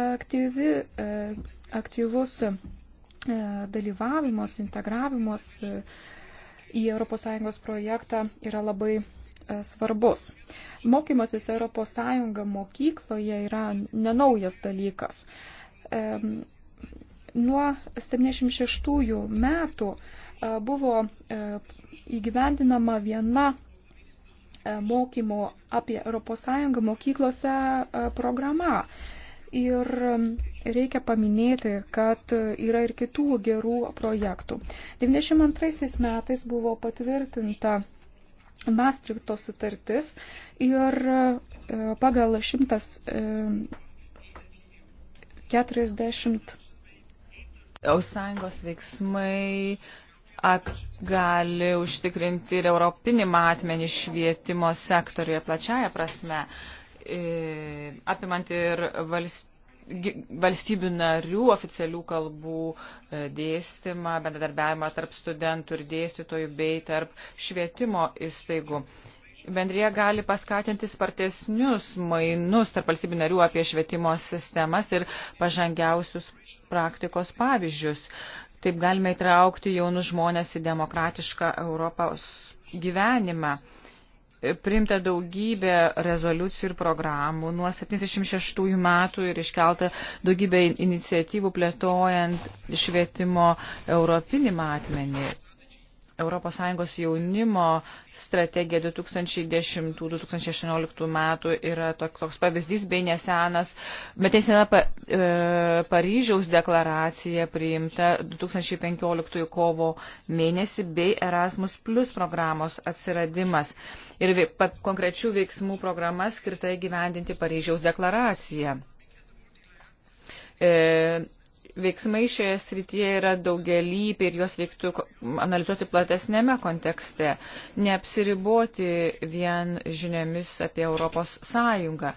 Aktyvi, aktyvus dalyvavimas, integravimas į ES projektą yra labai E, svarbus. Mokymasis ES mokykloje yra nenaujas dalykas. Nuo 76 metų e, buvo e, įgyvendinama viena mokymo apie ES mokyklose programa. Ir reikia paminėti, kad yra ir kitų gerų projektų. 92 metais buvo patvirtinta Mastrikto sutartis ir e, pagal 140 e, sąjungos veiksmai gali užtikrinti ir europinį matmenį švietimo sektoriuje plačiaja prasme, apimant ir valstybės valstybių narių oficialių kalbų e, dėstymą, bendradarbiavimą tarp studentų ir dėstytojų bei tarp švietimo įstaigų. Bendrija gali paskatinti spartesnius mainus tarp valstybių narių apie švietimo sistemas ir pažangiausius praktikos pavyzdžius. Taip galime įtraukti jaunus žmonės į demokratišką Europos gyvenimą priimta daugybė rezoliucijų ir programų nuo 76 metų ir iškelta daugybė iniciatyvų plėtojant švietimo europinį matmenį. ES jaunimo strategija 2010-2018 metų yra toks, toks pavyzdys, bei nesenas, bet nesena pa, e, Paryžiaus deklaracija priimta 2015 kovo mėnesį, bei Erasmus Plus programos atsiradimas ir pat konkrečių veiksmų programa skirta įgyvendinti Paryžiaus deklaraciją. E, veiksmai šioje srityje yra daugelypi ir juos reiktų analizuoti platesnėme kontekste, neapsiriboti vien žiniomis apie Europos Sąjungą.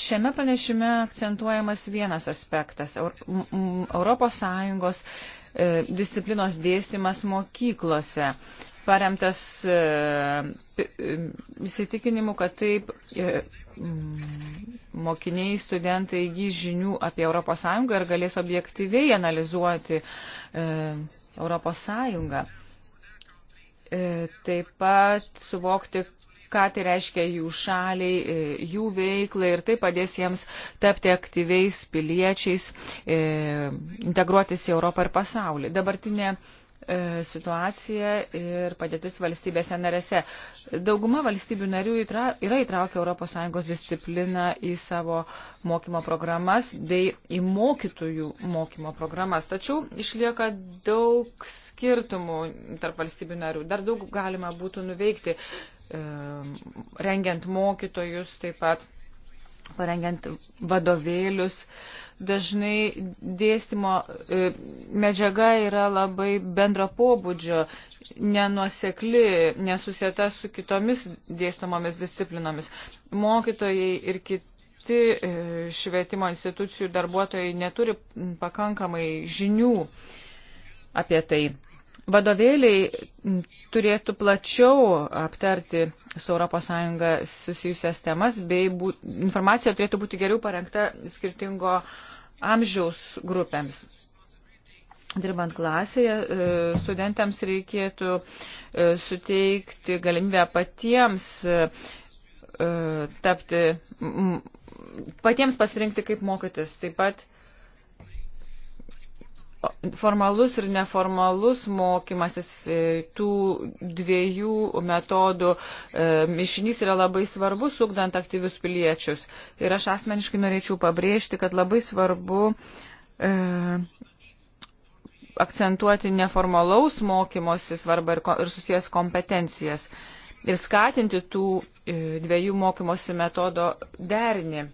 Šiame pranešime akcentuojamas vienas aspektas - Europos Sąjungos e, disciplinos dėstymas mokyklose paremtas e, e, įsitikinimu, kad taip e, mokiniai, studentai įgys žinių apie ES ir galės objektyviai analizuoti ES. Taip pat suvokti, ką tai reiškia jų šaliai, jų veiklai ir tai padės jiems tapti aktyviais piliečiais, integruotis į Europą ir pasaulį. Dabartinė E, situacija ir padėtis valstybėse narėse. Dauguma valstybių narių yra įtraukę ES discipliną į savo mokymo programas bei į mokytojų mokymo programas. Tačiau išlieka daug skirtumų tarp valstybių narių. Dar daug galima būtų nuveikti e, rengiant mokytojus taip pat parengiant vadovėlius. Dažnai dėstymo e, medžiaga yra labai bendro pobūdžio, nenuosekli, nesusieta su kitomis dėstomomis disciplinomis. Mokytojai ir kiti e, švietimo institucijų darbuotojai neturi pakankamai žinių apie tai. Vadovėliai turėtų plačiau aptarti su ES susijusias temas, bei būt, informacija turėtų būti geriau parengta skirtingo amžiaus grupėms. Dirbant klasėje, e, studentams reikėtų e, suteikti galimybę patiems e, tapti, patiems pasirinkti, kaip mokytis. Taip pat formalus ir neformalus mokymasis e, tų dviejų metodų e, mišinys yra labai svarbus, ugdant aktyvius piliečius. Ir aš asmeniškai norėčiau pabrėžti, kad labai svarbu e, akcentuoti neformalaus mokymosi svarbą ir, ir susijęs kompetencijas ir skatinti tų e, dviejų mokymosi metodo derinį.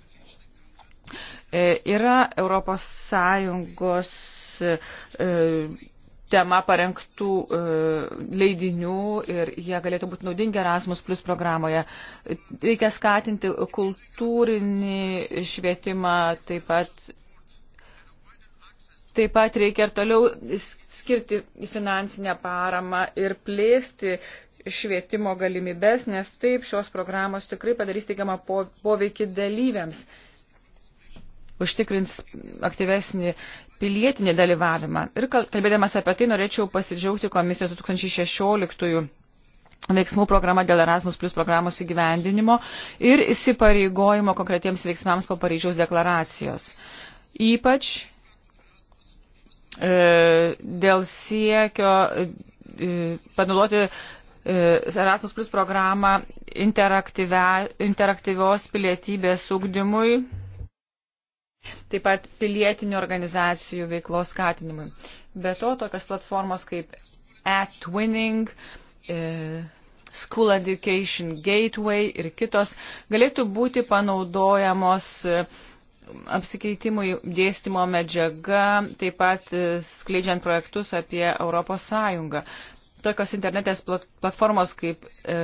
E, yra Europos Sąjungos E, e, tema parengtų e, leidinių ir jie galėtų būti naudingi Erasmus Plus programoje. Reikia skatinti kultūrinį švietimą, taip pat, taip pat reikia ir toliau skirti finansinę paramą ir plėsti švietimo galimybės, nes taip šios programos tikrai padarys teigiamą poveikį dalyviams užtikrins aktyvesnį pilietinį dalyvavimą. Ir kalbėdamas apie tai norėčiau pasidžiaugti komisijos 2016 veiksmų programa dėl Erasmus Plus programos įgyvendinimo ir įsipareigojimo konkretiems veiksmams po Paryžiaus deklaracijos. Ypač e, dėl siekio e, panaudoti e, Erasmus Plus programą interaktyvios pilietybės ugdymui taip pat pilietinių organizacijų veiklos skatinimui. Be to, tokios platformos kaip AdWinning, e, School Education Gateway ir kitos galėtų būti panaudojamos e, apsikeitimui dėstymo medžiaga, taip pat e, skleidžiant projektus apie Europos Sąjungą. Tokios internetės platformos kaip e,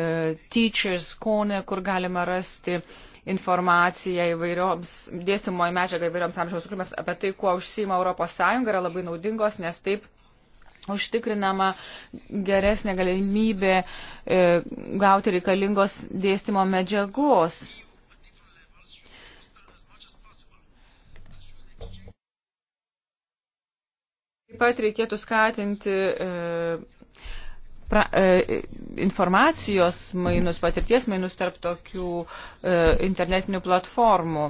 Teachers Corner, kur galima rasti e, informacija įvairioms, dėstymoji medžiaga įvairioms amžiaus grupėms apie tai, kuo užsima Europos Sąjunga, yra labai naudingos, nes taip užtikrinama geresnė galimybė e, gauti reikalingos dėstymo medžiagos. Taip pat reikėtų skatinti e, pra, e, informacijos mainus, patirties mainus tarp tokių e, internetinių platformų.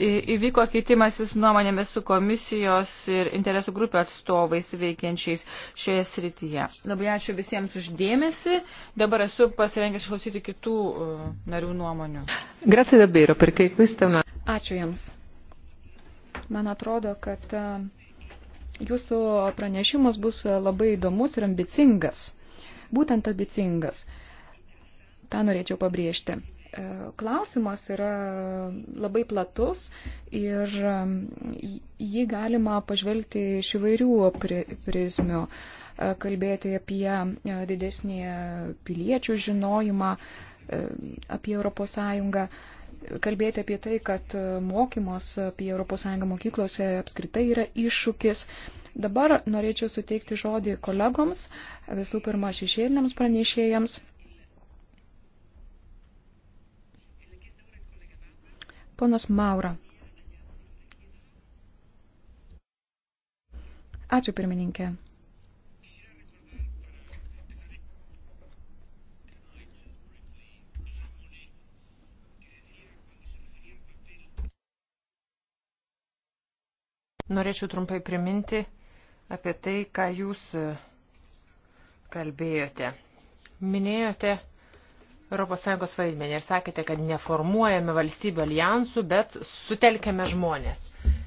Į, įvyko keitimasis nuomonėmis su komisijos ir interesų grupių atstovais veikiančiais šioje srityje. Labai ačiū visiems uždėmesi. Dabar esu pasirengęs išklausyti kitų uh, narių nuomonių. Grazie davvero, perché questa una... Ačiū Jums. Man atrodo, kad uh, Jūsų pranešimas bus labai įdomus ir ambicingas. Būtent ambicingas. Ta norėčiau pabrėžti. E, klausimas yra labai platus ir jį galima pažvelgti iš įvairių prizmių e, kalbėti apie e, didesnį piliečių žinojimą apie Europos Sąjungą kalbėti apie tai, kad e, mokymas apie ES mokyklose apskritai yra iššūkis. Dabar norėčiau suteikti žodį kolegoms, visų pirma šešėliniams pranešėjams. Ponas Maura. Ačiū pirmininkė. Norėčiau trumpai priminti apie tai, ką jūs e, kalbėjote. Minėjote ES vaidmenį ir sakėte, kad neformuojame valstybių alijansų, bet sutelkiame žmonės.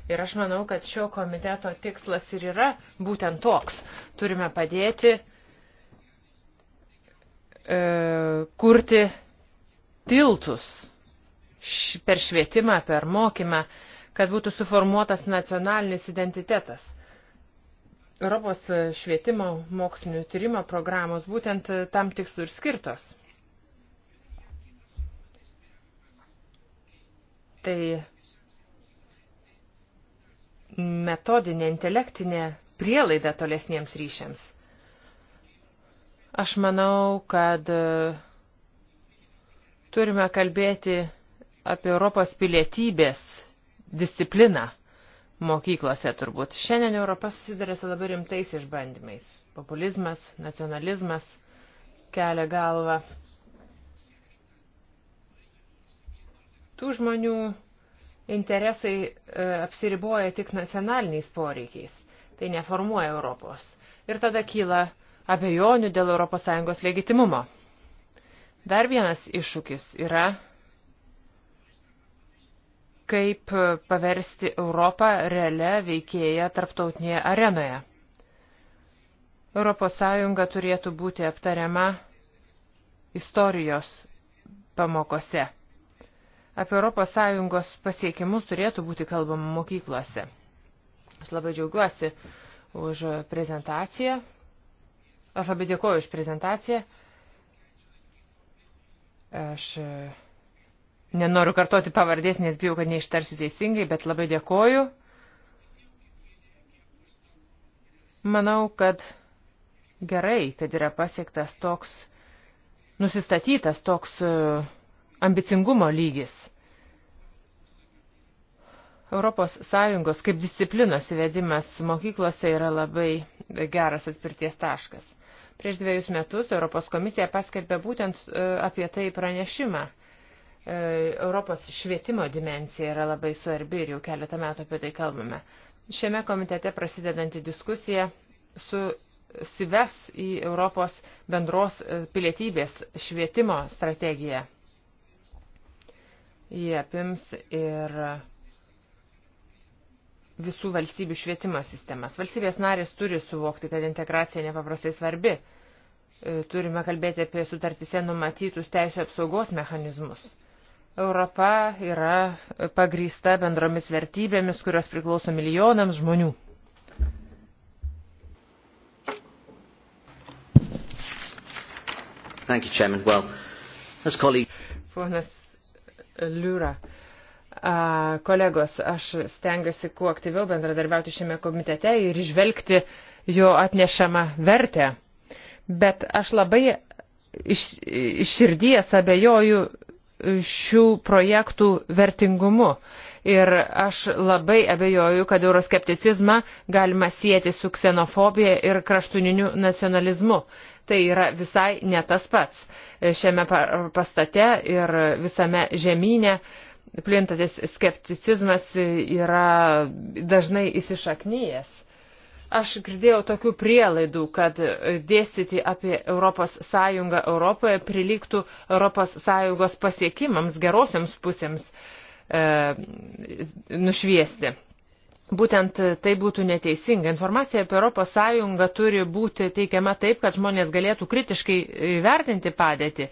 Ir aš manau, kad šio komiteto tikslas ir yra būtent toks. Turime padėti e, kurti tiltus š, per švietimą, per mokymą kad būtų suformuotas nacionalinis identitetas. Europos švietimo mokslinių tyrimo programos būtent tam tikslu ir skirtos. Tai metodinė, intelektinė prielaida tolesniems ryšiams. Aš manau, kad e, turime kalbėti apie Europos pilietybės discipliną mokyklose turbūt. Šiandien Europa susiduria su labai rimtais išbandymais. Populizmas, nacionalizmas kelia galvą. Tų žmonių interesai e, apsiriboja tik nacionaliniais poreikiais. Tai neformuoja Europos. Ir tada kyla abejonių dėl ES legitimumo. Dar vienas iššūkis yra kaip e, paversti Europą realią veikėją tarptautinėje arenoje. ES turėtų būti aptariama istorijos pamokose. Apie ES pasiekimus turėtų būti kalbama mokyklose. Aš labai džiaugiuosi už prezentaciją. Aš labai dėkoju už prezentaciją. Aš e, Nenoriu kartoti pavardės, nes bijau, kad neištarsiu teisingai, bet labai dėkoju. Manau, kad gerai, kad yra pasiektas toks, nusistatytas toks e, ambicingumo lygis. Europos Sąjungos kaip disciplinos įvedimas mokyklose yra labai geras atspirties taškas. Prieš dviejus metus Europos komisija paskelbė būtent e, apie tai pranešimą E, Europos švietimo dimencija yra labai svarbi ir jau keletą metų apie tai kalbame. Šiame komitete prasidedanti diskusija su sives į Europos bendros e, pilietybės švietimo strategiją. Jie apims ir visų valstybių švietimo sistemas. Valstybės narės turi suvokti, kad integracija nepaprastai svarbi. E, turime kalbėti apie sutartise numatytus teisų apsaugos mechanizmus Europa yra pagrįsta bendromis vertybėmis, kurios priklauso milijonams žmonių. Thank you, Chairman. Well, as colleague... Ponas Liūra. A, kolegos, aš stengiuosi kuo aktyviau bendradarbiauti šiame komitete ir išvelgti jo atnešamą vertę. Bet aš labai iš, iš širdies abejoju šių projektų vertingumu. Ir aš labai abejoju, kad euroskepticizmą galima sieti su ksenofobija ir kraštuniniu nacionalizmu. Tai yra visai ne tas pats. Šiame pastate ir visame žemynė plintatis skepticizmas yra dažnai įsišaknyjęs Aš girdėjau tokių prielaidų, kad dėstyti apie ES Europoje prilygtų ES pasiekimams, gerosiams pusėms e, nušviesti. Būtent tai būtų neteisinga. Informacija apie ES turi būti teikiama taip, kad žmonės galėtų kritiškai vertinti padėtį,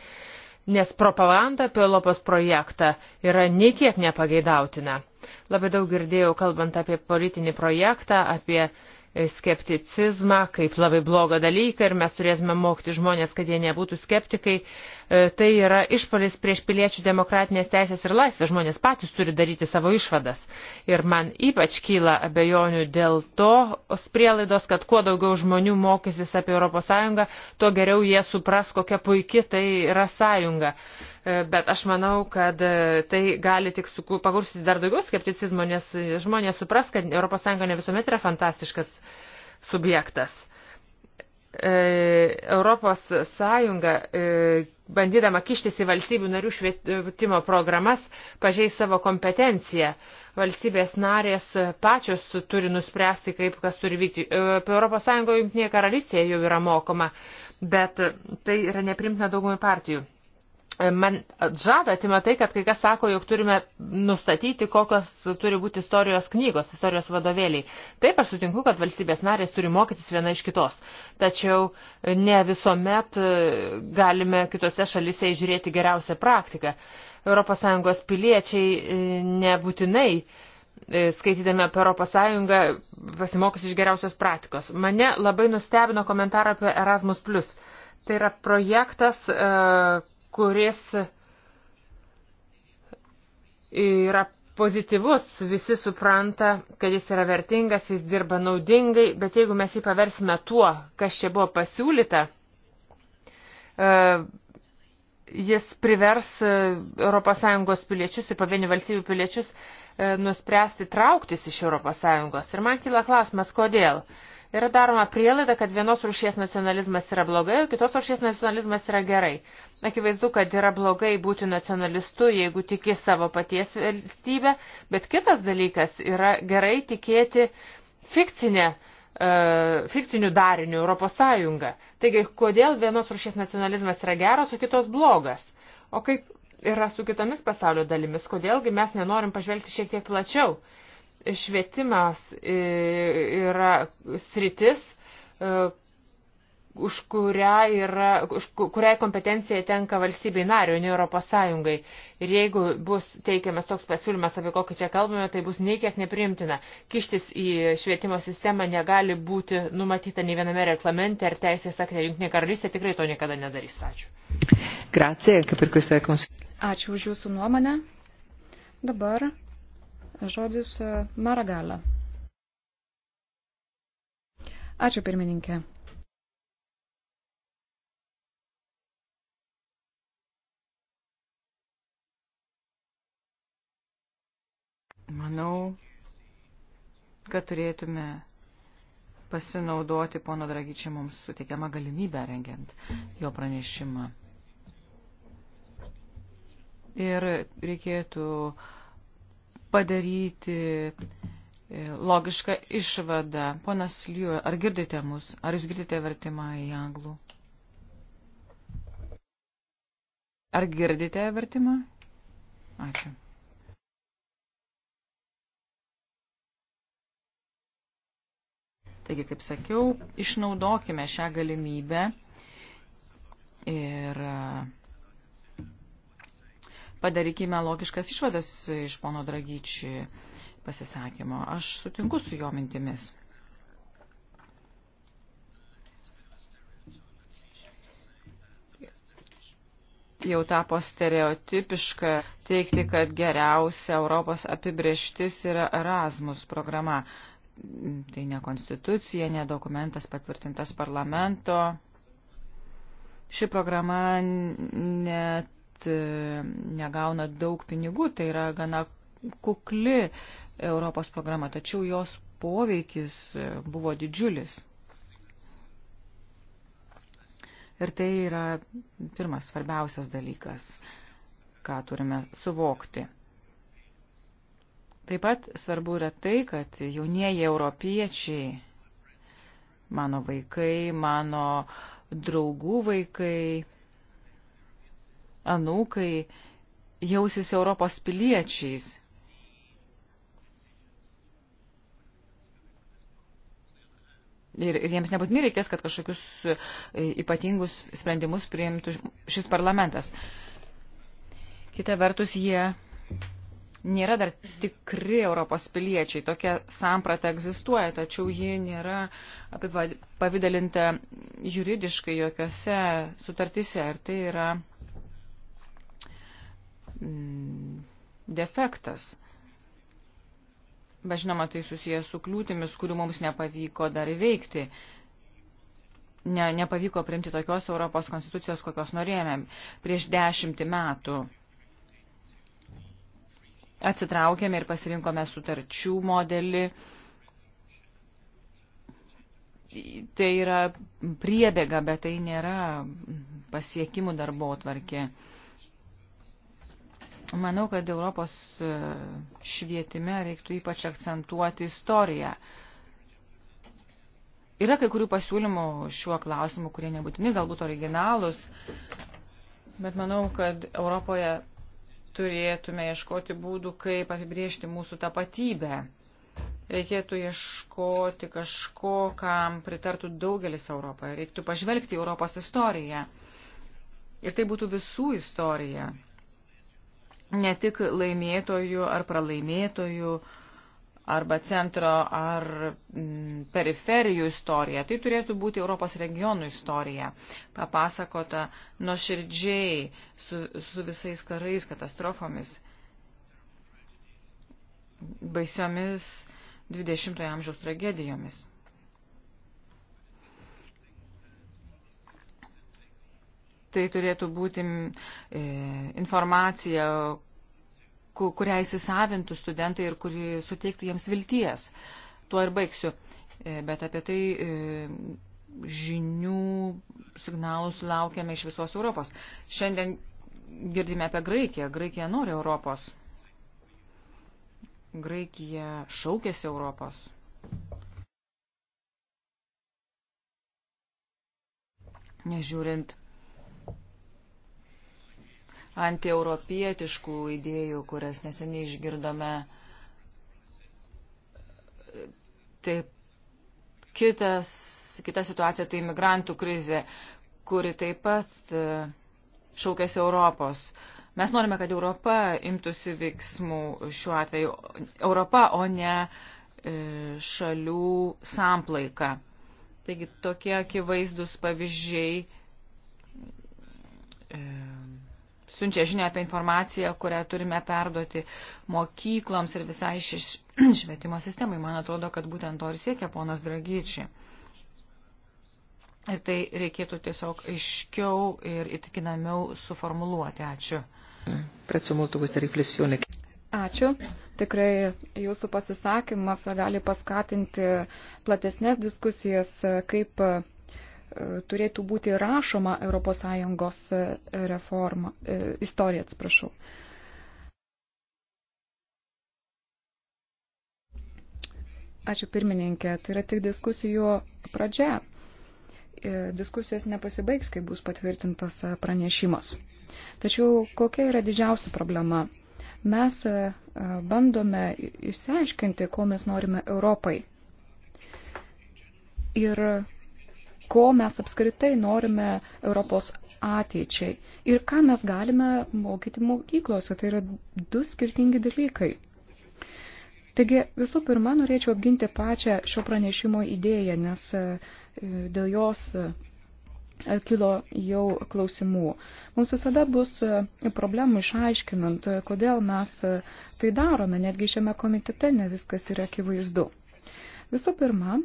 nes propaganda apie Europos projektą yra niekiek nepageidautina. Labai daug girdėjau, kalbant apie politinį projektą, apie skepticizmą kaip labai blogą dalyką ir mes turėtume mokyti žmonės, kad jie nebūtų skeptikai, E, tai yra išpolis prieš piliečių demokratinės teisės ir laisvės. Žmonės patys turi daryti savo išvadas. Ir man ypač kyla abejonių dėl tos prielaidos, kad kuo daugiau žmonių mokysis apie ES, tuo geriau jie supras, kokia puikia tai yra sąjunga. E, bet aš manau, kad e, tai gali tik pakursyti dar daugiau skepticizmo, nes žmonės supras, kad ES ne visuomet yra fantastiškas subjektas. E, Europos Sąjunga, e, bandydama kištis į valstybių narių švietimo programas, pažeis savo kompetenciją. Valstybės narės pačios turi nuspręsti, kaip kas turi vykti. E, apie Europos Sąjungo jungtinėje karalystėje jau yra mokoma, bet tai yra neprimtina daugumai partijų man žada atima tai, kad kai kas sako, jog turime nustatyti, kokios turi būti istorijos knygos, istorijos vadovėliai. Taip, aš sutinku, kad valstybės narės turi mokytis viena iš kitos. Tačiau ne visuomet e, galime kitose šalise įžiūrėti geriausią praktiką. ES piliečiai e, nebūtinai e, skaitydami apie Europos Sąjungą pasimokys iš geriausios praktikos. Mane labai nustebino komentarą apie Erasmus. Tai yra projektas, kuris yra pozityvus, visi supranta, kad jis yra vertingas, jis dirba naudingai, bet jeigu mes jį paversime tuo, kas čia buvo pasiūlyta, e, jis privers ES piliečius ir pavienių valstybių piliečius e, nuspręsti trauktis iš ES. Ir man kyla klausimas, kodėl? Yra daroma prielaida, kad vienos rušies nacionalizmas yra blogai, o kitos rušies nacionalizmas yra gerai. Akivaizdu, kad yra blogai būti nacionalistu, jeigu tiki savo paties valstybę, bet kitas dalykas yra gerai tikėti fikcinę e, fikcinių darinių Europos Sąjunga. Taigi, kodėl vienos rušies nacionalizmas yra geras, o kitos blogas? O kaip yra su kitomis pasaulio dalimis? Kodėlgi mes nenorim pažvelgti šiek tiek plačiau? švietimas e, yra sritis, e, už kurią, yra, už kuriai kompetencija tenka valstybei nariui, ne Europos Sąjungai. Ir jeigu bus teikiamas toks pasiūlymas, apie kokį čia kalbame, tai bus niekiek nepriimtina. Kištis į švietimo sistemą negali būti numatyta nei viename reglamente ar teisės akte. Junktinė karalystė tikrai to niekada nedarys. Ačiū. Grazie, kaip ir Ačiū už Jūsų nuomonę. Dabar Žodis e, Maragala. Ačiū pirmininkė. Manau, kad turėtume pasinaudoti pono Dragičiai mums suteikiamą galimybę rengiant jo pranešimą. Ir reikėtų uh, padaryti e, logišką išvadą. Ponas Liu, ar girdite mus? Ar jūs girdite vertimą į anglų? Ar girdite vertimą? Ačiū. Taigi, kaip sakiau, išnaudokime šią galimybę ir uh, padarykime logiškas išvadas iš pono Dragyčių pasisakymo. Aš sutinku su jo mintimis. Jau tapo stereotipiška teikti, kad geriausia Europos apibrieštis yra Erasmus programa. Tai ne konstitucija, ne dokumentas patvirtintas parlamento. Ši programa net E, negauna daug pinigų, tai yra gana kukli Europos programa, tačiau jos poveikis e, buvo didžiulis. Ir tai yra pirmas svarbiausias dalykas, ką turime suvokti. Taip pat svarbu yra tai, kad jaunieji europiečiai, mano vaikai, mano draugų vaikai, anūkai jausis Europos piliečiais. Ir, ir jiems nebūtinai reikės, kad kažkokius e, ypatingus sprendimus priimtų šis parlamentas. Kita vertus, jie nėra dar tikri Europos piliečiai. Tokia samprata egzistuoja, tačiau ji nėra apipavydalinta juridiškai jokiose sutartise. Ir tai yra Mm, defektas. Bet žinoma, tai susijęs su kliūtimis, kurių mums nepavyko dar įveikti. Ne, nepavyko priimti tokios Europos konstitucijos, kokios norėjome prieš dešimtį metų. Atsitraukėme ir pasirinkome sutarčių modelį. Tai yra priebėga, bet tai nėra pasiekimų darbo tvarkė. Manau, kad Europos e, švietime reiktų ypač akcentuoti istoriją. Yra kai kurių pasiūlymų šiuo klausimu, kurie nebūtini, galbūt originalūs, bet manau, kad Europoje turėtume ieškoti būdų, kaip apibriežti mūsų tapatybę. Reikėtų ieškoti kažko, kam pritartų daugelis Europoje. Reiktų pažvelgti į Europos istoriją. Ir tai būtų visų istorija ne tik laimėtojų ar pralaimėtojų arba centro ar mm, periferijų istorija. Tai turėtų būti Europos regionų istorija, papasakota nuoširdžiai su, su visais karais, katastrofomis, baisiomis 20-ojo amžiaus tragedijomis. tai turėtų būti e, informacija, kurią įsisavintų studentai ir kuri suteiktų jiems vilties. Tuo ir baigsiu. E, bet apie tai e, žinių signalus laukiame iš visos Europos. Šiandien girdime apie Graikiją. Graikija nori Europos. Graikija šaukėsi Europos. Nežiūrint antieuropietiškų idėjų, kurias neseniai išgirdome. Taip, kitas, kita situacija tai migrantų krizė, kuri taip pat e, šaukėsi Europos. Mes norime, kad Europa imtųsi veiksmų šiuo atveju. Europa, o ne e, šalių samplaika. Taigi tokie akivaizdus pavyzdžiai e, siunčia žinia apie informaciją, kurią turime perduoti mokykloms ir visai šis švietimo sistemai. Man atrodo, kad būtent to ir siekia ponas Dragyčiai. Ir tai reikėtų tiesiog aiškiau ir įtikinamiau suformuluoti. Ačiū. Ačiū. Tikrai jūsų pasisakymas gali paskatinti platesnės diskusijas, kaip turėtų būti rašoma ES e, reforma, e, istorija, atsiprašau. Ačiū pirmininkė, tai yra tik diskusijų pradžia. E, diskusijos nepasibaigs, kai bus patvirtintas pranešimas. Tačiau kokia yra didžiausia problema? Mes bandome išsiaiškinti, ko mes norime Europai. Ir ko mes apskritai norime Europos ateičiai ir ką mes galime mokyti mokyklose. Tai yra du skirtingi dalykai. Taigi visų pirma, norėčiau apginti pačią šio pranešimo idėją, nes e, dėl jos e, kilo jau klausimų. Mums visada bus e, problemų išaiškinant, kodėl mes tai darome, netgi šiame komitete ne viskas yra akivaizdu. Visų pirma,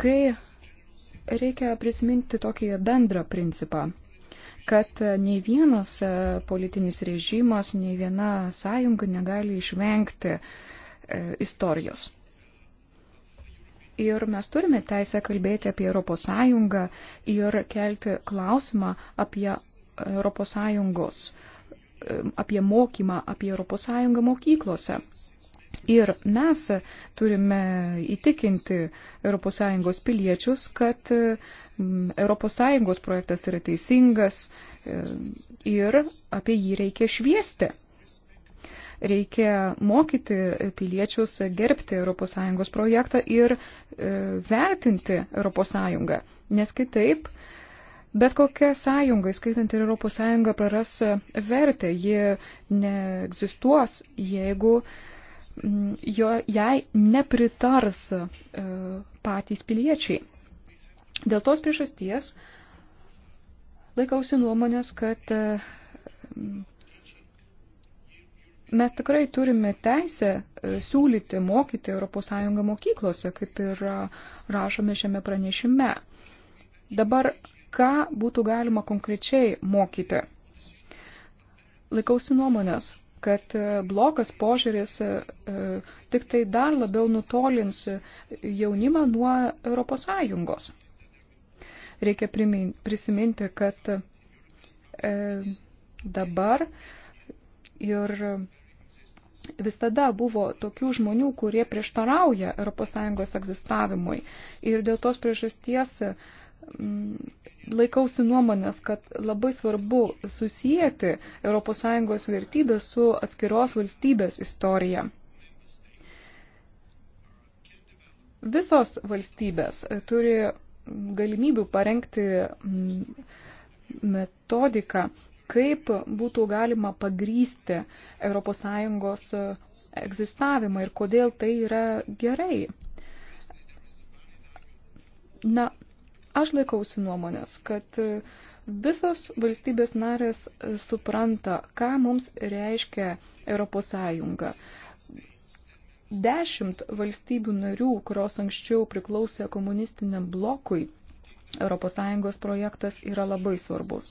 kai reikia prisiminti tokį bendrą principą, kad nei vienas e, politinis režimas, nei viena sąjunga negali išvengti e, istorijos. Ir mes turime teisę kalbėti apie Europos Sąjungą ir kelti klausimą apie Europos Sąjungos, e, apie mokymą apie Europos Sąjungą mokyklose. Ir mes turime įtikinti ES piliečius, kad mm, ES projektas yra teisingas e, ir apie jį reikia šviesti. Reikia mokyti piliečius gerbti ES projektą ir e, vertinti ES, nes kitaip Bet kokia sąjunga, skaitant ir Europos sąjungą, praras vertę, ji neegzistuos, jeigu uh, Mm, jo, jai nepritars e, patys piliečiai. Dėl tos priežasties laikausi nuomonės, kad e, mm, mes tikrai turime teisę e, siūlyti mokyti ES mokyklose, kaip ir rašome šiame pranešime. Dabar, ką būtų galima konkrečiai mokyti? Laikausi nuomonės, kad e, blogas požiūris e, e, tik tai dar labiau nutolins jaunimą nuo ES. Reikia prisiminti, kad dabar ir visada buvo tokių žmonių, kurie prieštarauja ES egzistavimui. Ir dėl tos priežasties Mm, laikausi nuomonės, kad labai svarbu susijęti ES vertybę su atskiros valstybės istorija. Visos valstybės turi galimybių parengti mm, metodiką, kaip būtų galima pagrysti ES egzistavimą ir kodėl tai yra gerai. Na, Aš laikausi nuomonės, kad visos valstybės narės supranta, ką mums reiškia Europos Sąjunga. Dešimt valstybių narių, kurios anksčiau priklausė komunistiniam blokui, Europos Sąjungos projektas yra labai svarbus.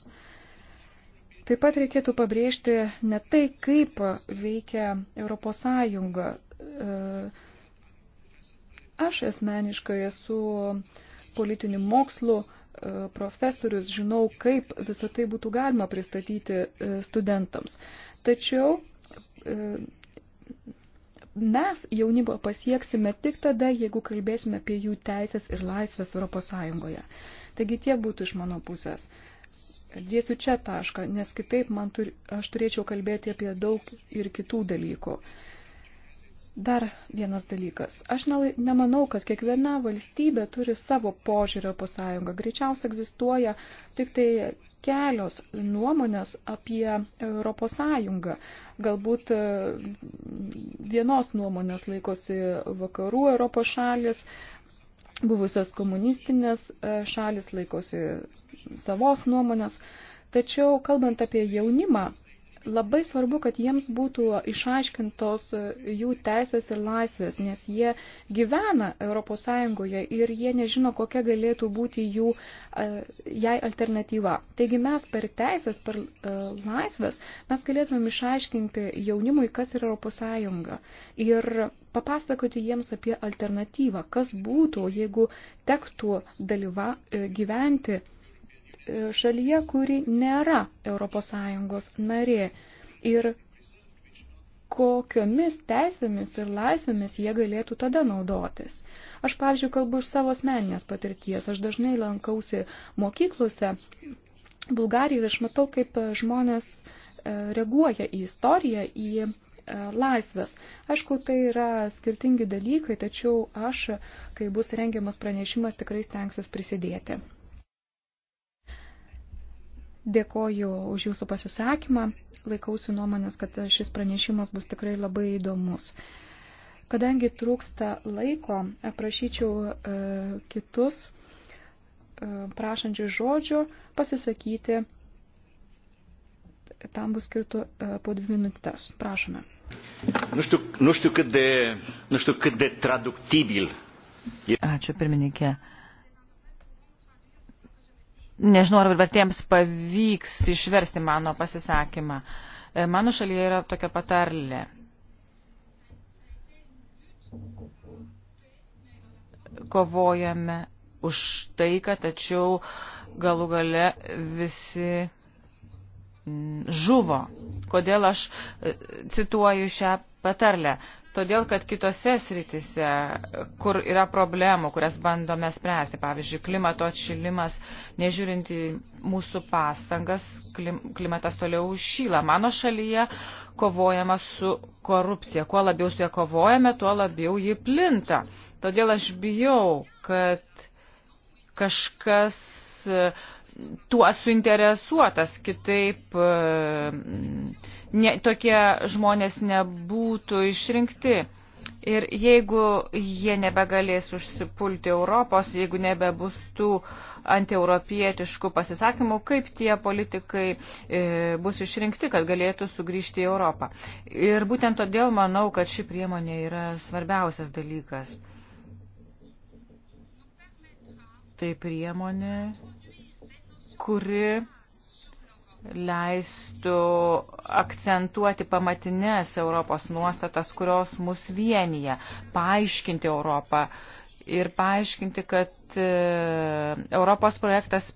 Taip pat reikėtų pabrėžti ne tai, kaip veikia Europos Sąjunga. Aš asmeniškai esu uh, politinių mokslų e, profesorius, žinau, kaip visą tai būtų galima pristatyti e, studentams. Tačiau e, mes jaunimo pasieksime tik tada, jeigu kalbėsime apie jų teisės ir laisvės Europos Sąjungoje. Taigi tie būtų iš mano pusės. Dėsiu čia tašką, nes kitaip man turi, aš turėčiau kalbėti apie daug ir kitų dalykų. Uh, Dar vienas dalykas. Aš nemanau, kad kiekviena valstybė turi savo požiūrio po sąjungą. Greičiausiai egzistuoja tik tai kelios nuomonės apie Europos sąjungą. Galbūt e, vienos nuomonės laikosi vakarų Europos šalis, buvusios komunistinės e, šalis laikosi savos nuomonės. Tačiau, kalbant apie jaunimą, Labai svarbu, kad jiems būtų išaiškintos jų teisės ir laisvės, nes jie gyvena ES ir jie nežino, kokia galėtų būti jų, e, jai alternatyva. Taigi mes per teisės, per e, laisvės, mes galėtumėm išaiškinti jaunimui, kas yra ES ir papasakoti jiems apie alternatyvą, kas būtų, jeigu tektų dalyva, e, gyventi šalyje, kuri nėra ES narė ir kokiomis teisėmis ir laisvėmis jie galėtų tada naudotis. Aš, pavyzdžiui, kalbu iš savo asmeninės patirties. Aš dažnai lankausi mokyklose Bulgarijoje ir aš matau, kaip žmonės e, reaguoja į istoriją, į e, laisvės. Aišku, tai yra skirtingi dalykai, tačiau aš, kai bus rengiamas pranešimas, tikrai stengsiuos prisidėti. Dėkoju už jūsų pasisakymą. Laikausi nuomonės, kad šis pranešimas bus tikrai labai įdomus. Kadangi trūksta laiko, aprašyčiau e, kitus e, prašančių žodžių pasisakyti. Tam bus skirtų e, po dvi minutės. Prašome. Nu știu, nu știu cât de, nu știu cât de traductibil. E. Ačiū, pirmininkė. E, Nežinau, ar vertėjams pavyks išversti mano pasisakymą. E, mano šalyje yra tokia patarlė. Kovojame už taiką, tačiau galų gale visi mm, žuvo. Kodėl aš e, cituoju šią patarlę? Todėl, kad kitose sritise, kur yra problemų, kurias bandome spręsti, pavyzdžiui, klimato atšilimas, nežiūrinti mūsų pastangas, klim, klimatas toliau šyla. Mano šalyje kovojama su korupcija. Kuo labiau su ją kovojame, tuo labiau ji plinta. Todėl aš bijau, kad kažkas e, tuo suinteresuotas, kitaip. Uh, ne, tokie žmonės nebūtų išrinkti. Ir jeigu jie nebegalės užsipulti Europos, jeigu nebebus tų antieuropietiškų pasisakymų, kaip tie politikai e, bus išrinkti, kad galėtų sugrįžti į Europą. Ir būtent todėl manau, kad ši priemonė yra svarbiausias dalykas. Tai priemonė, kuri leistų akcentuoti pamatinės Europos nuostatas, kurios mus vienyje, paaiškinti Europą ir paaiškinti, kad e, Europos projektas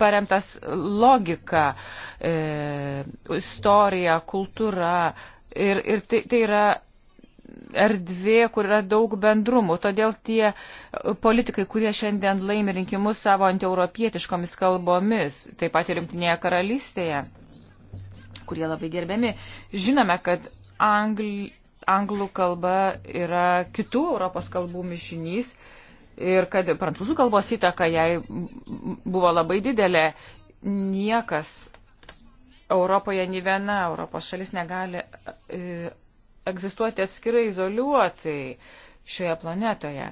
paremtas logika, e, istorija, kultūra ir, ir tai, tai yra erdvė, kur yra daug bendrumų. Todėl tie politikai, kurie šiandien laimi rinkimus savo antieuropietiškomis kalbomis, taip pat ir Junktinėje karalystėje, kurie labai gerbiami, žinome, kad angl, anglų kalba yra kitų Europos kalbų mišinys. Ir kad prancūzų kalbos įtaka jai buvo labai didelė, niekas Europoje, nei viena Europos šalis negali e, egzistuoti atskirai izoliuotai šioje planetoje.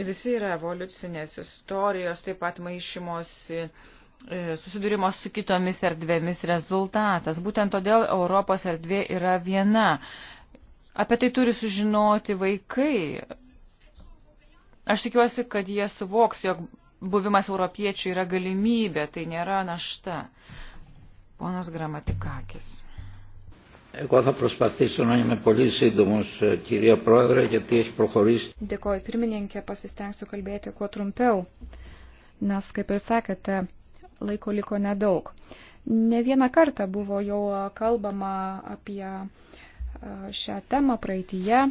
Visi yra evoliucinės istorijos, taip pat maišymosi e, susidūrimo su kitomis erdvėmis rezultatas. Būtent todėl Europos erdvė yra viena. Apie tai turi sužinoti vaikai. Aš tikiuosi, kad jie suvoks, jog buvimas europiečių yra galimybė, tai nėra našta. Ponas Gramatikakis. Εγώ θα προσπαθήσω να είμαι πολύ σύντομος, κυρία Πρόεδρε, γιατί έχει προχωρήσει. Dėkoju pirmininkė, pasistengsiu kalbėti kuo trumpiau, nes, kaip ir sakėte, laiko liko nedaug. Ne vieną kartą buvo jau kalbama apie e, šią temą praeitįje.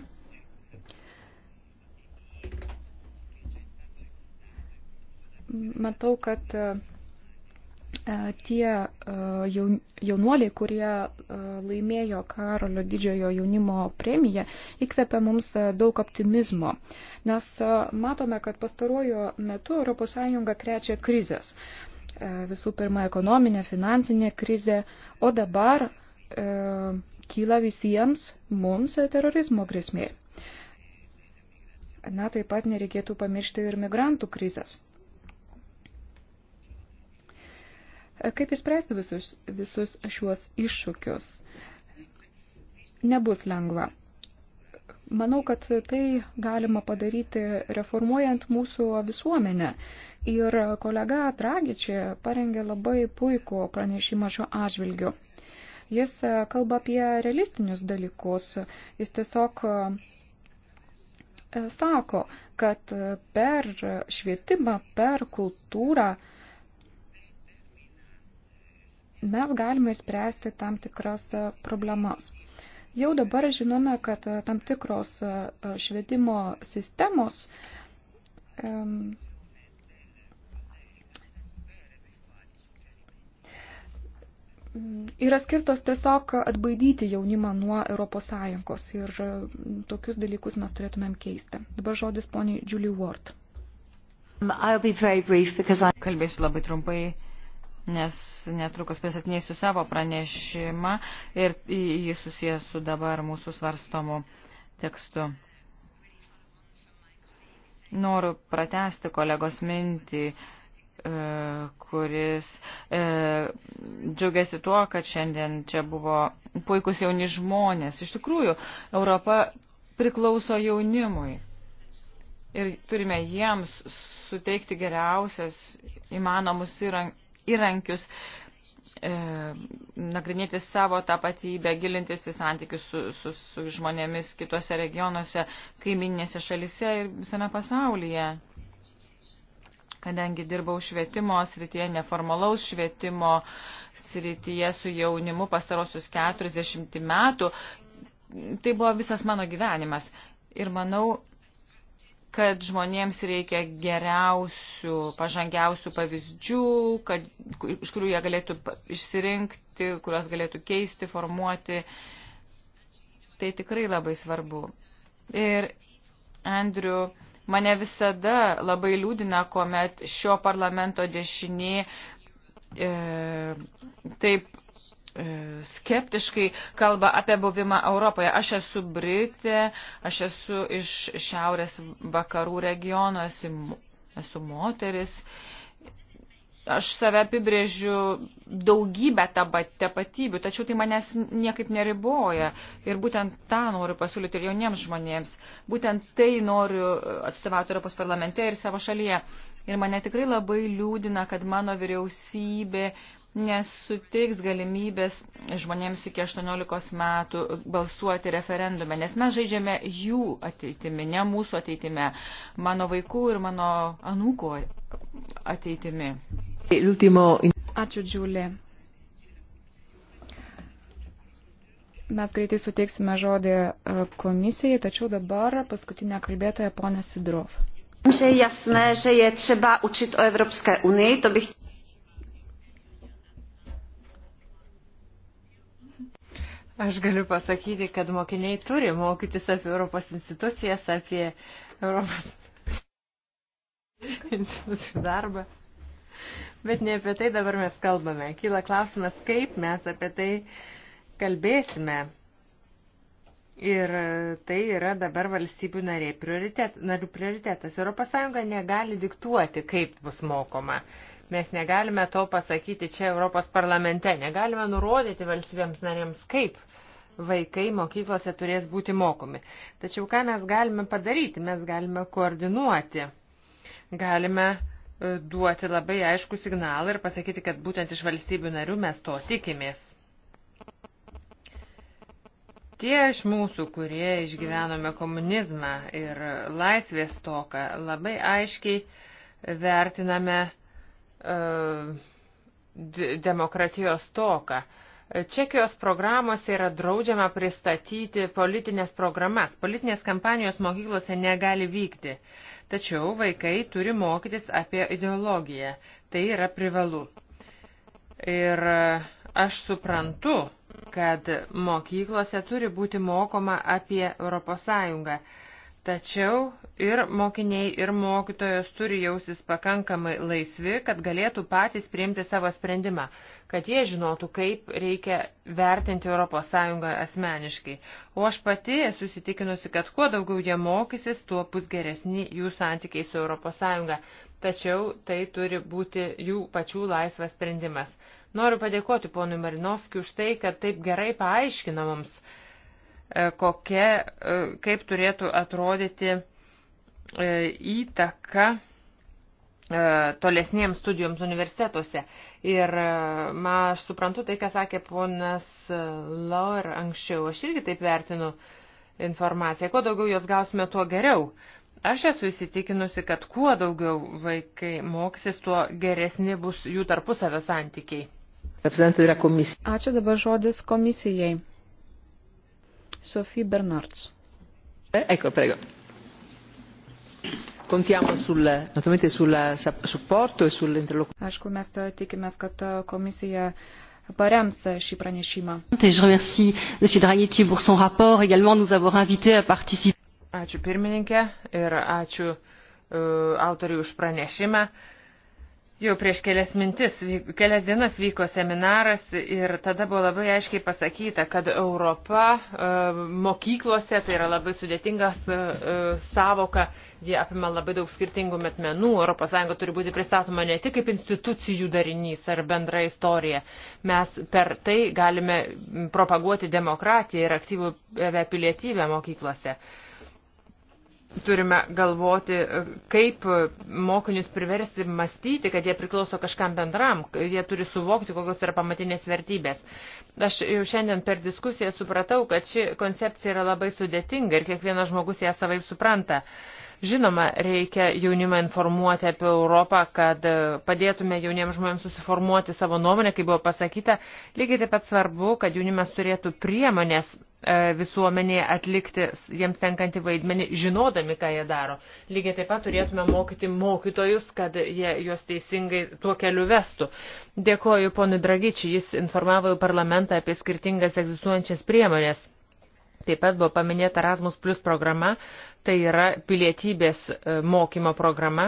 Matau, kad e, E, tie e, jaunuoliai, kurie e, laimėjo Karolio didžiojo jaunimo premiją, įkvepia mums daug optimizmo, nes matome, kad pastaruoju metu ES krečia krizės. Visų pirma, ekonominė, finansinė krizė, o dabar e, kyla visiems mums terorizmo grėsmė. Na, taip pat nereikėtų pamiršti ir migrantų krizės. Kaip išspręsti visus, visus šiuos iššūkius? Nebus lengva. Manau, kad tai galima padaryti reformuojant mūsų visuomenę. Ir kolega Tragičia parengė labai puikų pranešimą šio atžvilgiu. Jis kalba apie realistinius dalykus. Jis tiesiog e, sako, kad per švietimą, per kultūrą, mes galime išspręsti tam tikras e, problemas. Jau dabar žinome, kad e, tam tikros e, švietimo sistemos yra skirtos tiesiog atbaidyti jaunimą nuo ES ir tokius dalykus mes turėtumėm keisti. Dabar žodis poniai Julie Ward. Um, Kalbėsiu labai trumpai, nes netrukus pristatinėsiu savo pranešimą ir jį susijęs su dabar mūsų svarstomu tekstu. Noriu pratesti kolegos mintį, e, kuris e, džiaugiasi tuo, kad šiandien čia buvo puikus jauni žmonės. Iš tikrųjų, Europa priklauso jaunimui ir turime jiems suteikti geriausias įmanomus įrankius įrankius e, nagrinėti savo tapatybę, gilintis į santykius su, su, su žmonėmis kitose regionuose, kaiminėse šalise ir visame pasaulyje. Kadangi dirbau švietimo srityje, neformalaus švietimo srityje su jaunimu pastarosius 40 metų, tai buvo visas mano gyvenimas. Ir manau, kad žmonėms reikia geriausių, pažangiausių pavyzdžių, kad, iš kurių jie galėtų išsirinkti, kurios galėtų keisti, formuoti. Tai tikrai labai svarbu. Ir, Andriu, mane visada labai liūdina, kuomet šio parlamento dešinė e, taip E, skeptiškai kalba apie buvimą Europoje. Aš esu Britė, aš esu iš šiaurės vakarų regiono, esu, esu moteris. Aš save apibrėžiu daugybę tapatybių, tačiau tai manęs niekaip neriboja. Ir būtent tą noriu pasiūlyti ir jauniems žmonėms. Būtent tai noriu atstovauti Europos parlamente ir savo šalyje. Ir mane tikrai labai liūdina, kad mano vyriausybė uh, nesuteiks galimybės žmonėms iki 18 metų balsuoti referendume, nes mes žaidžiame jų ateitimi, ne mūsų ateitime, mano vaikų ir mano anūko ateitimi. Ačiū, Džiulė. Mes greitai suteiksime žodį e, komisijai, tačiau dabar paskutinė kalbėtoja ponė Sidrov. Že je jasné, že je třeba učit o Evropské unii, to bych Aš galiu pasakyti, kad mokiniai turi mokytis apie Europos institucijas, apie Europos institucijų darbą. Bet ne apie tai dabar mes kalbame. Kyla klausimas, kaip mes apie tai kalbėsime. Ir tai yra dabar valstybių prioritet, narių prioritetas. ES negali diktuoti, kaip bus mokoma. Mes negalime to pasakyti čia Europos parlamente, negalime nurodyti valstybėms narėms, kaip vaikai mokyklose turės būti mokomi. Tačiau ką mes galime padaryti? Mes galime koordinuoti, galime e, duoti labai aišku signalą ir pasakyti, kad būtent iš valstybių narių mes to tikimės. Tie iš mūsų, kurie išgyvenome komunizmą ir laisvės toką, labai aiškiai vertiname E, demokratijos toką. Čekijos programuose yra draudžiama pristatyti politinės programas. Politinės kampanijos mokyklose negali vykti. Tačiau vaikai turi mokytis apie ideologiją. Tai yra privalu. Ir aš suprantu, kad mokyklose turi būti mokoma apie Europos Sąjungą. Tačiau ir mokiniai, ir mokytojos turi jausis pakankamai laisvi, kad galėtų patys priimti savo sprendimą, kad jie žinotų, kaip reikia vertinti ES asmeniškai. O aš pati esu įsitikinusi, kad kuo daugiau jie mokysis, tuo bus geresni jų santykiai su ES. Tačiau tai turi būti jų pačių laisvas sprendimas. Noriu padėkoti ponui Marinovskiu už tai, kad taip gerai paaiškino mums E, kokia, e, kaip turėtų atrodyti e, įtaka tolesniems studijoms universitetuose. Ir ma, aš suprantu tai, ką sakė ponas Laur anksčiau. Aš irgi taip vertinu informaciją. Kuo daugiau jos gausime, tuo geriau. Aš esu įsitikinusi, kad kuo daugiau vaikai moksis, tuo geresni bus jų tarpusavio santykiai. Ačiū dabar žodis komisijai. Sofie Bernards. Eh, ecco, prego. Contiamo sul, naturalmente sul supporto e sull'interlocuzione. Aišku, mes tikimės, kad komisija parems šį pranešimą. Je remercie M. Draghici pour son rapport, également nous avoir invités à participer. Ačiū pirmininkė ir ačiū uh, autoriui už pranešimą. Uh, Jau prieš kelias mintis, kelias dienas vyko seminaras ir tada buvo labai aiškiai pasakyta, kad Europa e, mokyklose tai yra labai sudėtingas e, e, savoka, jie apima labai daug skirtingų metmenų, ES turi būti pristatoma ne tik kaip institucijų darinys ar bendra istorija, mes per tai galime propaguoti demokratiją ir aktyvų pilietybę mokyklose turime galvoti, kaip mokinius priversti mąstyti, kad jie priklauso kažkam bendram, jie turi suvokti, kokios yra pamatinės vertybės. Aš jau šiandien per diskusiją supratau, kad ši koncepcija yra labai sudėtinga ir kiekvienas žmogus ją savaip supranta. Uh, Žinoma, reikia jaunimą informuoti apie Europą, kad e, padėtume jauniems žmonėms susiformuoti savo nuomonę, kaip buvo pasakyta. Lygiai taip pat svarbu, kad jaunimas turėtų priemonės e, visuomenėje atlikti jiems tenkantį vaidmenį, žinodami, ką jie daro. Lygiai taip pat turėtume mokyti mokytojus, kad jie juos teisingai tuo keliu vestų. Dėkoju ponui Dragičiui, jis informavo jau parlamentą apie skirtingas egzistuojančias priemonės. Taip pat buvo paminėta Erasmus Plus programa, Tai yra pilietybės e, mokymo programa.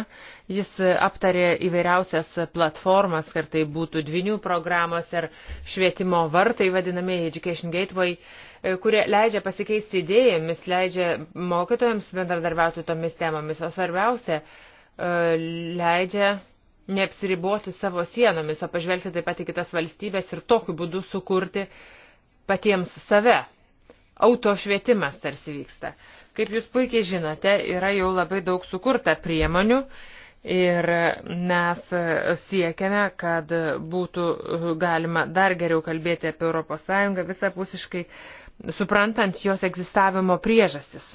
Jis e, aptarė įvairiausias platformas, ar tai būtų dvinių programos ir švietimo vartai, vadinamieji Education Gateway, e, kurie leidžia pasikeisti idėjomis, leidžia mokytojams bendradarbiauti tomis temomis, o svarbiausia, leidžia neapsiriboti savo sienomis, o pažvelgti taip pat į kitas valstybės ir tokiu būdu sukurti patiems save. Auto švietimas tarsi vyksta. Uh, Kaip jūs puikiai žinote, yra jau labai daug sukurta priemonių ir mes siekiame, kad būtų galima dar geriau kalbėti apie ES visapusiškai, suprantant jos egzistavimo priežastis.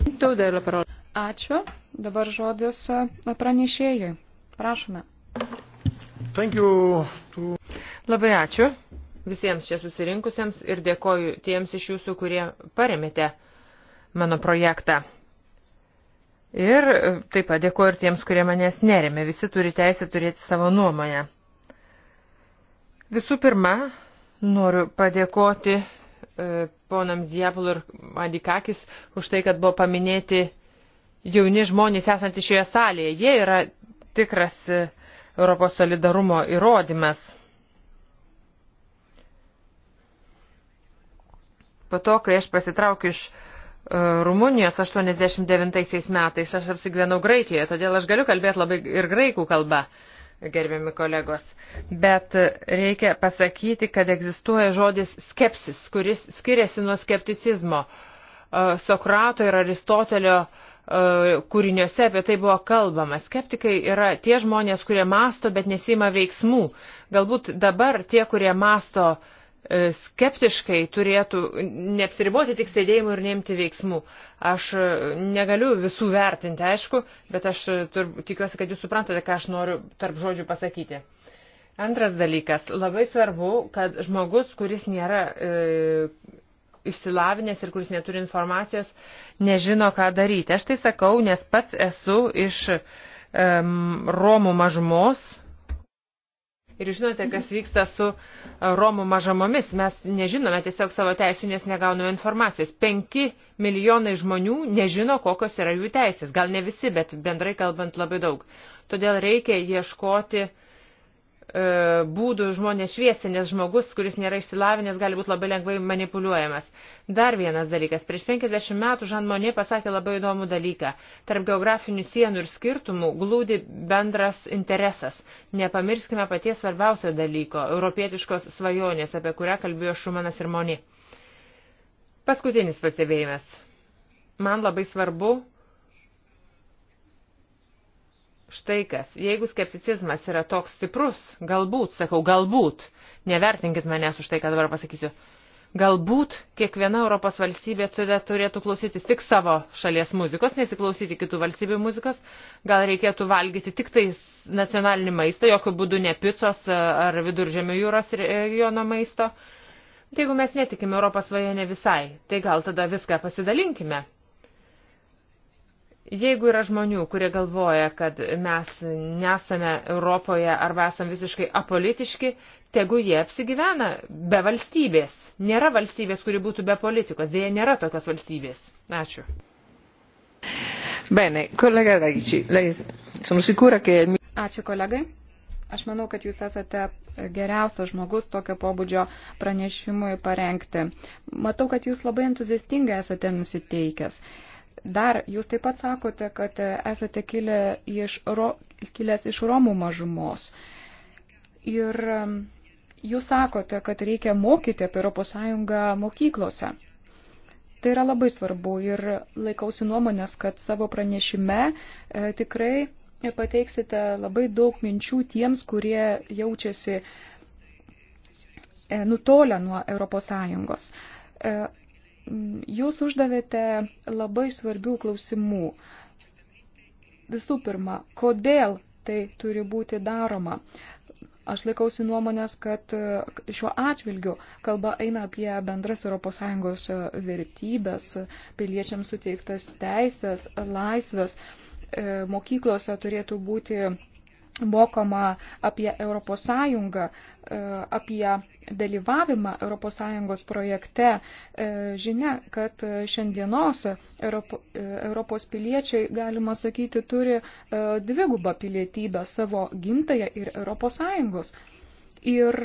Ačiū. Dabar žodis pranešėjui. Prašome. Labai ačiū visiems čia susirinkusiems ir dėkoju tiems iš jūsų, kurie paremėte mano projektą. Ir taip pat dėkuoju ir tiems, kurie manęs neremė. Visi turi teisę turėti savo nuomonę. Visų pirma, noriu padėkoti e, ponams Diablo ir Adikakis už tai, kad buvo paminėti jauni žmonės esantys šioje salėje. Jie yra tikras e, Europos solidarumo įrodymas. Po to, kai aš pasitraukiu iš uh, E, Rumunijos 89 metais, aš apsigyvenau Graikijoje, todėl aš galiu kalbėti labai ir graikų kalbą, gerbiami kolegos. Bet reikia pasakyti, kad egzistuoja žodis skepsis, kuris skiriasi nuo skepticizmo. E, Sokrato ir Aristotelio e, kūriniuose apie tai buvo kalbama. Skeptikai yra tie žmonės, kurie masto, bet nesima veiksmų. Galbūt dabar tie, kurie masto, uh, E, skeptiškai turėtų neapsiriboti tik sėdėjimu ir neimti veiksmų. Aš e, negaliu visų vertinti, aišku, bet aš e, tur, tikiuosi, kad jūs suprantate, ką aš noriu tarp žodžių pasakyti. Antras dalykas. Labai svarbu, kad žmogus, kuris nėra e, išsilavinęs ir kuris neturi informacijos, nežino, ką daryti. Aš tai sakau, nes pats esu iš e, Romų mažumos, Ir žinote, kas vyksta su e, Romų mažamomis. Mes nežinome tiesiog savo teisų, nes negauname informacijos. 5 milijonai žmonių nežino, kokios yra jų teisės. Gal ne visi, bet bendrai kalbant labai daug. Todėl reikia ieškoti uh, E, būdų žmonės šviesti, nes žmogus, kuris nėra išsilavinęs, gali būti labai lengvai manipuliuojamas. Dar vienas dalykas. Prieš 50 metų Žan Monė pasakė labai įdomų dalyką. Tarp geografinių sienų ir skirtumų glūdi bendras interesas. Nepamirskime paties svarbiausio dalyko - europietiškos svajonės, apie kurią kalbėjo Šumanas ir Monė. Paskutinis pastebėjimas. Man labai svarbu Štai kas, jeigu skepticizmas yra toks stiprus, galbūt, sakau, galbūt, nevertinkit manęs už tai, ką dabar pasakysiu, galbūt kiekviena Europos valstybė tada turėtų klausytis tik savo šalies muzikos, nesiklausyti kitų valstybių muzikos, gal reikėtų valgyti tik tai nacionalinį maistą, jokių būdų ne picos e, ar viduržėmių jūros regiono maisto. Jeigu mes netikime Europos svajonė visai, tai gal tada viską pasidalinkime Jeigu yra žmonių, kurie galvoja, kad mes nesame Europoje arba esame visiškai apolitiški, tegu jie apsigyvena be valstybės. Nėra valstybės, kuri būtų be politikos. Dėja, nėra tokios valstybės. Ačiū. Bene, kolega Raičiai, lei, sono sicura che... Ačiū kolegai. Aš manau, kad jūs esate geriausias žmogus tokio pobūdžio pranešimui parengti. Matau, kad jūs labai entuziastingai esate nusiteikęs. Uh, Dar jūs taip pat sakote, kad esate kilę iš, ro, kilęs iš Romų mažumos. Ir um, jūs sakote, kad reikia mokyti apie ES mokyklose. Tai yra labai svarbu ir laikausi nuomonės, kad savo pranešime e, tikrai pateiksite labai daug minčių tiems, kurie jaučiasi e, nutolę nuo ES. E, Jūs uždavėte labai svarbių klausimų. Visų pirma, kodėl tai turi būti daroma? Aš laikausi nuomonės, kad e, šiuo atvilgiu kalba eina apie bendras ES e, vertybės, piliečiams suteiktas teisės, laisvės. E, mokyklose turėtų būti mokoma apie ES, e, apie dalyvavimą ES projekte, e, žinia, kad šiandienos e, Europos piliečiai, galima sakyti, turi dvigubą pilietybę savo gimtają ir ES. Ir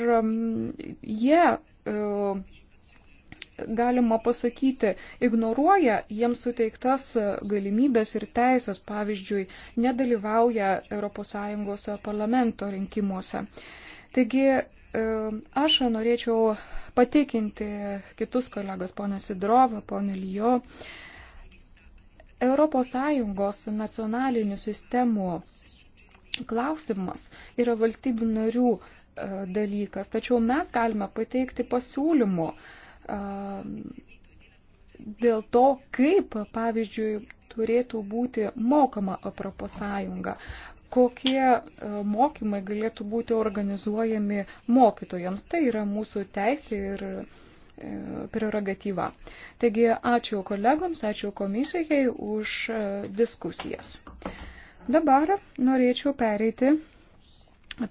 jie galima pasakyti, ignoruoja jiems suteiktas galimybės ir teisės, pavyzdžiui, nedalyvauja ES parlamento rinkimuose. Taigi e, aš norėčiau patikinti kitus kolegas, ponę Sidrovą, ponę Lijo. ES nacionalinių sistemų klausimas yra valstybių narių e, dalykas, tačiau mes galime pateikti pasiūlymų, dėl to, kaip, pavyzdžiui, turėtų būti mokama Europos Sąjunga, kokie e, mokymai galėtų būti organizuojami mokytojams. Tai yra mūsų teisė ir e, prerogatyva. Taigi ačiū kolegoms, ačiū komisijai už e, diskusijas. Dabar norėčiau pereiti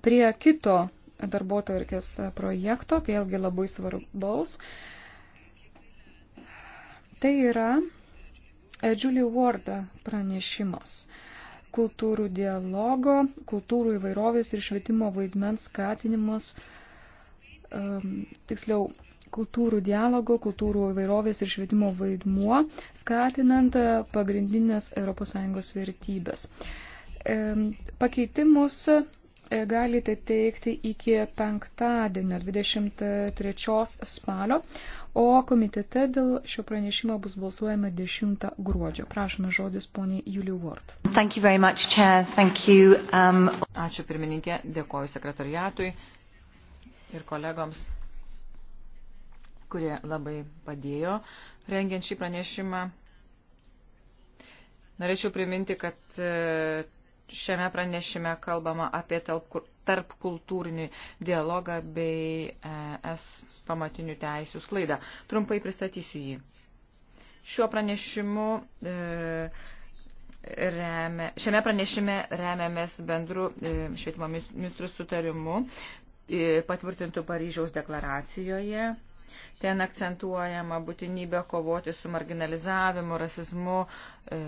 prie kito darbo tvarkės projekto, vėlgi labai svarbaus. Tai yra e, Julie Ward pranešimas kultūrų dialogo, kultūrų įvairovės ir švietimo vaidmens skatinimas, um, tiksliau, kultūrų dialogo, kultūrų įvairovės ir švietimo vaidmuo, skatinant e, pagrindinės ES vertybės. Um, pakeitimus galite teikti iki penktadienio 23 spalio, o komitete dėl šio pranešimo bus balsuojama 10 gruodžio. Prašome žodis poniai Julie Ward. Thank you very much, Chair. Thank you. Um... Ačiū pirmininkė, dėkoju sekretariatui ir kolegoms, kurie labai padėjo rengiant šį pranešimą. Norėčiau priminti, kad šiame pranešime kalbama apie tarp kultūrinį dialogą bei e, es pamatinių teisių sklaidą. Trumpai pristatysiu jį. Šiuo pranešimu e, remia, šiame pranešime remiamės bendru e, švietimo ministrų sutarimu e, patvirtintų Paryžiaus deklaracijoje Ten akcentuojama būtinybė kovoti su marginalizavimu, rasizmu, e,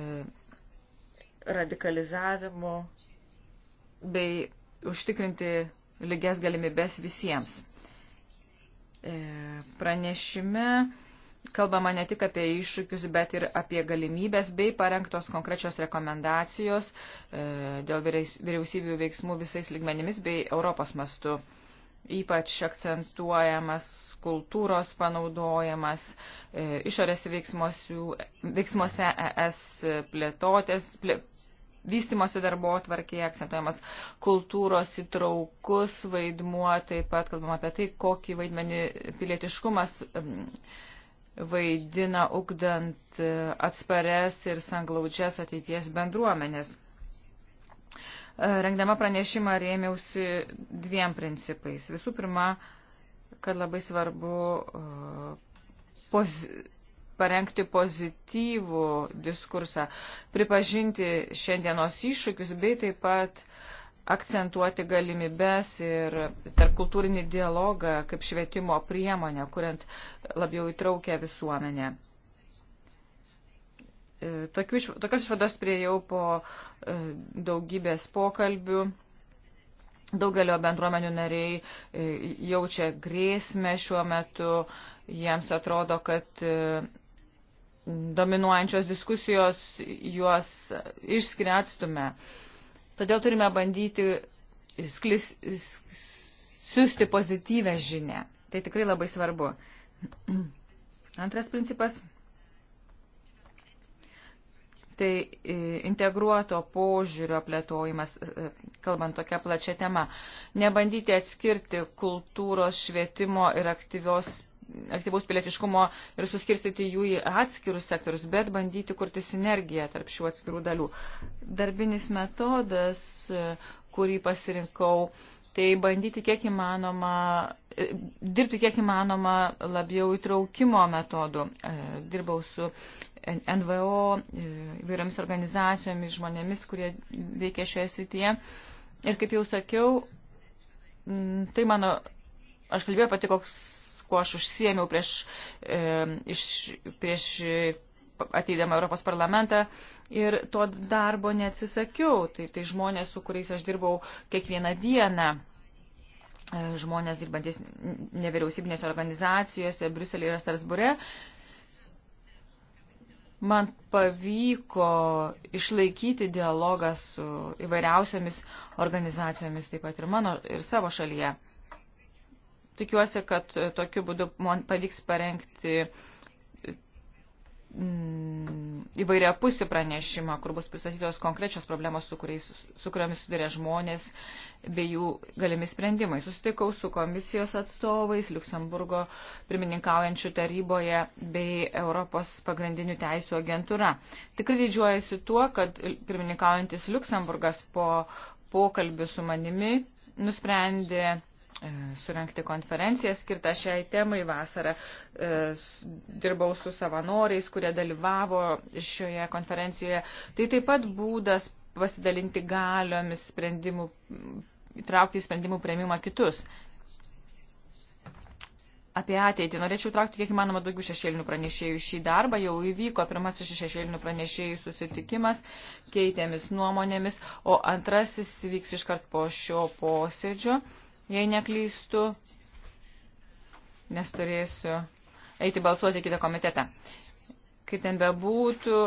radikalizavimu bei užtikrinti lygias galimybės visiems. E, pranešime kalbama ne tik apie iššūkius, bet ir apie galimybės bei parengtos konkrečios rekomendacijos e, dėl vyriausybių veiksmų visais ligmenimis bei Europos mastu. Ypač akcentuojamas kultūros panaudojamas, e, išorės veiksmose ES plėtotės, plė, vystimosi darbo atvarkėje akcentuojamas kultūros įtraukus vaidmuo, taip pat kalbama apie tai, kokį vaidmenį pilietiškumas vaidina ugdant e, atsparias ir sanglaudžias ateities bendruomenės. E, rengdama pranešimą rėmiausi dviem principais. Visų pirma, kad labai svarbu e, poz, parengti pozityvų diskursą, pripažinti šiandienos iššūkius bei taip pat akcentuoti galimybes ir tarpkultūrinį dialogą kaip švietimo priemonę, kuriant labiau įtraukę visuomenę. E, tokių, tokios išvados priejau po e, daugybės pokalbių daugelio bendruomenių nariai e, jaučia grėsmę šiuo metu, jiems atrodo, kad dominuojančios diskusijos juos išskiria atstume. Todėl turime bandyti sklis, siūsti pozityvę žinę. Tai tikrai labai svarbu. Antras principas - tai e, integruoto požiūrio plėtojimas, e, kalbant tokia plačia tema. Nebandyti atskirti kultūros švietimo ir aktyvios aktyvaus pilietiškumo ir suskirstyti jų į atskirus sektorius, bet bandyti kurti sinergiją tarp šių atskirų dalių. Darbinis metodas, kurį pasirinkau, tai bandyti kiek įmanoma, e, dirbti kiek įmanoma labiau įtraukimo metodų. E, dirbau su NVO, e, įvairiomis organizacijomis, žmonėmis, kurie veikia šioje srityje. Ir kaip jau sakiau, tai mano, aš kalbėjau pati, koks kuo aš užsiemiau prieš, e, iš, prieš ateidama Europos parlamentą ir to darbo neatsisakiau. Tai, tai žmonės, su kuriais aš dirbau kiekvieną dieną, e, žmonės dirbantis nevyriausybinėse organizacijose, Briuselėje ir Strasbūre, man pavyko išlaikyti dialogą su įvairiausiomis organizacijomis, taip pat ir mano ir savo šalyje. Tikiuosi, kad e, tokiu būdu man pavyks parengti mm, įvairia pusių pranešimą, kur bus pristatytos konkrečios problemos, su, kuriais, su kuriomis sudarė žmonės bei jų galimi sprendimai. Susitikau su komisijos atstovais, Luksemburgo pirmininkaujančių taryboje bei Europos pagrindinių teisų agentūra. Tikrai didžiuojasi tuo, kad pirmininkaujantis Luksemburgas po pokalbių su manimi nusprendė E, surenkti konferenciją skirtą šiai temai vasarą. E, dirbau su savanoriais, kurie dalyvavo šioje konferencijoje. Tai taip pat būdas pasidalinti galiomis sprendimų, įtraukti į sprendimų prieimimą kitus. Apie ateitį norėčiau traukti kiek įmanoma daugiau šešėlinių pranešėjų šį darbą. Jau įvyko pirmasis šešėlinių pranešėjų susitikimas, keitėmis nuomonėmis, o antrasis vyks iškart po šio posėdžio jei neklystu, nes turėsiu eiti balsuoti kitą komitetą. Kaip ten bebūtų,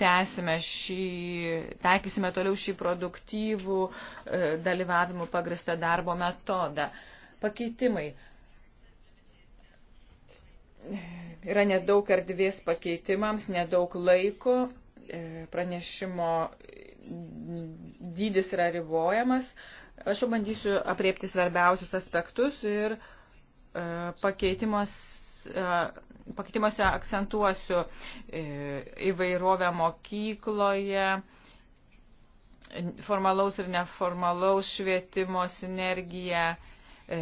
tęsime šį, taikysime toliau šį produktyvų e, dalyvavimų pagristą darbo metodą. Pakeitimai. Yra nedaug erdvės pakeitimams, nedaug laiko, e, pranešimo dydis yra ribojamas, Aš jau bandysiu apriepti svarbiausius aspektus ir e, e pakeitimuose akcentuosiu e, įvairovę mokykloje, formalaus ir neformalaus švietimo sinergiją, e,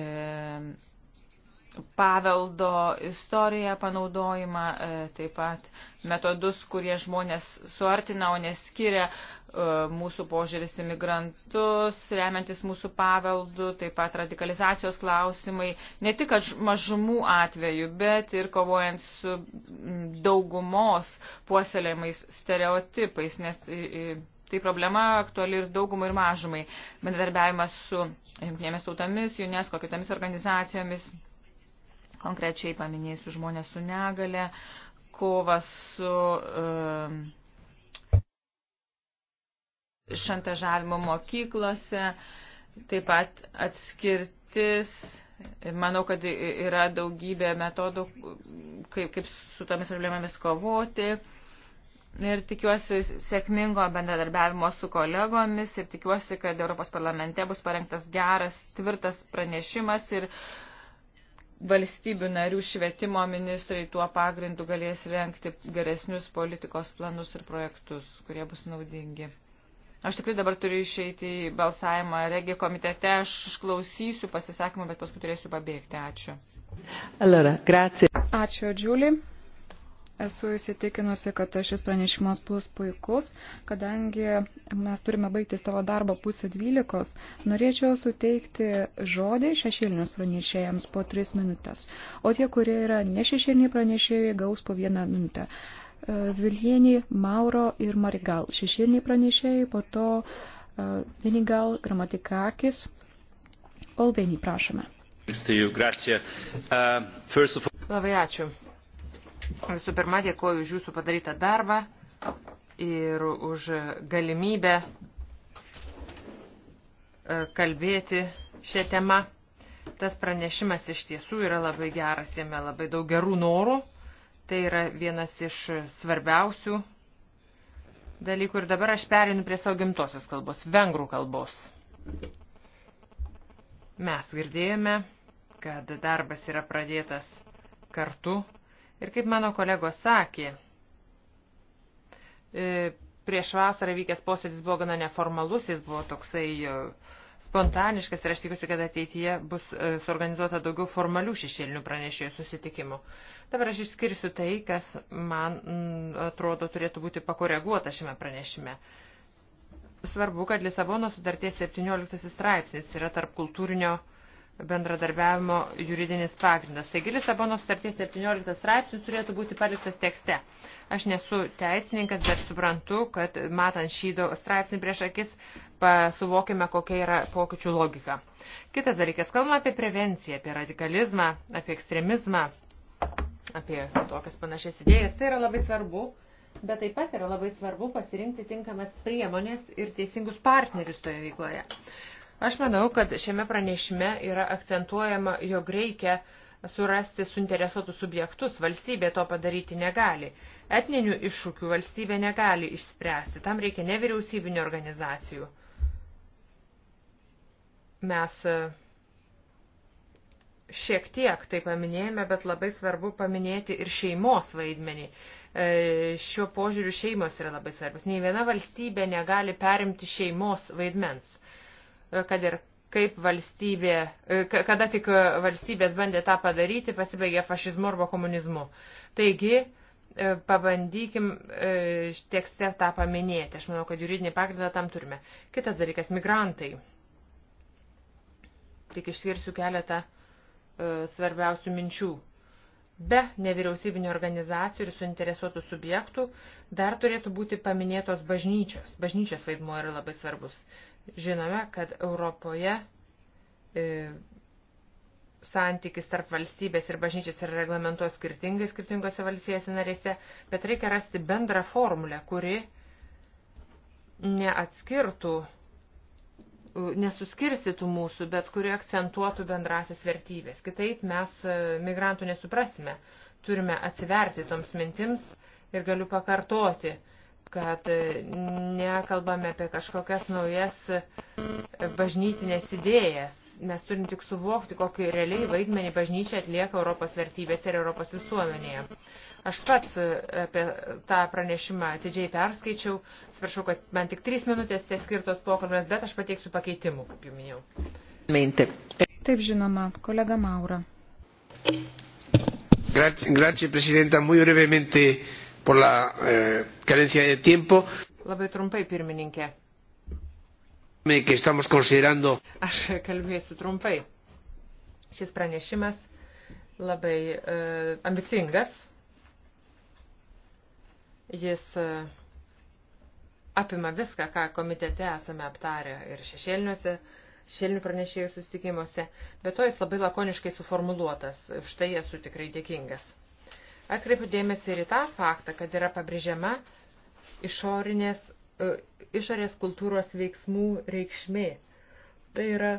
paveldo istoriją panaudojimą, e, taip pat metodus, kurie žmonės suartina, o neskiria, E, mūsų požiūris į migrantus, remiantis mūsų paveldu, taip pat radikalizacijos klausimai, ne tik mažumų atveju, bet ir kovojant su daugumos puoselėjimais stereotipais, nes tai problema aktuali ir daugumai ir mažumai. Bendarbiavimas su jungtinėmis tautomis, UNESCO, kitomis organizacijomis, konkrečiai paminėjusiu žmonės su negale, kova su. Uh, šantažavimo mokyklose, taip pat atskirtis. Manau, kad yra daugybė metodų, kaip, kaip su tomis problemomis kovoti. Ir tikiuosi sėkmingo bendradarbiavimo su kolegomis ir tikiuosi, kad Europos parlamente bus parengtas geras, tvirtas pranešimas ir valstybių narių švietimo ministrai tuo pagrindu galės renkti geresnius politikos planus ir projektus, kurie bus naudingi. Aš tikrai dabar turiu išeiti į balsavimą regio komitete, aš išklausysiu pasisakymą, bet paskui turėsiu pabėgti. Ačiū. Allora, grazie. Ačiū, Džiulį. Esu įsitikinusi, kad šis pranešimas bus puikus, kadangi mes turime baigti savo darbą pusę dvylikos. Norėčiau suteikti žodį šešėlinius pranešėjams po tris minutės, o tie, kurie yra nešešėliniai pranešėjai, gaus po vieną minutę. Zvilienį, Mauro ir Marigal. Šešėliniai pranešėjai, po to e, Venigal, Gramatikakis. Olvenį prašome. Uh, labai ačiū. Visų pirma, dėkuoju už jūsų padarytą darbą ir už galimybę e, kalbėti šią temą. Tas pranešimas iš tiesų yra labai geras, jame labai daug gerų norų Tai yra vienas iš svarbiausių dalykų. Ir dabar aš perinu prie savo gimtosios kalbos, vengrų kalbos. Mes girdėjome, kad darbas yra pradėtas kartu. Ir kaip mano kolegos sakė, e, prieš vasarą vykęs posėdis buvo gana neformalus, jis buvo toksai uh, spontaniškas ir aš tikiuosi, kad ateityje bus e, suorganizuota daugiau formalių šešėlinių pranešėjų susitikimų. Dabar aš išskirsiu tai, kas man mm, atrodo turėtų būti pakoreguota šiame pranešime. Svarbu, kad Lisabono sutarties 17 straipsnis yra tarp kultūrinio bendradarbiavimo juridinis pagrindas. Taigi Lisabono sutarties 17 straipsnis turėtų būti paliktas tekste. Aš nesu teisininkas, bet suprantu, kad matant šį straipsnį prieš akis, suvokime, kokia yra pokyčių logika. Kitas dalykas, kalbame apie prevenciją, apie radikalizmą, apie ekstremizmą, apie tokias panašias idėjas. Tai yra labai svarbu. Bet taip pat yra labai svarbu pasirinkti tinkamas priemonės ir teisingus partnerius toje veikloje. Aš manau, kad šiame pranešime yra akcentuojama, jog reikia surasti suinteresuotus subjektus, valstybė to padaryti negali. Etninių iššūkių valstybė negali išspręsti, tam reikia nevyriausybinio organizacijų. Mes e, šiek tiek tai paminėjome, bet labai svarbu paminėti ir šeimos vaidmenį. E, šiuo požiūriu šeimos yra labai svarbus. Nei viena valstybė negali perimti šeimos vaidmens kad ir kaip valstybė, e, kada tik valstybės bandė tą padaryti, pasibaigė fašizmu arba komunizmu. Taigi, e, pabandykim e, tekste tą paminėti. Aš manau, kad juridinį pagrindą tam turime. Kitas dalykas - migrantai. Tik išskirsiu keletą svarbiausių minčių. Be nevyriausybinio organizacijų ir suinteresuotų subjektų dar turėtų būti paminėtos bažnyčios. Bažnyčios vaidmuo yra labai svarbus. Žinome, kad Europoje e, santykis tarp valstybės ir bažnyčios yra reglamentuos skirtingai skirtingose valstybėse narėse, bet reikia rasti bendrą formulę, kuri neatskirtų, nesuskirstytų mūsų, bet kuri akcentuotų bendrasias vertybės. Kitaip mes e, migrantų nesuprasime. Turime atsiverti toms mintims ir galiu pakartoti, kad e, nekalbame apie kažkokias naujas e, bažnytinės idėjas. Mes turim tik suvokti, kokį realiai vaidmenį bažnyčia atlieka Europos vertybėse ir Europos visuomenėje. Aš pats e, apie tą pranešimą atidžiai perskaičiau. Sprašau, kad man tik trys minutės tie skirtos pokalbės, bet aš pateiksiu pakeitimų, kaip jau minėjau. Taip žinoma, kolega Maura. Grazie, grazie Presidenta, muy brevemente por la eh, carencia de tiempo. Labai trumpai, pirmininkė. Que estamos considerando. Aš kalbėsiu trumpai. Šis pranešimas labai e, ambicingas. Jis e, apima viską, ką komitete esame aptarę ir šešėliniuose, šešėlinių pranešėjų susitikimuose, bet to jis labai lakoniškai suformuluotas. Už tai esu tikrai dėkingas. Atkreipiu dėmesį ir į tą faktą, kad yra pabrėžiama išorinės, e, išorės kultūros veiksmų reikšmė. Tai yra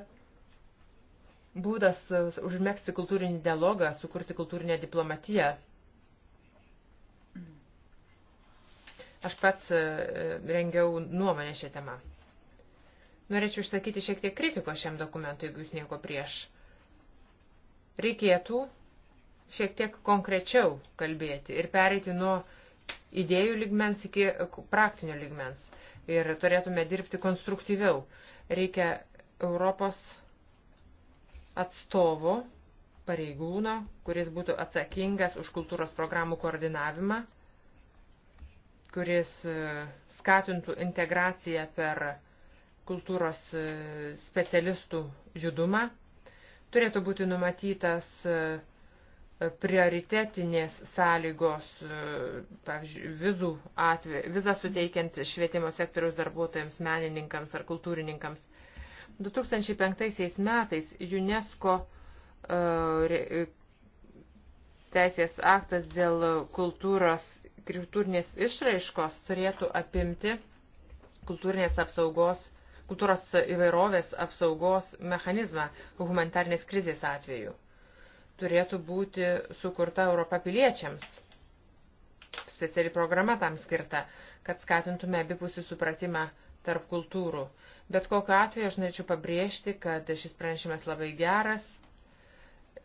būdas e, užmėgsti kultūrinį dialogą, sukurti kultūrinę diplomatiją. Aš pats e, rengiau nuomonę šią temą. Norėčiau išsakyti šiek tiek kritiko šiam dokumentui, jeigu jūs nieko prieš. Reikėtų šiek tiek konkrečiau kalbėti ir pereiti nuo idėjų ligmens iki praktinio ligmens. Ir turėtume dirbti konstruktyviau. Reikia Europos atstovo pareigūno, kuris būtų atsakingas už kultūros programų koordinavimą, kuris e, skatintų integraciją per kultūros e, specialistų judumą. Turėtų būti numatytas uh, prioritetinės sąlygos, e, pavyzdžiui, vizų atveju, vizą suteikiant švietimo sektoriaus darbuotojams, menininkams ar kultūrininkams. 2005 metais UNESCO e, teisės aktas dėl kultūros, kultūrinės išraiškos turėtų apimti kultūrinės apsaugos, kultūros įvairovės apsaugos mechanizmą humanitarnės krizės atveju turėtų būti sukurta Europa piliečiams. Speciali programa tam skirta, kad skatintume abipusį supratimą tarp kultūrų. Bet kokiu atveju aš norėčiau pabrėžti, kad šis pranešimas labai geras,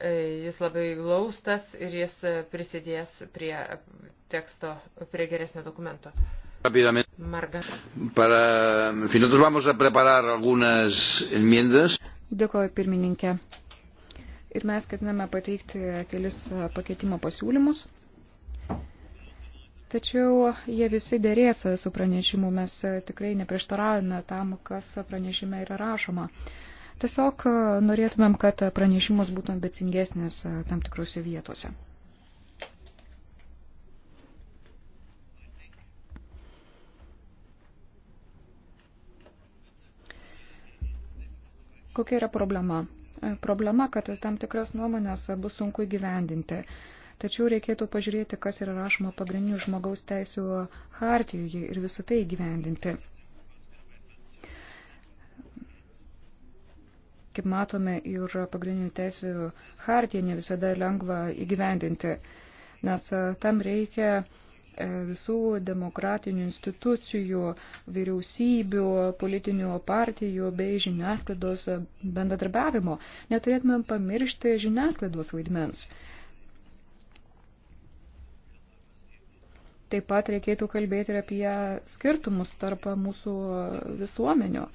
e, jis labai glaustas ir jis prisidės prie teksto, prie geresnio dokumento. Marga. Para... En fin, nosotros vamos a preparar algunas enmiendas. Dėkoju, pirmininkė ir mes ketiname pateikti kelis e, pakeitimo pasiūlymus. Tačiau jie visi dėrės su pranešimu, mes e, tikrai neprieštaravome tam, kas pranešime yra rašoma. Tiesiog e, norėtumėm, kad pranešimas būtų ambicingesnis tam tikrose vietose. Kokia yra problema? E, problema, kad tam tikras nuomonės bus sunku įgyvendinti. Tačiau reikėtų pažiūrėti, kas yra rašoma pagrindinių žmogaus teisų hartijoje ir visą tai įgyvendinti. Kaip matome, ir pagrindinių teisų hartiją ne visada lengva įgyvendinti, nes e, tam reikia visų demokratinių institucijų, vyriausybių, politinių partijų bei žiniasklaidos bendradarbiavimo. Neturėtume pamiršti žiniasklaidos vaidmens. Taip pat reikėtų kalbėti ir apie skirtumus tarp mūsų visuomenių.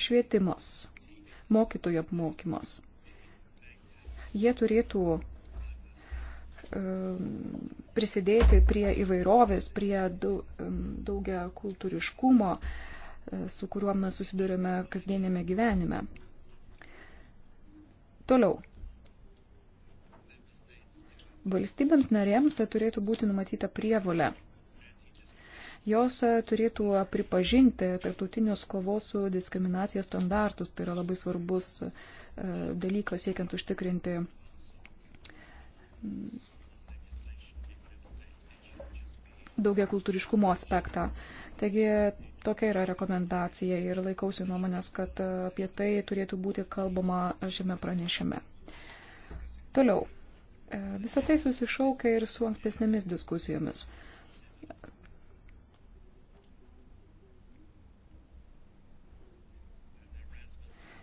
Švietimas, mokytojų apmokymas. Jie turėtų Um, prisidėti prie įvairovės, prie um, daugia kultūriškumo, uh, su kuriuo mes susidurime kasdienėme gyvenime. Toliau. Valstybėms narėms turėtų būti numatyta prievolė. Jos uh, turėtų pripažinti tarptautinius kovos su diskriminacija standartus. Tai yra labai svarbus uh, dalykas siekiant užtikrinti daugia kultūriškumo aspektą. Taigi tokia yra rekomendacija ir laikausi nuomonės, kad e, apie tai turėtų būti kalbama šiame pranešime. Toliau. E, Visą tai susišaukia ir su ankstesnėmis diskusijomis.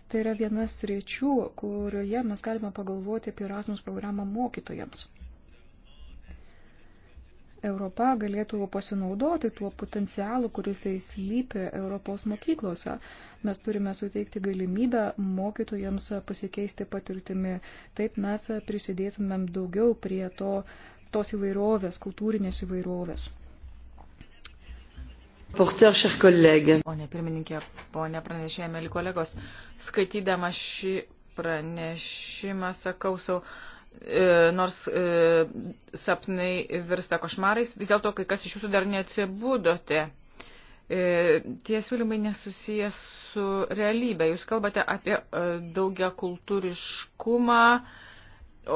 Tai yra vienas ryčių, kurioje mes galime pagalvoti apie Erasmus programą mokytojams. Europa galėtų pasinaudoti tuo potencialu, kuris įslypi Europos mokyklose. Mes turime suteikti galimybę mokytojams pasikeisti patirtimi. Taip mes prisidėtumėm daugiau prie to, tos įvairovės, kultūrinės įvairovės. Porter, cher kolegė. Pone pirmininkė, pone pranešėjai, mėly kolegos, skaitydama šį pranešimą sakau savo E, nors e, sapnai virsta košmarais, vis dėlto kai kas iš jūsų dar neatsibudote. E, tie siūlymai nesusiję su realybė. Jūs kalbate apie e, daugia kultūriškumą,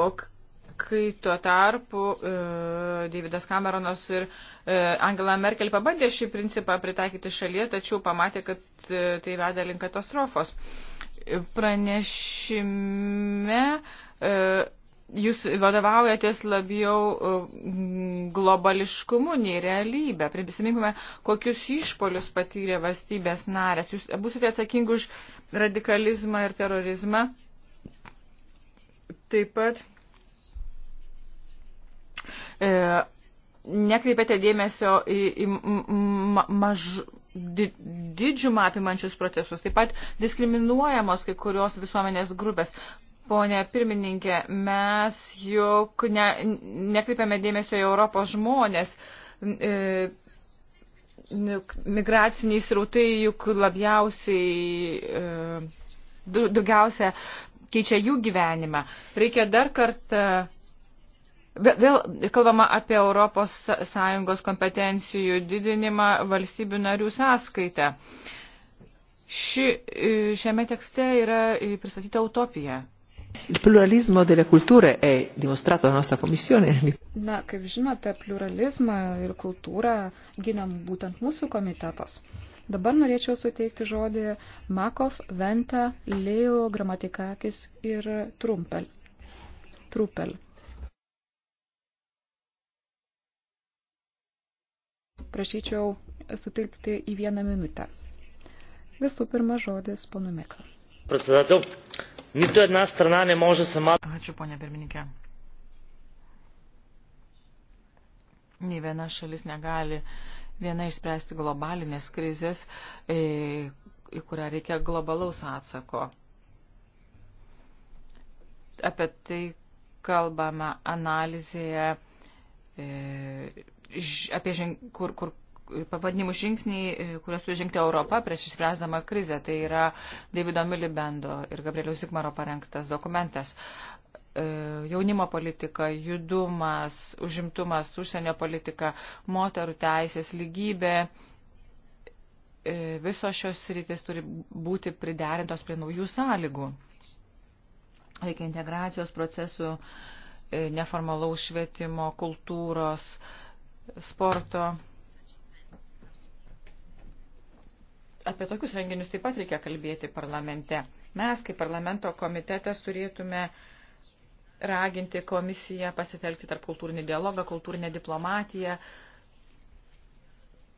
o kai tuo tarpu e, Davidas Cameronas ir e, Angela Merkel pabandė šį principą pritaikyti šalyje, tačiau pamatė, kad e, tai veda link katastrofos. Pranešime e, jūs vadovaujatės labiau uh, globališkumu nei realybė. Prisiminkime, kokius išpolius patyrė valstybės narės. Jūs būsite atsakingi už radikalizmą ir terorizmą. Taip pat e, nekreipėte dėmesio į, į ma, maž, di, didžiumą apimančius procesus. Taip pat diskriminuojamos kai kurios visuomenės grupės. Pone pirmininkė, mes juk ne, nekreipiame dėmesio į Europos žmonės. E, migraciniai srautai juk labiausiai, e, daugiausia keičia jų gyvenimą. Reikia dar kartą. Vėl kalbama apie Europos Sąjungos kompetencijų didinimą valstybių narių sąskaitą. Ši, e, šiame tekste yra e, pristatyta utopija. Il pluralizmo delle culture è dimostrato dalla nostra Commissione. Na, kaip žinote, pluralizmą ir kultūrą ginam būtent mūsų komitetas. Dabar norėčiau suteikti žodį Makov, Venta, Leo, Gramatikakis ir Trumpel. Trupel. Prašyčiau sutilpti į vieną minutę. Visų pirma žodis ponu Mikla. Председател, Nito jedna strana ne može sama. Ačiū, ponia pirmininkė. Nei viena šalis negali viena išspręsti globalinės krizės, į kurią reikia globalaus atsako. Apie tai kalbame analizėje, apie, kur, kur pavadinimų žingsniai, e, kuriuos turi žengti Europą prieš išspręsdama krizę. Tai yra Davido Milibendo ir Gabrieliaus Zigmaro parengtas dokumentas. E, jaunimo politika, judumas, užimtumas, užsienio politika, moterų teisės, lygybė. E, visos šios rytis turi būti priderintos prie naujų sąlygų. Reikia integracijos procesų, neformalaus švietimo, kultūros, sporto apie tokius renginius taip pat reikia kalbėti parlamente. Mes, kaip parlamento komitetas, turėtume raginti komisiją pasitelkti tarp kultūrinį dialogą, kultūrinę diplomatiją,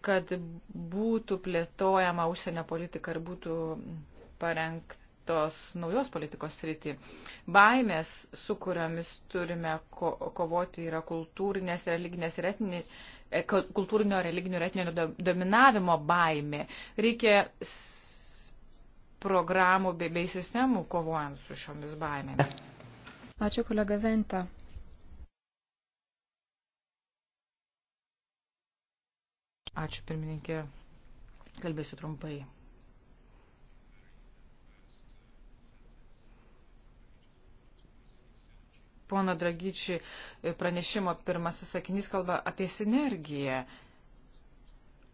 kad būtų plėtojama užsienio politika ir būtų parengtos naujos politikos srity. Baimės, su kuriomis turime ko kovoti, yra kultūrinės, religinės ir etinės E, kultūrinio, religinio ir etninio dominavimo baimė. Reikia programų bei, bei sistemų kovojant su šiomis baimėmis. Ačiū kolega Venta. Ačiū pirmininkė. Kalbėsiu trumpai. pono Dragyčiai pranešimo pirmasis sakinys kalba apie sinergiją,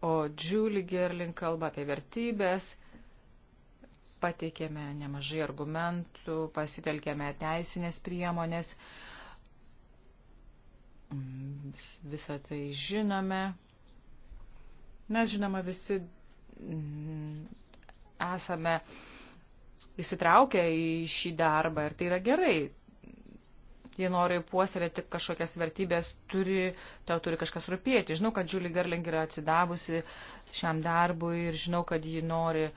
o Julie Gerling kalba apie vertybės. Pateikėme nemažai argumentų, pasitelkėme teisinės priemonės. Visą tai žinome. Mes žinoma visi mm, esame įsitraukę į šį darbą ir tai yra gerai jei nori puoselėti kažkokias vertybės, turi, tau turi kažkas rūpėti. Žinau, kad Julie Gerling yra atsidavusi šiam darbui ir žinau, kad ji nori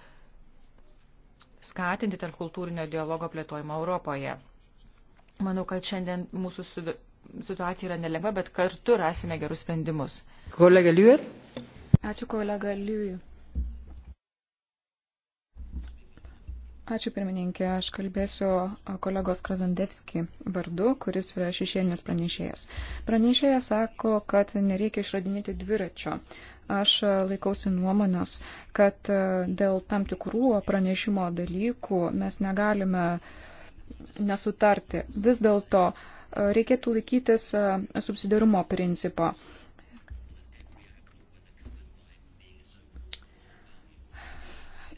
skatinti tarp kultūrinio dialogo plėtojimą Europoje. Manau, kad šiandien mūsų situacija yra nelengva, bet kartu rasime gerus sprendimus. Kolega Liujė. Ačiū kolega Liujė. Ačiū pirmininkė, aš kalbėsiu kolegos Krasandevski vardu, kuris yra šešėlinis pranešėjas. Pranešėjas sako, kad nereikia išradinėti dviračio. Aš laikausi nuomonės, kad dėl tam tikrų pranešimo dalykų mes negalime nesutarti. Vis dėlto reikėtų laikytis subsidarumo principo.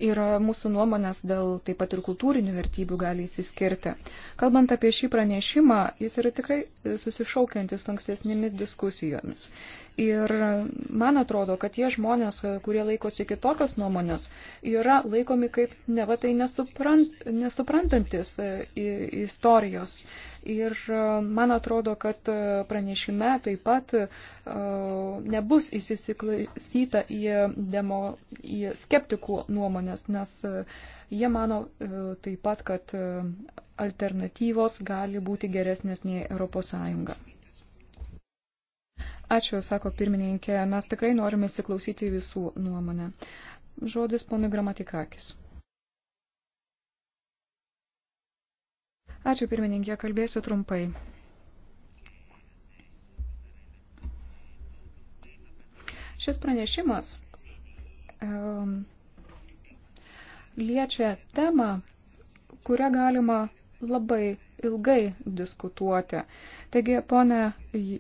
ir mūsų nuomonės dėl taip pat ir kultūrinių vertybių gali įsiskirti. Kalbant apie šį pranešimą, jis yra tikrai susišaukiantis ankstesnėmis diskusijomis. Ir man atrodo, kad tie žmonės, kurie laikosi kitokios nuomonės, yra laikomi kaip neva tai nesuprant, nesuprantantis e, istorijos. Ir e, man atrodo, kad e, pranešime taip pat nebus įsisiklausyta į, demo, į skeptikų nuomonės, nes jie mano taip pat, kad alternatyvos gali būti geresnės nei ES. Ačiū, sako pirmininkė. Mes tikrai norime įsiklausyti visų nuomonę. Žodis ponui Gramatikakis. Ačiū, pirmininkė. Kalbėsiu trumpai. Šis pranešimas um, liečia temą, kurią galima labai ilgai diskutuoti. Taigi, ponė e,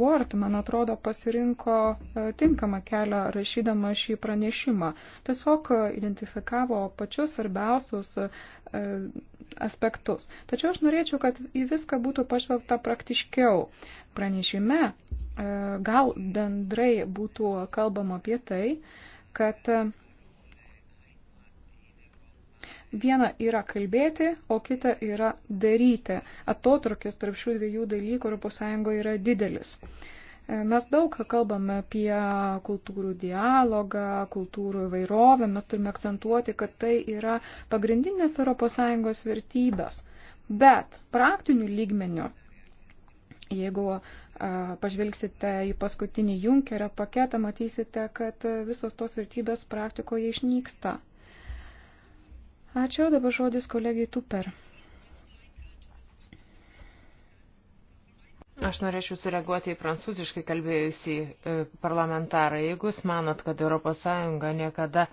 Ward, man atrodo, pasirinko e, tinkamą kelią rašydama šį pranešimą. Tiesiog identifikavo pačius svarbiausius e, aspektus. Tačiau aš norėčiau, kad į viską būtų pažvelgta praktiškiau. Pranešime gal bendrai būtų kalbama apie tai, kad Viena yra kalbėti, o kita yra daryti. Atotrukis tarp šių dviejų dalykų ES yra didelis. E, mes daug kalbame apie kultūrų dialogą, kultūrų įvairovę, mes turime akcentuoti, kad tai yra pagrindinės ES vertybės. Bet praktinių lygmenių, jeigu a, e, pažvelgsite į paskutinį Junkerio paketą, matysite, kad visos tos vertybės praktikoje išnyksta. Ačiū, dabar žodis kolegijai Tuper. Aš norėčiau sureaguoti į prancūziškai kalbėjusį e, parlamentarą. Jeigu jūs manot, kad ES niekada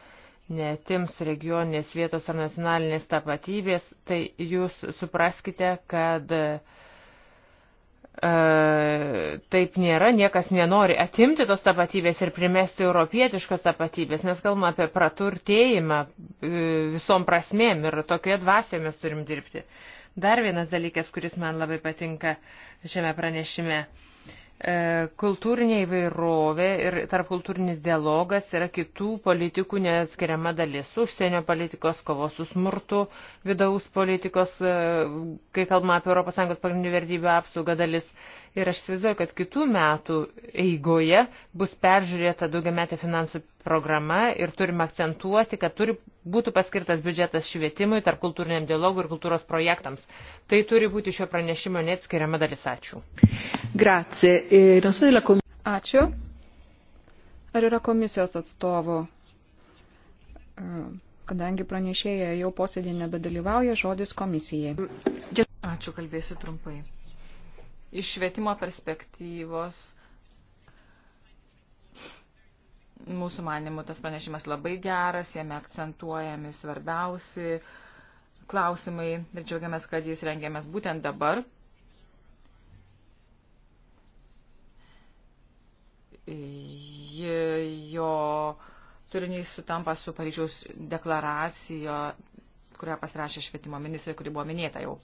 netims regioninės vietos ar nacionalinės tapatybės, tai jūs supraskite, kad uh, E, taip nėra, niekas nenori atimti tos tapatybės ir primesti europietiškos tapatybės. Mes kalbame apie praturtėjimą e, visom prasmėm ir tokioje dvasioje mes turim dirbti. Dar vienas dalykas, kuris man labai patinka šiame pranešime. Uh, E, kultūrinė įvairovė ir tarpkultūrinis dialogas yra kitų politikų neatskiriama dalis - užsienio politikos, kovos su smurtu, vidaus politikos, e, kai kalbama apie ES pagrindinių vertybių apsaugą dalis. Ir aš įsivaizduoju, kad kitų metų eigoje bus peržiūrėta daugiametė finansų programa ir turime akcentuoti, kad turi būtų paskirtas biudžetas švietimui, tarp kultūriniam dialogui ir kultūros projektams. Tai turi būti šio pranešimo neatskiriama dalis. Ačiū. Eh, Ačiū. Ar yra komisijos atstovų? Eh, kadangi pranešėja jau posėdį nebedalyvauja, žodis komisijai. Ačiū, kalbėsiu trumpai. Iš švietimo perspektyvos Mūsų manimų tas pranešimas labai geras, jame akcentuojami svarbiausi klausimai ir džiaugiamės, kad jis rengiamės būtent dabar. Jo turinys sutampa su Paryžiaus deklaracijo, kurią pasirašė švietimo ministrė, kuri buvo minėta jau.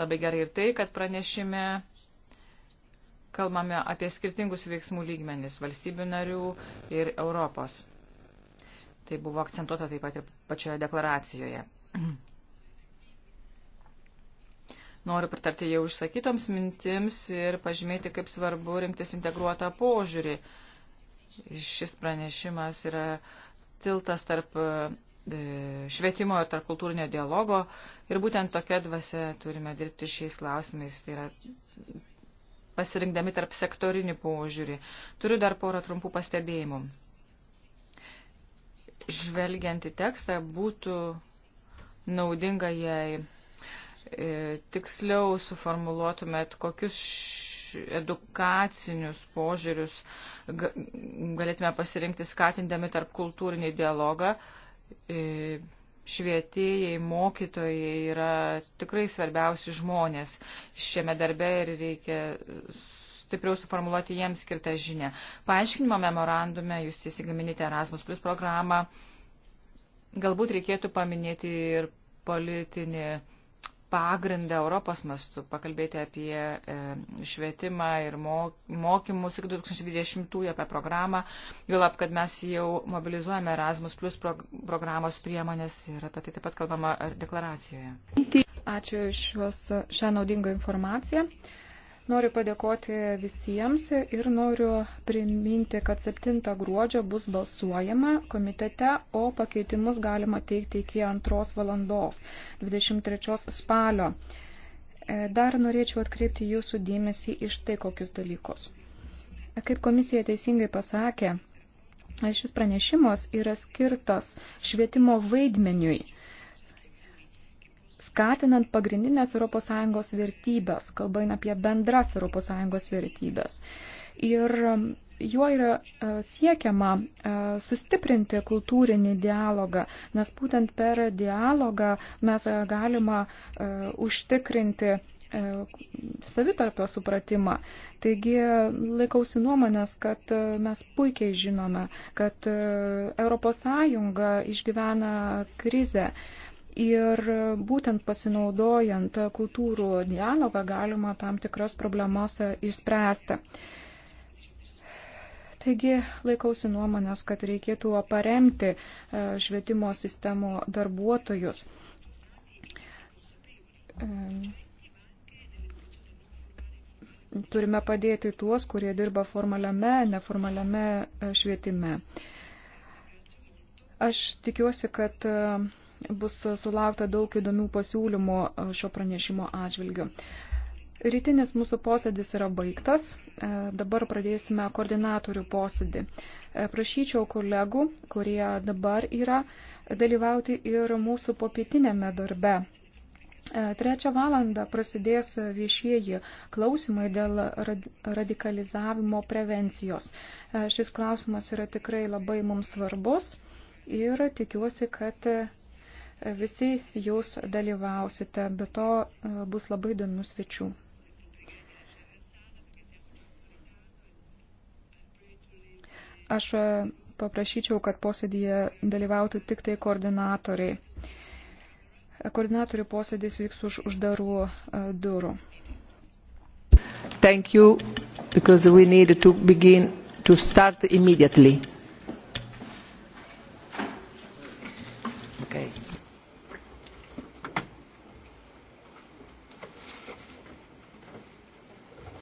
Labai gerai ir tai, kad pranešime kalbame apie skirtingus veiksmų lygmenis valstybių narių ir Europos. Tai buvo akcentuota taip pat ir pačioje deklaracijoje. Noriu pritarti jau išsakytoms mintims ir pažymėti, kaip svarbu rinktis integruotą požiūrį. Šis pranešimas yra tiltas tarp e, švietimo ir tarp kultūrinio dialogo ir būtent tokia dvasia turime dirbti šiais klausimais. Tai yra pasirinkdami tarp sektorinį požiūrį. Turiu dar porą trumpų pastebėjimų. Žvelgiant į tekstą, būtų naudinga, jei e, tiksliau suformuluotumėt, kokius edukacinius požiūrius galėtume pasirinkti skatindami tarp kultūrinį dialogą e, švietėjai, mokytojai yra tikrai svarbiausi žmonės šiame darbe ir reikia stipriau suformuoluoti jiems skirtą žinę. Paaiškinimo memorandume jūs teisingai minite Erasmus Plus programą. Galbūt reikėtų paminėti ir politinį pagrindą Europos mastu, pakalbėti apie e, švietimą ir mokymus iki 2020-ųjų apie programą, juolab, kad mes jau mobilizuojame Erasmus Plus programos priemonės ir apie tai taip pat kalbama deklaracijoje. Ačiū šios šią naudingą informaciją. Noriu padėkoti visiems ir noriu priminti, kad 7 gruodžio bus balsuojama komitete, o pakeitimus galima teikti iki 2 valandos 23 spalio. E, dar norėčiau atkreipti jūsų dėmesį iš tai kokius dalykus. Kaip komisija teisingai pasakė, šis pranešimas yra skirtas švietimo vaidmeniui skatinant pagrindinės ES vertybės, kalba eina apie bendras ES vertybės. Ir um, juo yra e, siekiama e, sustiprinti kultūrinį dialogą, nes būtent per dialogą mes e, galima užtikrinti savitarpio supratimą. Taigi laikausi nuomonės, kad mes puikiai žinome, kad ES išgyvena krizę Ir būtent pasinaudojant kultūrų dialogą galima tam tikras problemas išspręsti. Taigi laikausi nuomonės, kad reikėtų paremti e, švietimo sistemo darbuotojus. E, turime padėti tuos, kurie dirba formaliame, neformaliame e, švietime. Aš tikiuosi, kad bus sulaukta daug įdomių pasiūlymų e, šio pranešimo atžvilgiu. Rytinis mūsų posėdis yra baigtas. E, dabar pradėsime koordinatorių posėdį. E, prašyčiau kolegų, kurie dabar yra, dalyvauti ir mūsų popietinėme darbe. Trečią valandą prasidės viešieji klausimai dėl radikalizavimo prevencijos. Šis klausimas yra tikrai labai mums svarbus ir tikiuosi, kad visi jūs dalyvausite, be to e, bus labai įdomių svečių. Aš e, paprašyčiau, kad posėdėje dalyvautų tik tai koordinatoriai. Koordinatorių posėdės vyks už uždarų e, durų. Thank you, because we need to begin to start immediately.